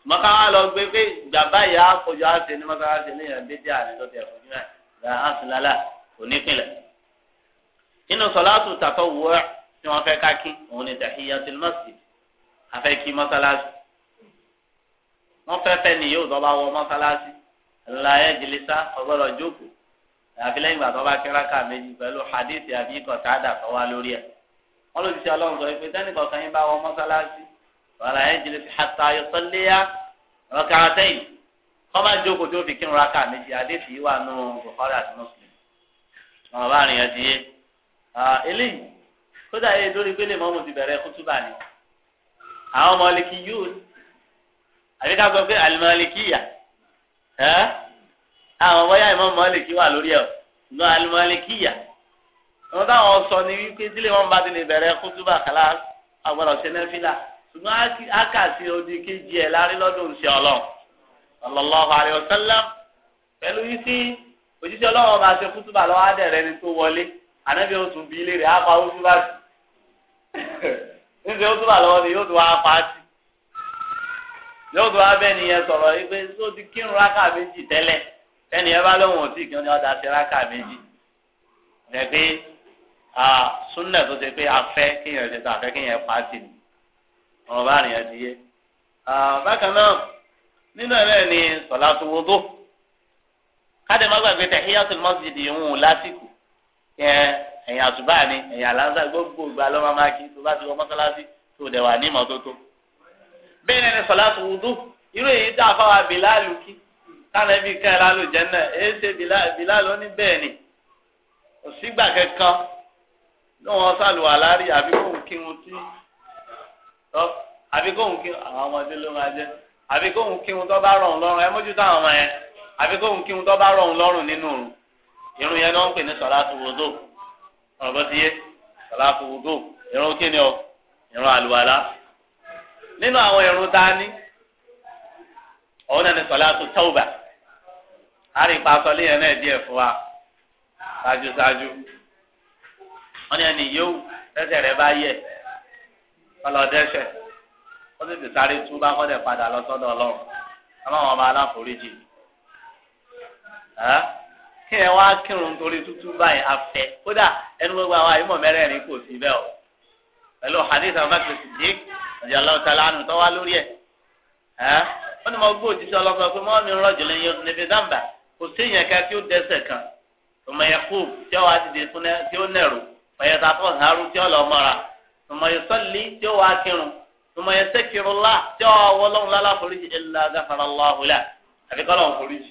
Speaker 1: mọ́ká wá lọ gbé pé bàbá yà á kojú àṣẹ ní mọ́ká wá ṣe ní yẹn bíi dí àlélẹ́ lọ́tẹ̀ ẹ̀fọ́ jùlọ rà á sì lálà onípìnlẹ̀ sọláàtù tàtọ̀ wọ́ tí wọ́n fẹ́ ká òun ni tahiyatul masjid afẹ́ mọ́sálásì wọ́n fẹ́fẹ́ ni yóò tọ́ bá wọ mọ́sálásí ńlá ẹ̀jìlísà ọgbọ́dọ̀ jókòó àfi lẹ́yìn ìgbà tó bá kí rákà méjì pẹ̀lú hadith àbí kọ̀tàdà tó wá lórí ẹ̀ wọ́n ló ti ṣe ọlọ́run sọ pé tẹ́nì kọ̀ọ̀kan yín bá wọ mọ́sálásí ọ̀là ẹ̀jìlísà hatta yusalliya rak'atayn kọ́ máa jókòó tó fi kírun rákà méjì hadith yìí wà nù Bukhari àti Muslim ọ̀rọ̀ bá rìn ẹ̀dí yé eléyìí kódà yé lórí pélé mọ́mú ti bẹ̀rẹ̀ kútúbà ni àwọn mọ̀lẹ́kì yóò àbí ká sọ pé alimalikiya ẹ àwọn bóyá ìmọ̀ mọ́lìkì wà lórí ẹ̀ lọ alimalikiya wọn táwọn sọ ni wípé tílé wọn bá ti lè bẹ̀rẹ̀ kútúbà kálá agbọ́dọ̀ ṣe nẹ́fìlà ṣùgbọ́n a kà sí odi kejì ẹ̀ lárí lọ́dún ṣe ọlọ́run sallallahu alaihi wasallam pẹ̀lú yìí sí òjíṣẹ́ ọlọ́run bá ṣe kútúbà lọ́wọ́ adẹ̀rẹ́ ni tó wọlé ànábì oṣù bíi ilé rẹ̀ á oṣù bá sí [laughs] níṣẹ́ kútúbà lọ́wọ́ ni yóò tún wá pa á sí yóò tó wá bẹ́ẹ̀ nìyẹn sọ̀rọ̀ yìí pé tó ti kírun rákà méjì tẹ́lẹ̀ ẹnì yẹn bá lóun ò tí kí wọ́n ní ọ̀dà sí rákà méjì rẹ̀ pé súnà tó ṣe pé afẹ́ kéèyàn ṣe tó afẹ́ kéèyàn pa sí ni ọ̀rọ̀ bá rìn ẹ̀dí yé. bákan náà nínú ẹ̀rẹ́ ni sọ̀lá tó wo tó káde má gbàgbé tẹ̀ híyàtò mọ́sídìí ìhun lásìkò ẹ̀yìn àtúbà ni ẹ̀yìn àlàáfíà gbogbo bẹ́ẹ̀ náà ni sọ̀láàtù wùdú irú èyí tá a fáwọn Bìláàlù kí táwọn ẹbí kan ẹ̀rọ àlùjẹ́nà èyí ṣe Bìláàlù ó ní bẹ́ẹ̀ ni kò sígbà kankan ní wọn sàlùwà lárí àbí kóhùn kírun tí àbí kóhùn kírun àwọn ọmọdé ló máa jẹ àbí kóhùn kírun tó bá rọrùn lọ́rùn ẹ mójútó àwọn ọmọ yẹn àbí kóhùn kírun tó bá rọrùn lọ́rùn nínú òrùn irun yẹn ni ń pè ní sọláàtù wòdò ọ̀rọ̀ bó ti yé sọláàtù wòdò irun kíni o irun àlùwàlá nínú àwọn ẹ̀rù tá a ní òun náà ní sọ̀látù tawba àárín paṣọ léyìn náà díẹ̀ fún wa ṣáájú ṣáájú wọn ní ẹni yóò rẹ bá yẹ ọlọ́dẹ́sẹ̀ ó sì ti sáré tú bá kọ́dẹ̀ padà lọ sọ́dọ̀ ọlọ́run ọlọ́run ọba aláforíjì kí ẹ wá kírun torí tútú báyìí afẹ́ kódà ẹnu gbogbo àwọn àyùmọ̀ mẹ́rẹ̀ẹ̀rin kò sí bẹ́ẹ̀ o pẹ̀lú hadith amákèsì díẹ̀ ìdí aláwọ̀ sálá nù tọ́wá lórí ẹ̀ ẹ́ wọ́n ní mo gbọ́ òjíṣẹ́ ọlọ́pàá pé mọ́mí ń rọ̀jò lẹ́yìn oṣù níbi dáǹbà kò sí èèyàn kan tí ó dẹ́ṣẹ̀ kan tòmọ̀yẹ kú tí ó wá ti dè fún tí ó nẹ̀rù mọ̀yẹ tàfọ́ haru tí ó lọ mọ́ra tòmọ̀yẹ sọ́lí tí ó wá kírun tòmọ̀yẹ sẹ́kìrúlá tí ó wọ́ lọ́hùn lálá foríjì ẹ̀lá gáfàrà lọ́hùlá àfi kọ́ lọ́hùn foríjì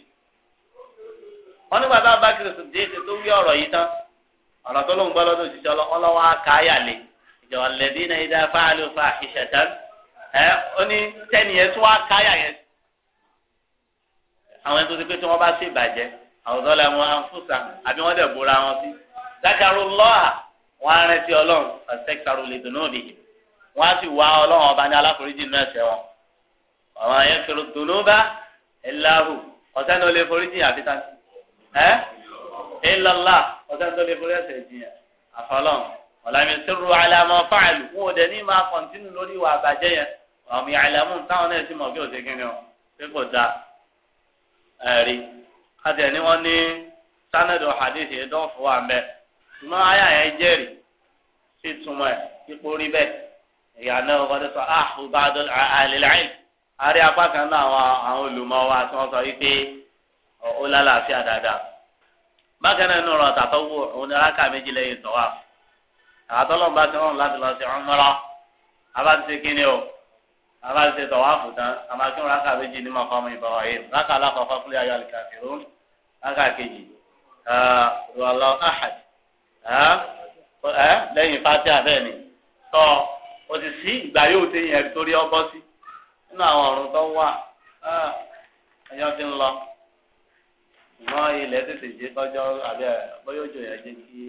Speaker 1: ìjọ alẹ́dínà ìdá fáàlù fa ìṣẹ̀dá ẹ ó ní tẹ́ni ẹ tún wá káyà yẹn àwọn ẹni tó ti pé tí wọ́n bá ṣe ìbàjẹ́ àwùjọ la wọn àǹfùsà àbí wọ́n dẹ̀ bóra wọn sí dákàrú lọ́à wọn á rántí ọlọ́run àṣẹkàrú lè dùnú òbí wọn á sì wá ọlọ́run ọba ní aláforíjì náà ṣẹ wọn àwọn ayẹyẹ fèrè dùnú bá ẹláhù ọ̀sẹ̀ ní olè foríjì àfitán ẹ ẹlọ́lá ọ̀sẹ̀ ní olè foríjì àfọlọ́run ọ̀làmì sírù àlàmọ́ fáàlù wọn ò dẹ̀ ní máa kọ̀ntínú lórí ìwà àbàjẹ́ yẹn ọ̀mì àlàmù táwọn náà ti mọ̀ bí òde kíni o pé kò dáa ẹ̀rí kájẹ ni wọ́n ní sanadu hadith yẹn dọ́ọ̀fù wa mbẹ́ ṣùgbọ́n àyà yẹn jẹ́rìí sí túmọ̀ ẹ̀ ipò ah, rí bẹ́ẹ̀ ìyànà ọ̀gọ́dẹ sọ àhù bá àlìláì àrí apá kan náà àwọn àwọn olùmọ̀ wa tí wọ́n sọ wípé ó lálàáfíà dáadáa bákan náà nù ọ̀rọ̀ tàtọ́wò òun ni arákà méjì lẹ́yìn tọ́wà fún àtọ́lọ́mù bá ti rọrùn láti lọ sí ọmọlá abá ti ṣe kíni o abá ti ṣe tọ̀wáfù tán àmà kí wọn rákà méjì ní mọ̀kànmọ́ ìbọ̀wọ̀ yìí rákà alákọ̀ọ́kọ́ fúlẹ̀ ayọ̀ àlìkàfẹ́rún rákà kejì rọlọ ahad lẹ́yìn fati abẹ́ni tọ́ o ti sí ìgbà yóò ti yẹn torí ọbọ̀ sí nínú àwọn ọ̀run tó wà ẹyọ ti ń lọ ṣùgbọ́n ilẹ̀ tètè jẹ́ kọjọ́ àbẹ́ bóyá òjò yẹn jẹ́ kí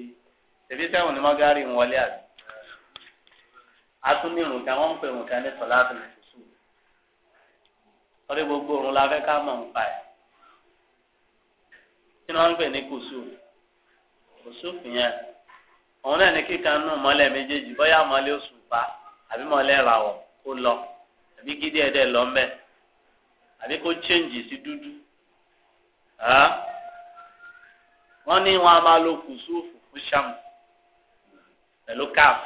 Speaker 1: ebi sẹ́wọ̀n ni mọ́gárì ń wọlé àbí atúnirun kan wọ́n ń pè wọn kan ní sọ̀lá àtúnṣe sùn lórí gbogbo òun la fẹ́ ká mọ̀ ń pa ẹ̀ kí ni wọ́n ń pè ní kùsù kùsù fìyẹn òun náà ní kíkan nù mọ́lẹ̀ méjèèjì bóyá mọ́lẹ̀ oṣù pa àbí mọ́lẹ̀ ràwọ̀ kó lọ àbí gidi ẹ̀dẹ̀ lọ mbẹ́ àbí kó chẹ́ǹjì sí dúdú wọ́n ní wọn a máa lo kùsù fún ṣàmù pẹ̀lú kaf,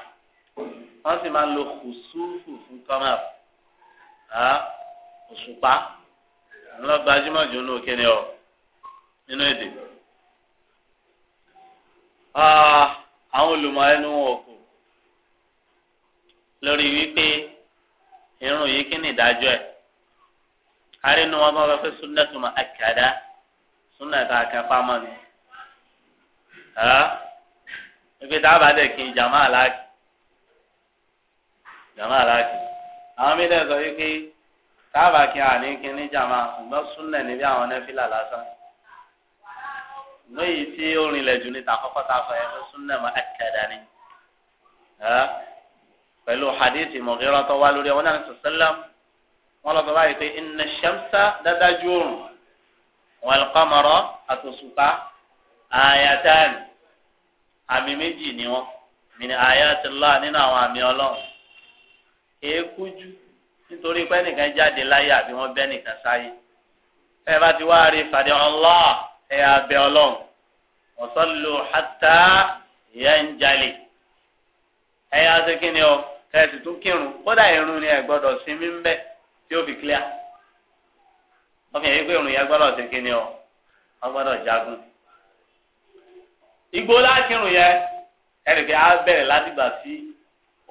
Speaker 1: wọ́n sì máa ń lo kùsùfù fún kọ́mọ̀f òṣùpá ńlọ gbajúmọ̀ jù ní òkè ni ọ nínú èdè. àwọn olùmọ̀ ẹnu wọn lórí wípé irun yìí kí ni ìdájọ́ ẹ̀ arínú wọn bá wọn fẹ́ súnà tó máa kàdá súnà tó àkàfà mọ́ ni ibi tá a bá dẹ̀ kí jama aláàkì jama aláàkì àwọn mi dẹ̀ sọ yìí pé tá a bá kí àní kí ní jama ṣùgbọ́n súnlẹ̀ níbi àwọn nẹ́fìlà lásán
Speaker 2: lóyìí tí ó rinlẹ̀
Speaker 1: jù ní tàkọ́kọ́ tá a fọ ẹni súnlẹ̀ mọ́ ẹ̀kẹ́dà ni pẹ̀lú hadithi mọ̀gírọ́ tó wá lórí ẹ̀ náà ní sọ̀sẹ́lẹ̀m wọ́n lọ sọ báyìí pé inna shamsa dáadáa ju oòrùn wal qamara àtòṣùpá àyàtàn àmì méjì ni wọn mini ayatollah nínú àwọn àmì Ọlọ́run èékújú nítorí pé jáde láyé àbí wọn bẹ nìkan sáyé ẹ bá ti wá rí fàdé Allah ẹ abẹ ẹ yá sí kíni ẹ sì tún kírun kódà irun ni bẹ tí ó fi clear jagun. igbó lákìrùn yẹn ẹnìkan á bẹ̀rẹ̀ látìgbà sí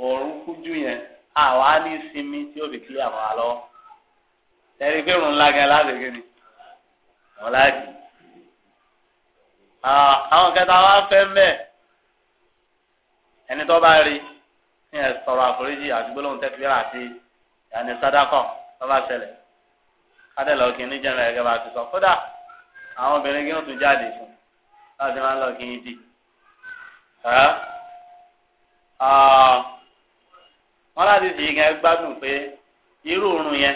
Speaker 1: òórùn kújú yẹn àwa ní sinmi tí ó fi kí àwọn àlọ́ ẹni pé òun ńlá gan láti kí ni wọn láti. àwọn kẹta wa fẹ́ mẹ́ ẹni tó bá rí ní ẹ sọ̀rọ̀ àforíjì àti gbólóhùn tẹ́kílẹ́ àti ìyànnì sádàkọ̀ tó bá ṣẹlẹ̀ kádẹ́lọ́ọ̀kì níjẹ̀rẹ̀ ẹ̀gẹ́ bá ti sọ kódà àwọn obìnrin kí wọ́n jáde fún un náà máa ń lọ kí n dì láti fi yẹn gbádùn pé irú oorun yẹn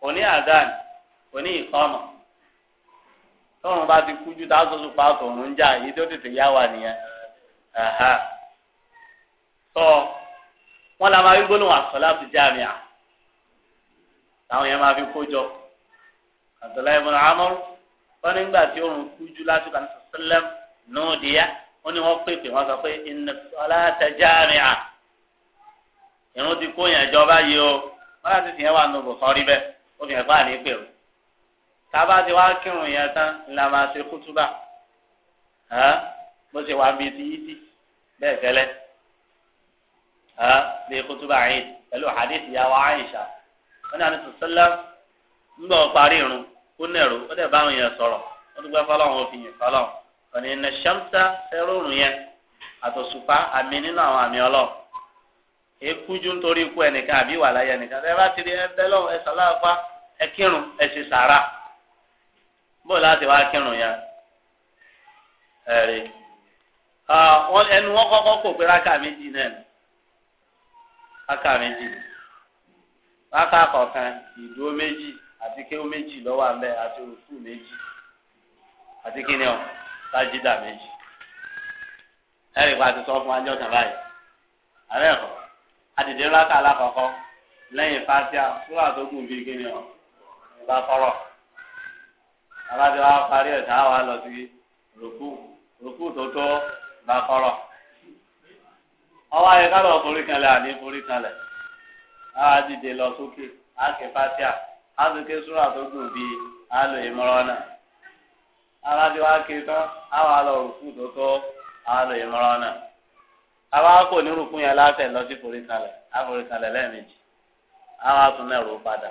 Speaker 1: kò ní àdáni kò ní ìkọmọ tọrùn bá ti kú ju tá a sọsọ pa ń jà èyí tó tètè yá wa nìyẹn tọ wọn la máa fi gbólóhùn àsọlá ti jáàmì à táwọn yẹn máa fi kó jọ àtọlá ibùdó amọrù wọ́n ní gbà tí oòrùn kú jù láti kan sọ́sẹ́lẹ̀m náà dìyà wọ́n ní wọ́n pèpè wọ́n sọ pé inna salata jami'a
Speaker 3: ìrún ti kó yẹn jọba yìí
Speaker 1: o wọ́n láti fi yẹn wà nù bùkọ́ rí bẹ́ẹ̀ ó fi yẹn pa àní pè o tába ti wá kírun yẹn tán ńlá máa ṣe kútúbà bó ṣe wà bíi ti yídì bẹ́ẹ̀ tẹ́lẹ̀ bíi kútúbà yìí pẹ̀lú hadith ìyá wa Aisha wọ́n ní àti sọ́sẹ́lẹ̀m ń gbọ́ parí irun. kó nẹ̀rú ó dẹ̀ bá àwọn yẹn sọ̀rọ̀ ó dúpẹ́ fọlọ́run òfin yìí fọlọ́run ọ̀nà ìnà ṣẹ́mùsá fẹ́rọ̀rùn yẹn àtọ̀sùpá àmì nínú àwọn àmì ọlọ́run ekújú nítorí ikú ẹnìkan àbí ìwà láyé ẹnìkan ẹ bá ti rí ẹbẹ lọ́wọ́ ẹ sàlàfà ẹ kírun ẹ sì sàrà bóyá láti wá kírun yẹn ẹ rí ẹnu wọn kò pé náà ni ìdúró méjì àti kéwú méjì lọ́wọ́ àmẹ́ àti òkú méjì àti kíni ọ sájídà méjì ẹ̀rì pa ti sọ fún wa ní ọ̀sán báyìí àbẹ́ ẹ̀kọ́ àdìdé rákà alákọ̀ọ́kọ́ lẹ́yìn fásíà fúlà tó gùn bíi kíni ọ bá fọ́rọ̀ alájọ wa parí ẹ̀sán àwa lọ sí rògbò rògbò tó tó bá fọ́rọ̀ ọwọ́ ayé ká lọ forí kanlẹ̀ àní forí kanlẹ̀ àwa dìde lọ sókè àkè fásíà. azùké súnà tó kù bíi alò ìmọ̀rànà alábi wa ké tán àwọn alọ òrùkú tó tó alò ìmọ̀rànà a kò ní rúkú yẹn lọ sí foríkalẹ̀ àforíkalẹ̀ lẹ́ẹ̀mejì àwọn A náà rò padà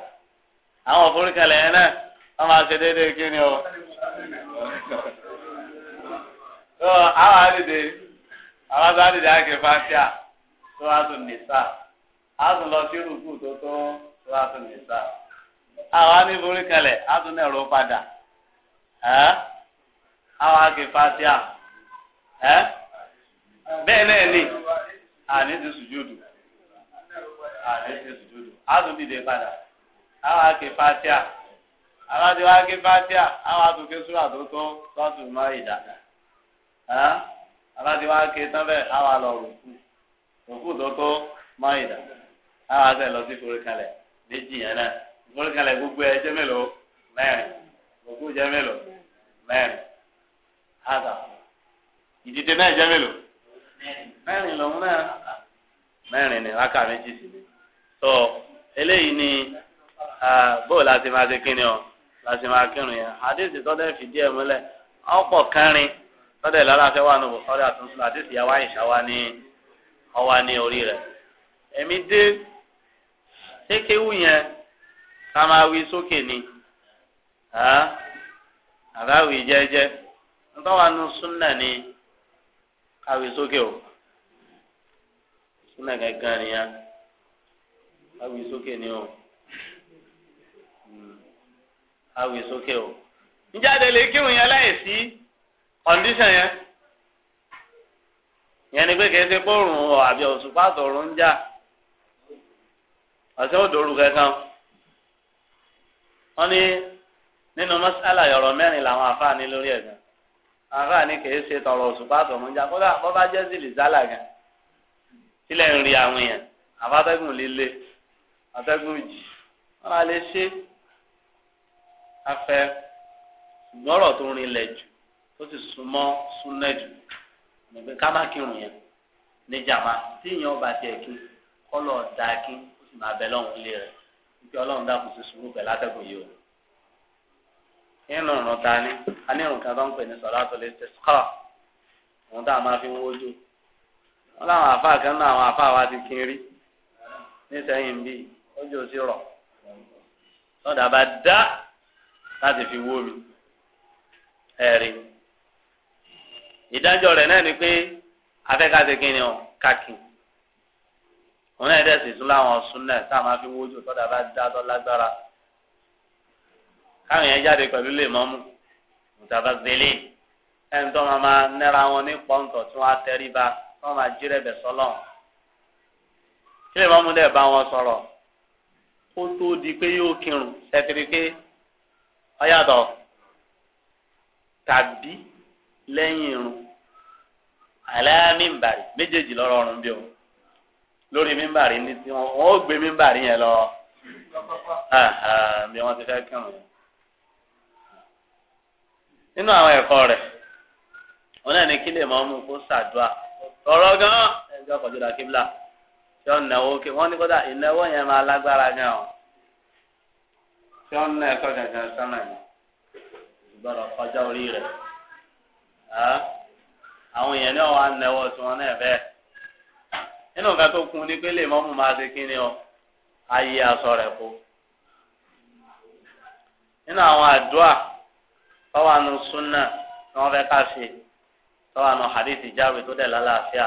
Speaker 1: o àwa ní borí kalẹ̀ á tún náà ro padà àwa kì í fatia bẹ́ẹ̀ náà ni àní ti sùjúdù
Speaker 2: àní ti sùjúdù
Speaker 1: á tún dìde padà àwa kì í àwa ti wá kí àwa tún tó tó àwa ti wá tán bẹ́ẹ̀ àwa lọ rùkú tó tó mọlẹkẹlẹ gbogbo ẹ jẹ mélòó mẹ́rin gbogbo jẹ mélòó mẹ́rin hàdà ìdìde náà jẹ mélòó
Speaker 2: mẹ́rin lòun náà
Speaker 1: mẹ́rin ni rákà méjì sí ni tó eléyìí ni bóò láti máa ṣe kíni o láti máa kírun yẹn àdéhùn tọ́lẹ̀ fìdí ẹ̀ múlẹ̀ ọ̀pọ̀ kẹrin tọ́lẹ̀ lálàáfẹ́ wà nù bọ̀sọ́rẹ́ àtúntò àdéhùn ìyàwó àyìnṣà wa ní ọwa ní orí rẹ̀ èmi dé kékeré yẹn. ká máa sókè ni àbáwí jẹ́jẹ́ ntọ́wà nu súnà ni káwí sókè o súnà ya nìyẹn káwí sókè ni o káwí sókè o njáde lè kírun yẹn yẹn yẹn ni pé kìí ṣe pé àbí òṣùpá àtọ̀run ń jà ọ̀sẹ̀ òdòrú kankan. wọ́n ní nínú mọ́sálà ọ̀rọ̀ mẹ́rin làwọn àfáàní lórí ẹ̀ gan àfáàní kìí ṣe tọrọ òṣùpá tọmọjà kódà bọ́ bá jẹ́ zìlì zálà gan sílẹ̀ ń rí àwọn èèyàn àfátẹ́gùn líle àtẹ́gùn jì wọ́n á lè ṣe afẹ́ ṣùgbọ́n ọ̀rọ̀ tó rinlẹ̀ jù ó sì súnmọ́ súnlẹ̀ jù nígbà ká má kírun yẹn níjàmá tí ìyẹn ọba tiẹ̀ kí kọ́lọ̀ dáa kí ó sì máa bẹ lọ́hùn ilé rẹ̀. kí ọlọ́run dákun sí sùúrù pẹ̀lú atẹ́gùn yìí o. nínú ìrùn ta ni a ní ìrùn kan tó ń pè ní salatul tá a máa fi ń wójú. wọ́n láwọn àfa kan náà àwọn àfa wa ti kiri nísẹ̀yìn bíi ojú sí rọ̀ lọ́dà bá dá láti fi wó mi ẹ̀rí. ìdájọ́ rẹ̀ náà ni pé afẹ́kàṣe ni wọn náà dẹ̀sìn tún láwọn súnà tá a máa fi wójú tọ́da bá dá tọ́ lágbára káwọn yẹn jáde pẹ̀lú lè mọ́mú mùtàbá zèlè ẹni tó máa máa nẹ́ra wọn ní pọ́ńtọ̀ tí wọ́n á tẹ́rí ba tí wọ́n máa jírẹ̀bẹ̀ sọ́lọ̀ kí lè mọ́mú dẹ̀ bá wọn sọ̀rọ̀ kó tó di pé yóò kírun ṣẹ́tìrì pé ọ̀yàtọ̀ tàbí lẹ́yìn irun àlẹ́ mímbàrí méjèèjì lọ́rọ̀ ọ̀run bí o lórí mímbàrí ní tí wọn ó gbé mímbàrí yẹn lọ [laughs] bí wọn ti fẹ́ kírun yẹn. nínú àwọn ẹ̀kọ́ rẹ̀ wọn náà ní kí lè mọ́ mú kó ṣàdúrà ọ̀rọ̀ gan-an ẹgbẹ́ ọ̀kọ̀jọ́dá kíbla tí wọ́n náwó kí wọ́n ní kódà ìnáwó yẹn máa lágbára gan o tí wọ́n ná ẹ̀kọ́ gangan sánà yẹn ìgbọ́dọ̀ kọjá orí rẹ̀ àwọn èèyàn náà wà náwó tí wọ́n náà bẹ́ẹ̀ nínú nǹkan tó kún ní pé lè mọ́mú máa ṣe kí ni ọ ayé aṣọ rẹ̀ kó nínú àwọn àdúrà tọ́wọ́ àánú súnà tí wọ́n fẹ́ ká ṣe tọ́wọ́ àánú hadithi jáwé tó dẹ̀ lálàáfíà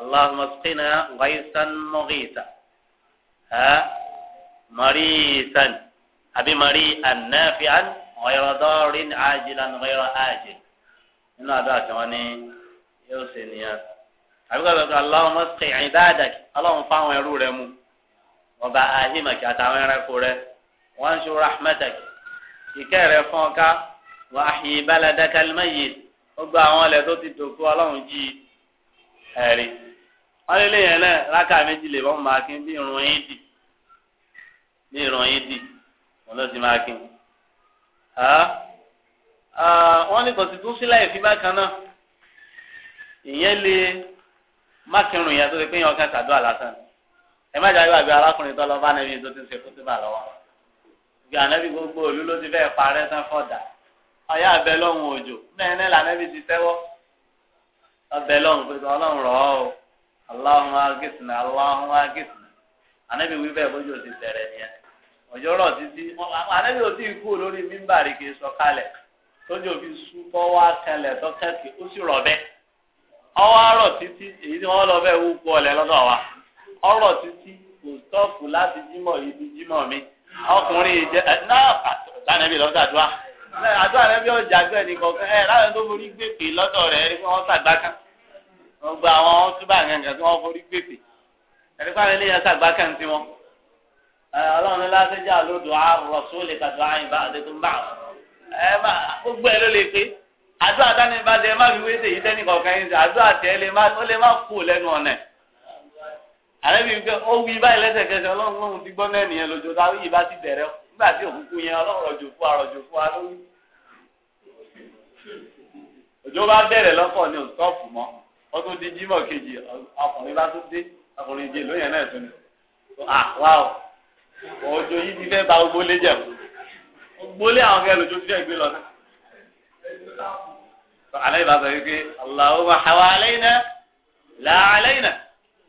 Speaker 1: allahumma sikina waisan mọ́gìtà ẹ́ mọ́rìsàn àbí mọ́rì ànáfíàn ọ̀yọ̀dọ́rin àjìlá ọ̀yọ̀ àjìl nínú àdúrà tí wọ́n ní yóò ṣe nìyẹn àbíkọ́ bẹ̀rẹ̀ sọ aláwọ̀ sìn ìbáàdàk aláwọ̀ fáwọn ẹrú rẹ mu ọba ahimaki àtàwọn ẹranko rẹ wọn ṣe rahmatak ìkẹ́ rẹ fún ọká wà áhì baladaka almayyit ó gba àwọn ọlẹ tó ti dòkú aláwọ̀ jí ẹ̀rí wọn lé lẹ́yìn ẹ̀ náà rákà méjì lè wọ́n máa kí bí irun yín dì bí irun yín dì wọn ló ti máa kí wọn ní kò sílẹ̀ ìfibá kan náà ìyẹn lè. má kírun yẹn tó ti pín yẹn ọkàn ṣàdúrà lásán ẹ má jáde arákùnrin tó lọ bá tó ti ń ṣe kútùbà lọ́wọ́ gbé gbogbo òlu ló ti fẹ́ parẹ́ tán fọ̀dà ọyá abẹ lọ́hùn òjò bẹ́ẹ̀ ní ti tẹ́wọ́ ọbẹ̀ lọ́hùn pé ọlọ́run rọ̀ ọ́ o aláhùn agẹ́sìnà aláhùn agẹ́sìnà ànẹ́bí wí bẹ́ẹ̀ bójú ti bẹ̀rẹ̀ nìyẹn òjò rọ̀ títí ò ọwọ́ àrọ̀ títí èyí tí wọ́n lọ fẹ́ wú kú ọ̀lẹ́ lọ́dọ̀ wa ọ̀rọ̀ títí kò sọ́ọ̀fù láti jímọ̀ yìí di jímọ̀ mi ọkùnrin ìjẹ náà lánàá bí lọ́sàdúrà àdúrà rẹ bí ọjà gbẹ nìkan ẹ láwọn tó forí gbèpè lọ́dọ̀ rẹ ẹni wọn sàgbá kan wọn gba àwọn túbà gàngàn tí wọn forí gbèpè ẹni fáwọn eléyàn sàgbá kan ti wọn ọlọ́run lásìjà lódò àrùn rọ̀ṣọ́ọ̀lẹ̀ tàdúrà ìbá àdètò ń bà ẹ gbogbo ẹ ló lè pé àdúrà dání bá tẹ má fi wéṣe yìí tẹ́nì kọ̀ọ̀kan yìí àdúrà tẹ lè má ó lè má kú lẹ́nu ọ̀nà àlẹ́ mi pé ó wí báyìí lẹ́sẹ̀kẹsẹ̀ ọlọ́run lóhun ti gbọ́ náà nìyẹn lójó tá yìí bá ti bẹ̀rẹ̀ nígbà tí òkúkú yẹn ọlọ́run rọ̀jò fún wa rọ̀jò fún wa lórí.
Speaker 2: òjò bá bẹ̀rẹ̀ lọ́kọ̀
Speaker 1: ni òun tọ́ọ̀fù mọ́ wọ́n tún di jímọ̀ kejì
Speaker 2: ọkùnrin bá tún dé ọkùnrin jẹ lóyún náà tún ni. àwa ah, o òjò yìí ti fẹ́ ba gbólé jẹ̀ gbólé àwọn kẹ́ lójó fẹ́ gbé lọ náà
Speaker 1: alẹ́ ìbá sọ wípé Allahumma hawa alayna la alayna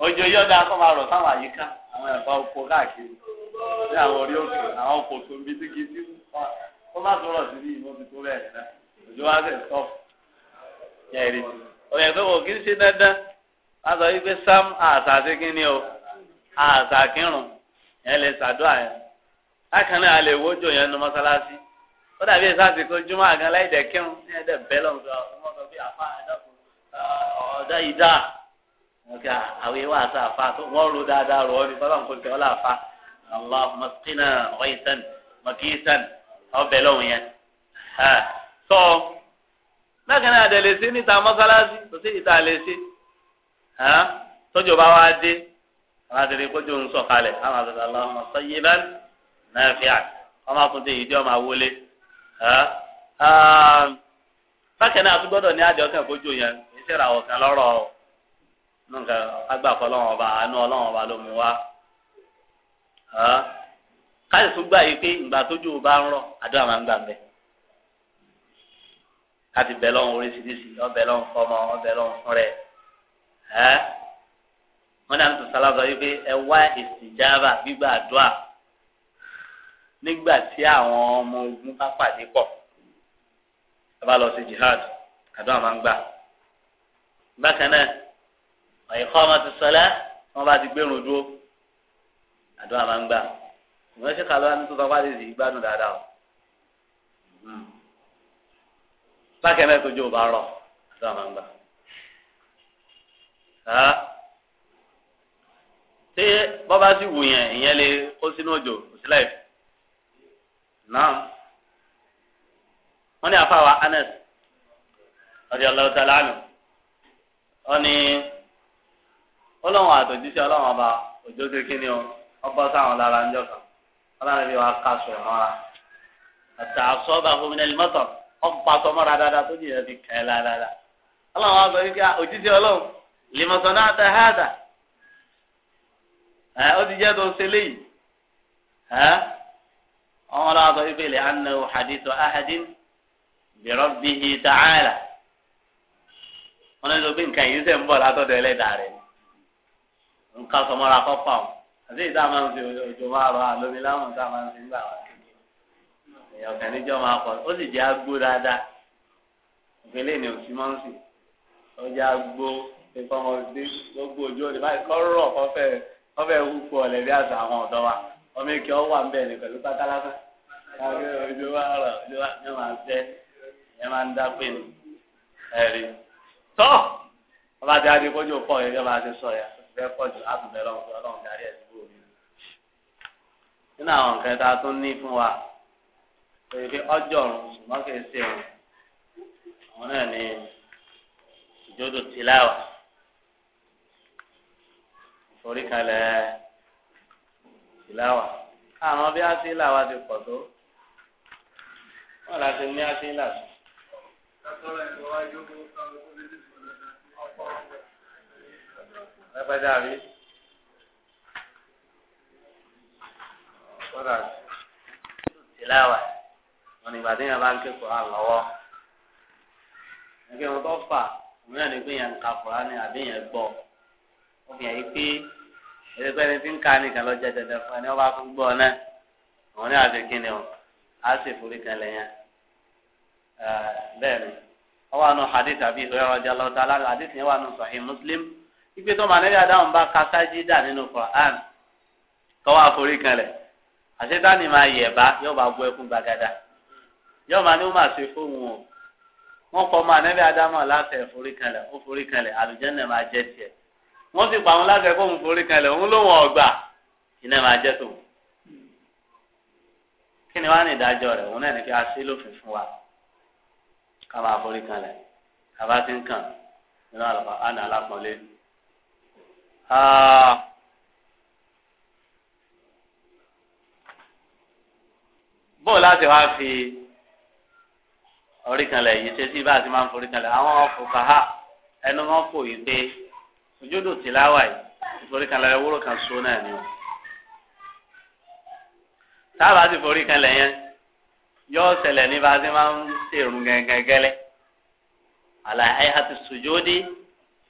Speaker 1: òjò yọ̀dá kọ́ máa rọ̀ sáwọn àyíká àwọn ẹ̀fọ́ oko káàkiri ní àwọn orí òkè àwọn oko tó ń bí tí kì í sí kó má tó rọ̀ sí ní ìmọ̀ ti tó bẹ́ẹ̀ náà òjò wá sẹ̀ tọ́ ẹ̀rí ọ̀yẹ̀ tó wọ̀ kí ń ṣe dandan wá sọ wípé sam àṣà sí kí ni o àṣà kírun ẹ̀ lè ṣàdúrà yẹn lákànnà àlè wọ́jọ yẹn nu mọ́sálásí ó dàbí ẹ̀ sáà ti kó júmọ́ àgán láì dẹ̀ kírun ní ẹ̀dẹ̀ bẹ́ẹ̀ lọ́n sọ
Speaker 2: wọ́n sọ bí àfa ẹ̀dọ́kùn ọ̀dọ́ ìdá
Speaker 1: ọ̀gá àwọn ìwà àti àfa tó wọ́n ro dáadáa rọ̀ ọ́ ní bọ́lá nǹkan kẹ́ ọ́ là fa Allahumma sqina ọ̀yìntàn mọ̀kìtàn ọbẹ̀ lọ́hùn yẹn. sọ lẹ́kàn náà dẹ̀ lè sí níta mọ́sálásí kò sí ìta lè sí tọ́jú bá wá dé àwọn àti ìrìnkójú ń sọ̀kalẹ̀ àwọn àti Allahumma sayyiban nafi'an ọmọ àkùnrin ìdí ọmọ àwọlé bákan náà àtúgbọ́dọ̀ ní àjọ kan fojú yẹn iṣẹ́ ra ọ̀kan lọ́rọ̀ nǹkan agbàfọ́ ọlọ́wọ́n ọba àánú ọlọ́wọ́n ọba ló mú wa káyọ̀ tó gbà yìí pé ìgbà tójú bá ń rọ̀ àdúrà máa ń gbà bẹ́ẹ̀ láti bẹ̀ lọ́wọ́ oríṣiríṣi ọbẹ̀ lọ́wọ́ fọmọ ọbẹ̀ lọ́wọ́ fún rẹ̀ wọ́n ní àtúntò sálábà yìí pé ẹ wá ìsìjáàbà gbígbà àdúrà nígbà tí àwọn ọmọ ogun bá pàdé pọ̀ ẹ bá lọ sí jihad àdúrà máa ń gbà bákan náà àyíkọ́ ọmọ ti sọlá wọn bá ti gbẹrun dúró àdúrà máa ń gbà ìwọ́n ṣe kàlọ́ àmì tó sọ wáyé yìí gbádùn dáadáa hmm. bákan náà tó jẹ́ ò bá rọ̀ àdúrà máa ń gbà ṣé bọ́ bá sì wù yẹn ìyẹn lè kó sínú òjò kò sí láìpẹ́. náà wọ́n ní afáwa Anas radiyallahu ta'ala anhu wọ́n ní ọlọ́run àtòjíṣẹ́ ọlọ́run ọba òjò kékeré o ọbọ̀ sáwọn lára ńjọ kan ọlọ́run bí wàá ká ọ mọ́ra àti àsọ́ba fúnminẹ́lì mọ́tọ̀ ọ̀pá sọmọ́ra dáadáa tó jìyà fi sọ wọn lọ sọ wípé lè ahadin lọ sọ nǹkan yìí sẹ ń bọ̀ látọ̀dọ̀ ẹlẹ́dàá rẹ̀ nǹkan sọmọra kọ fà wọn àti ìta máa ń fi òjò máa rọ àlómi láwọn ìta máa ń fi gbà wá èèyàn kan máa pọ̀ ó sì jẹ́ dáadáa ìpínlẹ̀ òsì máa ń sìn ó jẹ́ ìfọmọdé gbogbo ojú báyìí kọ́ rọ̀ kọ́ kọ́ wúkú àti àwọn ọ̀dọ́ wa. ọmọ èkì ọwọ́ à ń bẹ̀ ní pẹ̀lú pátáláfà káwé ojú wa rà ojú wa ní wàá jẹ́ ìyẹn máa ń dá pé ní ẹ̀rí. tọ́ ọba tí a di kójú pọ̀ yẹn yọba ti sọ ya bẹ́ẹ̀ pọ̀ jù látùbẹ̀ lọ́wọ́ ọlọ́run darí ẹ̀ dúró mi. nínú àwọn nǹkan tá a tún ní fún wa pé pé ọjọ́ ọ̀run ṣùgbọ́n kì í ṣe òun àwọn náà ní ìjódò tìláwà ìforíkalẹ̀ ìlàwà àwọn bí asílà wa ti pọ̀ tó wọn là ti ní asílà.
Speaker 2: pẹpẹ dàbí
Speaker 1: kódà ìlàwà wọn ìgbà tí yẹn bá ń ké kóra lọ́wọ́ ẹgbẹ́ wọn tó fà òun náà ní pé yẹn ń ka kóra ní àbí yẹn gbọ́ ó fi hàn yí pé. ẹgbẹ́ ni ti ń ka nìkan lọ dandan fún ẹni ọba kó gbọ́ náà òun ní àti kíni o á sì forí kan lẹ́yìn bẹ́ẹ̀ ni wọ́n wà nù hadith àbí ìhòòhò ọjà lọ́tà alága hadith yẹn wà nù sahih muslim ìgbé tó màá nílẹ̀ adáhùn bá ka sájídà nínú Qur'an kọ́wọ́ àforí kan lẹ̀ àṣetáni máa yẹ̀ bá yóò bá gbọ́ ẹkún gbàgádà yóò máa ní máa ṣe o wọ́n kọ́ máa nílẹ̀ láti ẹ̀ forí kan wọ́n sì pa àwọn láti ẹ̀kọ́ òun forí kalẹ̀ òun ló wọ̀ ọgbà iná máa jẹ́ tòun. kí ni wàá ní ìdájọ́ rẹ̀ òun náà ní kí a ṣe lófin fún wa ká máa forí kalẹ̀ ká bá ti ń kàn nínú àná alápọ̀nlé. Ah. bóòlù láti wá fi orí kalẹ̀ yìí ṣe sí bá a ti máa ń forí kalẹ̀ àwọn ọkọ̀ kàá ẹnu wọn kò yí pé ojúdò tìláwà yìí ìforí kan lẹ́yìn wúrò kan so náà ni o sábà ti forí kan lẹ́yìn yóò ṣẹlẹ̀ ní bá a ti máa ń ṣèrún gẹ́gẹ́gẹ́lẹ́ àlàyé àti sùjódì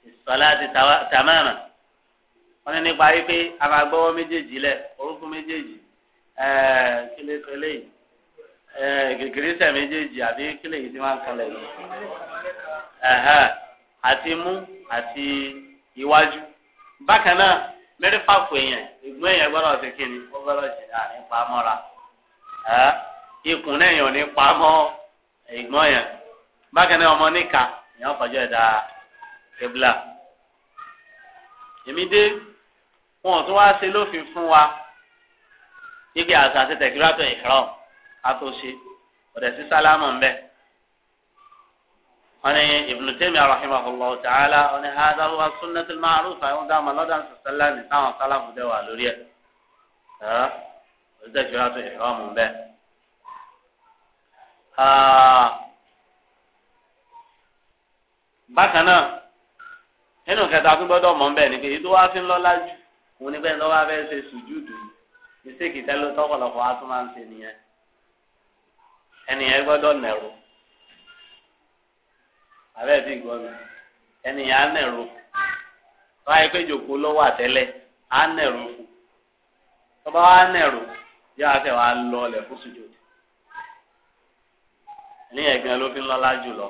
Speaker 1: ìsọlá àti tàmáàmà wọ́n ní nípa wípé a máa gbọ́wọ́ méjèèjì lẹ̀ orúkún méjèèjì kílé pẹ̀lẹ́ yìí gìrìsẹ̀ méjèèjì àbí kílé yìí ti máa ń kalẹ̀ yìí àti mú àti iwájú bákan náà mẹ́rìfàfù èèyàn ìgbọ́n èèyàn gbọ́dọ̀ ṣe kí ni ó gbọ́dọ̀ ṣe náà ní pamọ́ra ikùn náà èèyàn ní pamọ́ ìgbọ́n èèyàn bákan náà ọmọ níka èèyàn fọjọ́ ẹ̀dá kébìlà èmi dé wọn ò tún wá ṣe lófin fún wa níbi àṣà àti tẹ̀kíráàtọ̀ ìkírọ̀ àtòṣe ọ̀dẹ̀ sí sálámù ń bẹ́ẹ̀ wọ́n ní Ibn Taymiyyah rahimahullahu ta'ala wọ́n ní hadha huwa sunnatul ma'rufa àwọn dáhùn lọ́dọ̀ sọ̀tẹ́lá ní táwọn sálàfù dẹ̀ wà lórí ẹ̀ ọ̀dẹ́sẹ̀ wa tó ìfẹ́ ọmọ bẹ́ẹ̀. bákan náà nínú kẹta tó gbọ́dọ̀ mọ̀ bẹ́ẹ̀ ni pé èyí tó wá fi ń lọ́lá jù òun nígbà tó wá fẹ́ ṣe sùjúdù ìṣèkìtẹ́ ló tọ́pọ̀lọpọ̀ wá tó máa ń ṣe nìyẹn ẹnìyẹn gbọ́dọ̀ nẹ̀rù abẹ́ ti gbọ́ mi ẹnìyàn á nẹ̀rù tó ayé pé ìjòkó lọ́wọ́ àtẹ́lẹ̀ á nẹ̀rù fún tó bá wá nẹ̀rù yóò àtẹ̀ wá lọ ọlẹ̀ fún sùjòdì ní ẹ̀gbìn ló fi ń lọ́lá jùlọ.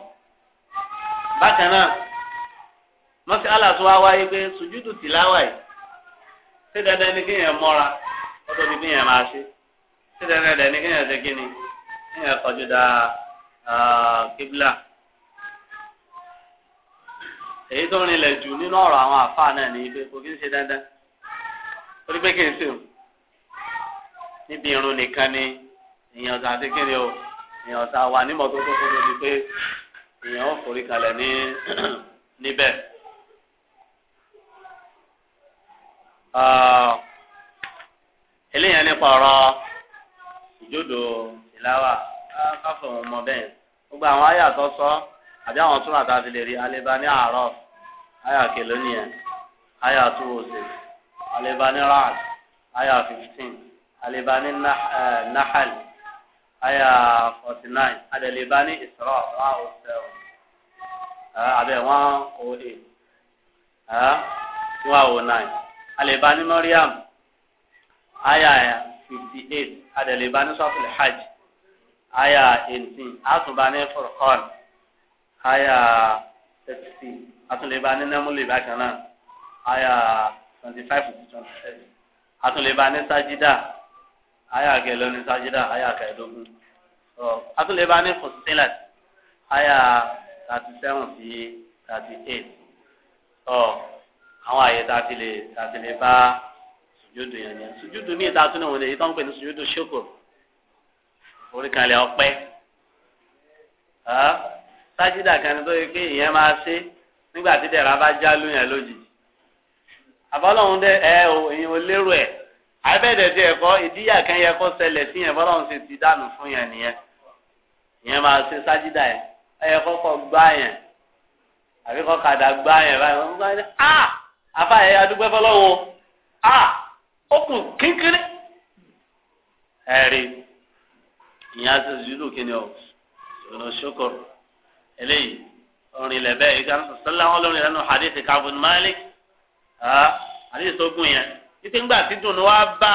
Speaker 1: bákan náà mọ́sí aláṣọ wa wáyé pé sùjúdù tìláwà yìí ṣé dandan ni kéèyàn mọ́ra ó tó ní kéèyàn máa ṣe ṣé dandan ni kéèyàn ṣe kí ni kéèyàn kọjú da ah, kíbla. èyí tó rinlẹ̀ jù nínú ọ̀rọ̀ àwọn àfáà náà ní ibi kò kí ń ṣe dandan torí pé kí n sìn níbi irun nìkan ni èèyàn ọ̀sán àti kíni o èèyàn ọ̀sán wà nímọ̀ tó tó fún mi pé èèyàn ò forí kalẹ̀ ní [clears throat] níbẹ̀. Ah, eléyàn nípa ọ̀rọ̀ ìjódò ìláwà káfọ̀ wọn mọ bẹ́ẹ̀ gbogbo àwọn àyà tó àbí àwọn súnà tá a fi lè rí alẹ́bá ní àárọ̀ àyà kẹlónìyàn aya two oh six alẹ́bá ní rad àyà fifteen alẹ́bá ní nahal àyà forty nine adẹ̀lẹ́bá ní isra one seven oh one eight oh one nine mariam aya fifty eight ní hajj aya eighteen ní aya thirty atúnlẹ̀bá ní nẹ́múlẹ̀ bákan náà aya twenty five to twenty seven atúnlẹ̀bá ní aya kẹlẹ́ ní sájídà aya kẹẹ̀dógún atúnlẹ̀bá ni fòsílẹ̀ aya thirty seven sí thirty eight àwọn àyè tá a ti lè tá a ti lè bá sùjúdù yẹn ni sùjúdù ní ìta tún ìwọ̀n èyí tó ń pè ní sùjúdù ṣókò oríkàlẹ̀ ọpẹ́ sájídà kan ní tó yẹ pé ìyẹn máa ṣe nígbà tí dẹ̀ra bá já lóyún ẹ lójijì àbọ́lọ́hún dẹ ẹ o èyàn ò lérò ẹ̀ àbẹ̀dẹ̀ tí ẹ̀kọ́ ìdíyà kan yẹ kó ṣẹlẹ̀ sí yẹn bọ́lọ́hún ṣe ti dànù fún yẹn nìyẹn ìyẹn máa ṣe sájídà yẹn ẹ kọ́kọ́ gbá yẹn àbí kọ́ kàdà gbá yẹn báyìí wọ́n gbá yẹn ah àfa ẹ̀ adúgbò fọlọ́wọ́ ah ó kù kínkínní ẹ̀rí ìyẹn á ṣe zulu eléyìí orin lẹ̀ bẹ́ẹ̀ ìgbà sọ́lá wọn lórin lẹ́nu hadithi kabun malik hadithi tó gùn yẹn títí ńgbà tí dùnú wa bá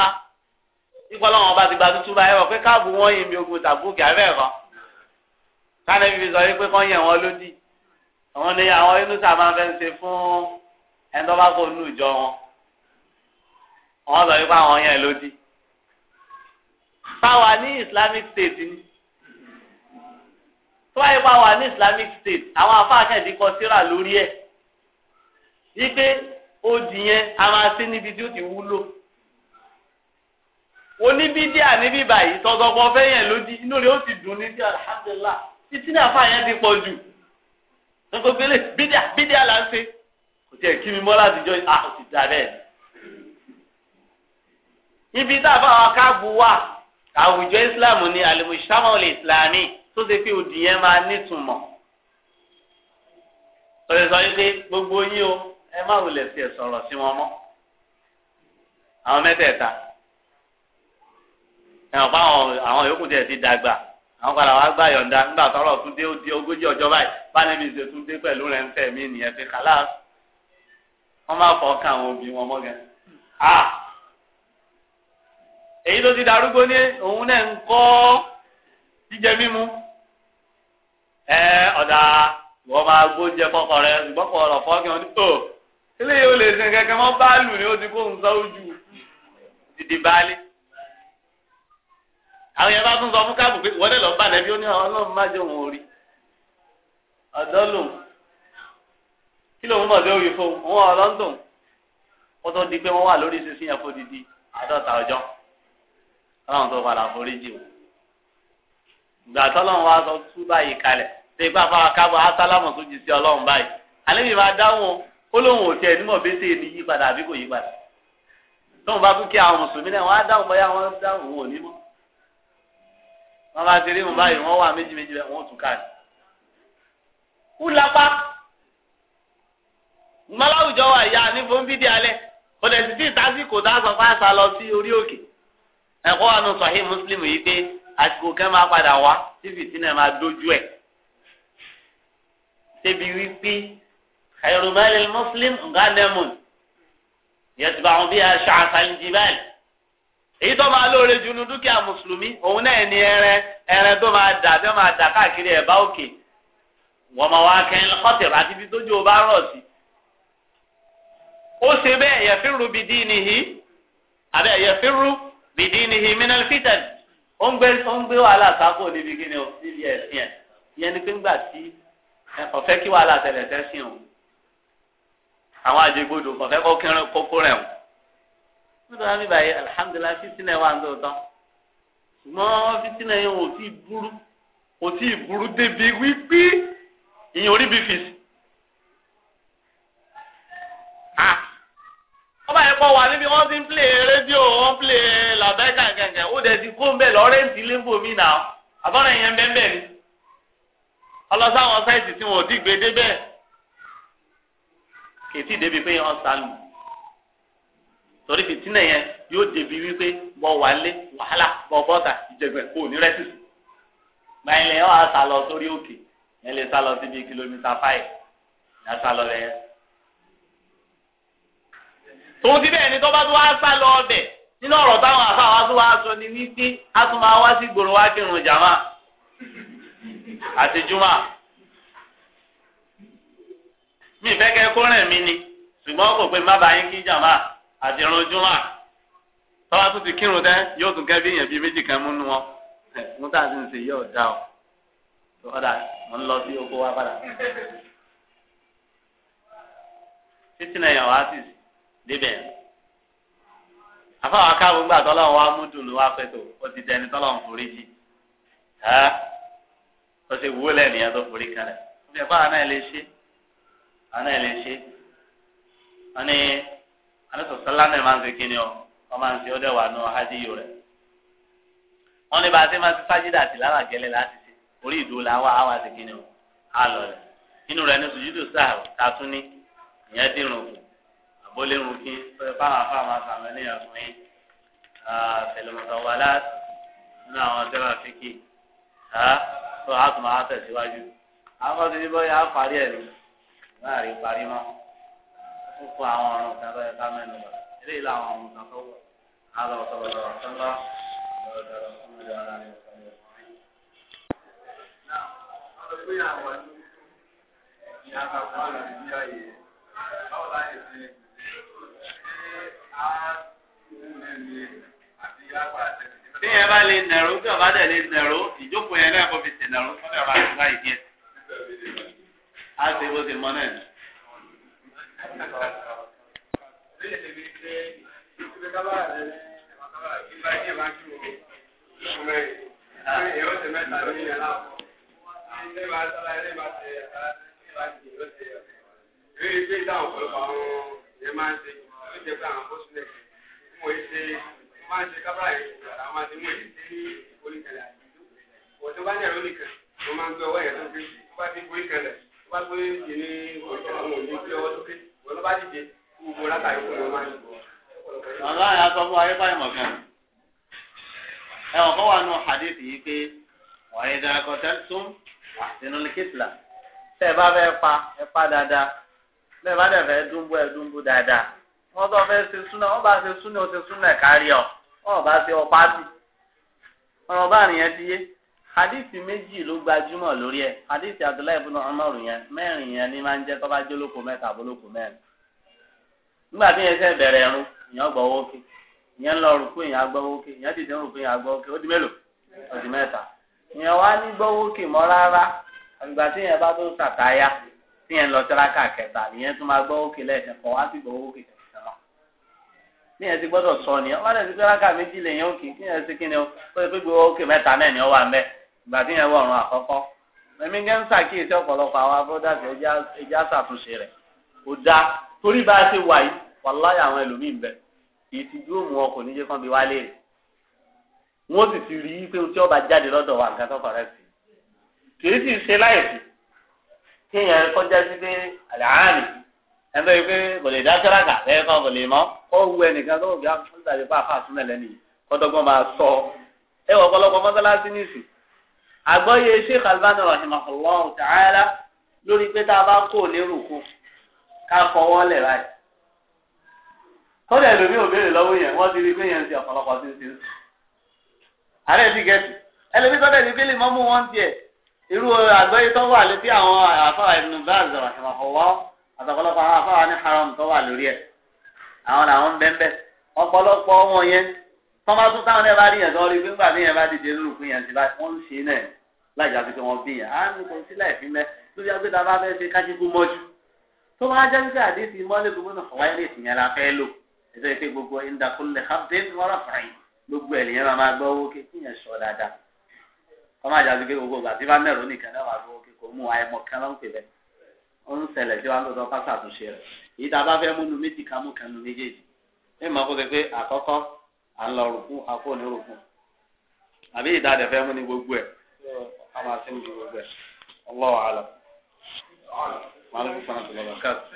Speaker 1: ìgbà lọ́wọ́ ọba ti gba tuntun báyìí wọ̀ pé káàbù wọn yìí mi ogun tàbú gàrẹ́ ẹ̀kọ́ káni fífi sọ wípé kọ́ yẹn wọn lódì àwọn ni àwọn inú sábà fẹ́ ṣe fún ẹni tó bá kó nù ìjọ wọn wọn sọ wípé àwọn yẹn lódì. fáwa ní islamic state ni tó bá wà ní islamic state àwọn afáàkẹ́ẹ̀dì kọ síra lórí ẹ̀ wípé odi yẹn a máa sí níbi tí ó ti wúlò oníbídíà níbí báyìí tọ́tọ́pọ̀ fẹ́ yẹn lódì inú rẹ̀ ó ti dùn ní sí alhamdulilah títí náà fà yẹn ti pọ̀ jù gbogbo gbélé bídíà bídíà là ń ṣe kò tiẹ̀ kí mi mọ́ láti jọ à ah, ó ti dà bẹ́ẹ̀ ibi tá a bá wa káàbù wà àwùjọ islam ní alimushamali islami tó ṣe pé òdì yẹn máa nítumọ̀ lọ́dẹ sọ wípé gbogbo yín o ẹ má wulẹ̀ sí ẹ̀ sọ̀rọ̀ sí wọn mọ́ àwọn mẹ́tẹ̀ẹ̀ta ẹ̀wọ̀n pa àwọn yòókù tiẹ̀ ti dàgbà àwọn padà wá gbà yọ̀ǹda nígbà tọ́rọ̀ tún dé ó di ogójì ọjọ́ báyìí bánẹ́bí ṣe tún dé pẹ̀lú rẹ̀ ń fẹ̀ mí nìyẹn fi kàlá wọ́n má fọ́ ká àwọn òbí wọn mọ́ gẹ́ èyí tó ti darúgbó ní òun náà ń kọ́ jíjẹ mímu ẹ ọ̀dà wọ́n máa gbóúnjẹ fọkọ rẹ ṣùgbọ́n kọ̀ ọ̀rọ̀ fọ́ọ̀kì wọn o ó ilé yìí ó lè sin kẹ̀kẹ́ mọ́ báàlù ni ó ti kó ń sọ́jú dìdì báàlì. àwọn yẹn bá tún sọ fún káàbù pé wọlé lọ bá nẹbí ó ní ah, ọlọ́run má jẹ́ òun orí ọ̀dọ́ lòun kí lòun mọ̀ sí òye fún òun ọlọ́ndùn ó tó di pé wọ́n wà lórí sísìn yẹn fódìdí àádọ́ta ọjọ́ ọlọ́run tó padà forí jì wọ́n gbà tọ́lọ́run wa sọ tú báyìí kalẹ̀ ṣe gbà fún akábọ̀ asálámù tó jí sí ọlọ́run báyìí àlejò máa dáhùn ó lóun ò tiẹ̀ nímọ̀ bẹ́sẹ̀ ní yípadà àbí kò yípadà tóun bá kú kí àwọn mùsùlùmí náà wọ́n á dáhùn bóyá wọ́n dáhùn òun ò ní mọ́ wọ́n bá ti rí wọn báyìí wọ́n wà méjì méjì bẹ́ẹ̀ wọ́n tún káàdì. kú lápá mọ́láwùjọ wà ìyá ní fòǹbídìí alẹ́ kò dẹ̀ sì tí ìtàsí kò dá sọ fún àsìkò kẹ́ máa padà wá tí fìtínà máa dojú ẹ̀. Ṣébi wípé Ẹ̀rùmẹ́lì Mùsùlùm Gánẹ́mùn yẹtùbà àwọn bíi aṣọ àṣàyìnjì báyìí. Èyí tó máa lóore junu dúkìá Mùsùlùmí òun náà ni ẹran ẹran tó máa dà tó máa dà káàkiri ẹ̀bá òkè. Wọ́n máa wá kẹ́yìn lọ́kọ̀tẹ̀ àti ibi tójú o rọ̀ sí. Ó ṣe bẹ́ẹ̀ yẹfirú bìdí nìyí àbẹ̀ yẹfirú bìdí nìyí mínálfítẹ̀nì ó ń gbé ó ń gbé wàhálà sáfò níbi kí ni o níbi ẹ̀sìn ẹ̀ ìyẹn ni pé ńgbà tí ọ̀fẹ́ kí wàhálà tẹ̀lẹ̀ sẹ́sìn o àwọn àjẹgbodò ọ̀fẹ́ kọ́ kẹrin kókó rẹ̀ o nítorí àmì báyìí alihamudulilayi fitinẹ wà ń dòótọ́ ṣùgbọ́n fitinẹ yẹn ò tí ì burú ò tí ì burú débi wípé ìyẹn orí bí fìsì. ọba yẹn pọ̀ wà níbi wọ́n ti ń plé rédíò wọ́n plé làbẹ́ kàǹkàǹkàn ó dẹ̀ ti kó ń bẹ̀ lọ́rẹ́ǹtì lẹ́ńbò mi nà ọ́ àbọ̀rọ̀ yẹn bẹ́ẹ̀ bẹ́ẹ̀ ni ọlọ́sàwọn sáìtì tí wọn ò dìgbé débẹ̀ kètì débi pé yẹn ọ̀sán lù torí fìtínà yẹn yóò débi wípé bọ̀ wálé wàhálà bọ̀ bọ́tà ìjẹgbẹ́ kò ní rẹ́sìs gbàyìn lẹ́yìn ọ̀ àṣà lọ sórí òkè yẹn lè sá lọ síbi kìlómítà fáì yẹn àṣà lọ lẹ́yìn. tòun ti bẹ́ẹ̀ ni tó bá tún wá sá lọ ọbẹ̀ nínú ọ̀rọ̀ táwọn àfa tún wá sọ ni wípé a tún máa wá sí gbòòrò wá kírun àti mi fẹ́ kẹ́ kó rìn mí ni ṣùgbọ́n kò pé má bàa yín kí jàmá àti irun tún débẹ̀ afáwọn akáwọ gbà tọ́lọ́run wa mú dùn ló wá pẹ́tò ó ti dẹni tọ́lọ́run forí jì ẹ́ ti tó forí kalẹ̀ ó fi ẹ̀fọ́ àná ẹ̀ lè ṣe àná ẹ̀ lè ṣe wọ́n ní alẹ́sọ̀sọ́lá máa ń ṣe kíni o wọ́n máa ń ṣe wà nù rẹ̀ wọ́n ní la wá àwọn àti kíni o lọ rẹ̀ inú rẹ̀ ní sùjúdù sáà ìyẹn bólé ń kí fáwọn afáwọn àtàwọn ní àfọyín fẹlẹmọtò wà láti nínú àwọn tẹ́lá fíkì tó a tún máa tẹ̀síwájú àwọn kan ti ní bóyá á parí ẹ̀ ní láàrin parí mọ́ ó kó àwọn ọ̀run
Speaker 2: kan lọ́yẹ ká mẹ́nu lọ eléyìí làwọn ọ̀run kan tó wọ̀ á lọ sọ̀rọ̀ lọ́wọ́ sọ́lá lọ́wọ́ sọ̀rọ̀ fún mi lọ́wọ́ rẹ̀ sọ̀rọ̀ fún mi. Ìyá àgbà fún àlọ́ ìdíyà yìí, báwo láyé ṣe é? bí yẹn bá lè nàró bí ọba dẹ̀ lè nàró ìjókòó yẹn náà
Speaker 1: kó fi sì nàró sọ́dọ̀ ọba àti láì díẹ̀. a ṣe bó ṣe mọ náà ni.
Speaker 2: Ilé ìgbésẹ̀ àwọn ọ̀pọ̀lọpọ̀ àwọn ẹ̀ máa ń ṣe jẹ́ pé àwọn bó sílẹ̀ kí wọ́n ṣe máa ń ṣe kábàrà yìí àwọn máa ti mú èyí sí oníkẹlẹ̀ àdìjú. Wọ́n tó bá ní ẹ̀rọ nìkan, mo máa ń gbé ọwọ́ yẹn lókè. Tó bá ti gbé ìkẹlẹ̀, tó bá gbé ìní oníkẹlẹ̀ àwọn òní gbé ọwọ́ lókè. Wọ́n ló bá dìde kú gbogbo látàrí fún wọn máa
Speaker 1: wà nù hadith yìí pé wàá yẹ àtinú kìtìlá. Tẹ́ ẹ bá fẹ́ pa ẹ pa dáadáa. Bẹ́ẹ̀ bá dẹ̀ fẹ́ dúnbú ẹ dúnbú dáadáa wọ́n tó fẹ́ ṣe súnà wọ́n bá ṣe súnà ó ṣe súnà kárí ọ wọ́n bá ṣe ọpá bì ọ̀rọ̀ bá nìyẹn ti yé hadithi méjì ló gbajúmọ̀ lórí ẹ̀ hadithi Abdullahi ibn Umar yẹn mẹ́rin yẹn ni máa ń jẹ́ tó bá jẹ́ olóko mẹ́ta àbólóko mẹ́rin nígbà tí yẹn fẹ́ bẹ̀rẹ̀ ẹ̀rún ìyẹn gbọ́ owó kí ìyẹn ń lọ rúkú ìyẹn agbọ́ owó kí ìyẹn dìde ń rúkú ìyẹn agbọ́ owó kí ó di mélòó ó di mẹ́ta ìyẹn wá ní gbọ́ owó kí mọ́ rárá àgbà tí yẹn bá tó sàtáyà tí yẹn lọ tẹ́ráka kẹta ìyẹn tún máa gbọ́ owó kí lẹ́ẹ̀kẹ́ ní ẹsẹ gbọ́dọ̀ sọ ni ọba náà ti pé rákà méjì lèyàn òkè kí ẹsẹ kí ni ó pé gbogbo òkè mẹ́ta náà ni ó wà mẹ ìgbà tí yẹn wọ ọrùn àkọ́kọ́ ẹmí gẹ ń ṣàkíyèsí ọ̀pọ̀lọpọ̀ àwọn abúdá ẹjẹ àṣàtúnṣe rẹ kò dáa torí bá a ṣe wà yìí wàláyà àwọn ẹlòmíì ń bẹ ìtìjú òmù ọkọ níjẹ kan bí wálé rẹ wọn sì ti rí i pé tí ọba jáde lọ́dọ̀ wa nǹkan tó kọrẹ sí kì í sì ṣe láì ẹnitọ́ yìí pé kò lè dá sẹ́ráka lẹ́yìn kan kò lè mọ́ ó wu ẹnìkan tó bí alùpàdé fún àfa àtúnlẹ̀ lẹ́nu yìí kọ́dọ́gbọ́n máa sọ ẹ wọ ọ̀pọ̀lọpọ̀ mọ́sálásí nìsí. àgbọ́yé sheikh albani rahimahullahu ta'ala lórí pé tá a bá kó lérò kú ká fọwọ́ lẹ̀ báyìí. kọ́dà ẹlòmíì ò béèrè lọ́wọ́ yẹn wọ́n ti rí pé yẹn ti ọ̀pọ̀lọpọ̀ ti ti ààrẹ ti gẹ̀ẹ́sì ẹlòmíì kọ́dà ẹni pé lè mọ́ mú wọn tiẹ̀ irú àgbọ́yé tó wà létí àwọn àfa àtọ̀pọ̀lọpọ̀ àwọn afáwa ní haram tó wà lórí ẹ̀ àwọn làwọn ń bẹ́ńbẹ́ ọ̀pọ̀lọpọ̀ wọn yẹn tọ́ba tún táwọn ẹ̀ bá rí yẹn tó rí gbígbà tí yẹn bá dìde nínú fún yẹn ti bá wọ́n ń ṣe náà lájà fi pé wọ́n bí yẹn á ní kò sí láìpín mẹ́ lórí agbẹ́dá bá fẹ́ ṣe kájíkú mọ́jú tó bá jẹ́ wípé àdéhùn mọ́lẹ́ gbogbo náà fọwọ́ ẹ̀rẹ́ ìsìnyẹn la fẹ́ lò ètò ìpè gbogbo ìdàkúnlẹ̀ náà wà gbọ́ kékeré ń ṣẹlẹ̀ sí wa lọ́dọ̀ ká ṣàtúnṣe rẹ̀ èyí tá a bá fẹ́ múnu méjì ká mú kẹnu méjèèjì ẹ máa kó ṣe pé àkọ́kọ́ à ń lọ rùkún àpò ní rùkún àbí ìdádẹ fẹ́ mú ní gbogbo ẹ̀
Speaker 2: ká máa sí ní gbogbo ẹ̀ Allahu a'lam. Màálùkù kan àti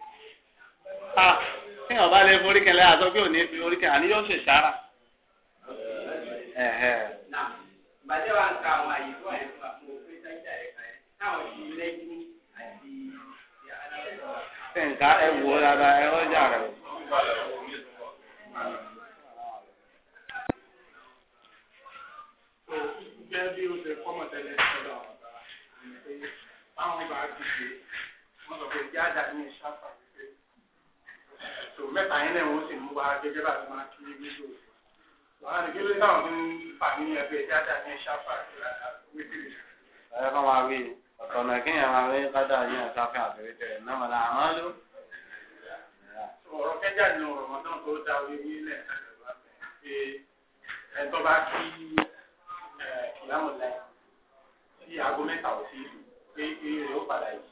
Speaker 2: ní ọba lè forí kẹlẹ àtọ
Speaker 1: bí òní fi orí kẹlẹ àníyàn ṣe sára.
Speaker 2: bàjẹ́ wa ń ka àwọn àyè tó àyè fún àpò òfin sájà ẹ̀ kan táwọn ti lẹ́jú àti ṣẹ̀ǹká ẹ wò ó dáadáa ẹ rọ́jà rẹ̀ o ṣe tó mẹ́ta yẹn náà wọ́n sì mú wa gẹ́gẹ́ bá ti máa kí ní gbígbó wàá ní kí ló dáhùn fún fàmí ní ẹgbẹ́ dáadáa ní ṣáfà wípìlì. ẹ kọ́ máa wí ọ̀tọ̀nà kéèyàn máa wí kádà yíyan sáfà àbẹ̀rẹ̀ tẹ̀lé náà mọ̀ náà àmọ́ ló. ọ̀rọ̀ kẹjà ni ọ̀rọ̀ mọ́tàn tó dá orí ní ilẹ̀ ẹ̀ tó bá kí ìyàwó láì sí aago mẹ́ta ò sí pé eré ó padà yìí.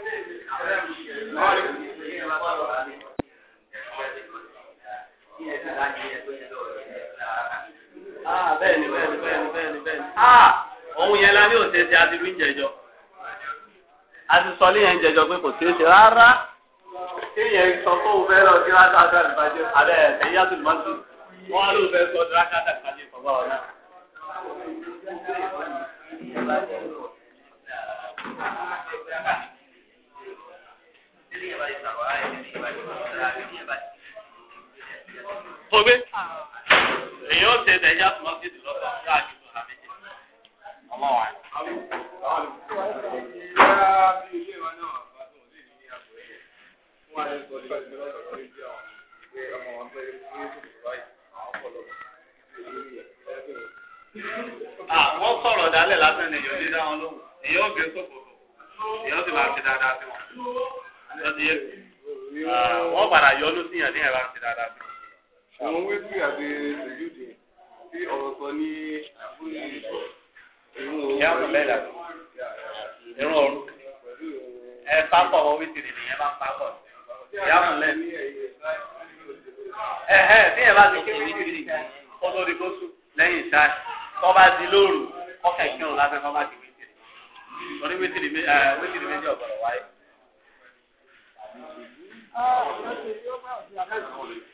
Speaker 2: bẹ́ẹ̀ni bẹ́ẹ̀ni bẹ́ẹ̀ni bẹ́ẹ̀ni bẹ́ẹ̀ni. òun yẹn la ní
Speaker 1: òṣèṣe àti wí jẹjọ. a ti sọ léyìn jẹjọ pé kò ṣeé ṣe rárá. kéèyàn sọ fóun fẹ́ lọ sí rákàtà ìbàjẹ́ abẹ́ ẹ̀yìn yàtọ̀
Speaker 2: ìmọ̀tò. wọ́n á lóun fẹ́ sọ sí rákàtà ìbàjẹ́ ìfọ̀gbà ọ̀la. Thank you. Obe èyí ó ṣe ẹ̀yà mọ́sídì lọ́sọ̀ ọ̀gá àdúgbò àbíjẹ́. Ọmọ wa. Àwọn sọ̀rọ̀ dálẹ̀ lásán ni èyí ò ní dá wọn lóhùn. Èyí ó gbé sókòtò. Èyí ó sì máa fi dáadáa sí wọn. Ah, wọ́n padà yọ ọdún sí yàn ní ẹ̀rọ àti dáadáa. àwọn wíwí àti ṣèjúde tí ọ̀rọ̀ sọ ní àbúrò ìṣọ̀ ìrún òru ìrún òru ẹ pápọ̀ wọ́n wí tìrì nìyẹn máa ń pápọ̀ ìyáàmù lẹ́nu. ẹ̀hẹ́ bí ẹ̀ bá ti kí wíwí
Speaker 1: tìrì kó tó di kóṣù lẹ́yìn ìṣá kọ́ bá di lóru kọ́ kẹ̀kẹ́ òun láfẹ́ kọ́ bá
Speaker 2: di wíwí tìrì. torí wíwí tìrì méjì ọ̀gbọ̀rọ̀ wáyé. Ah, eu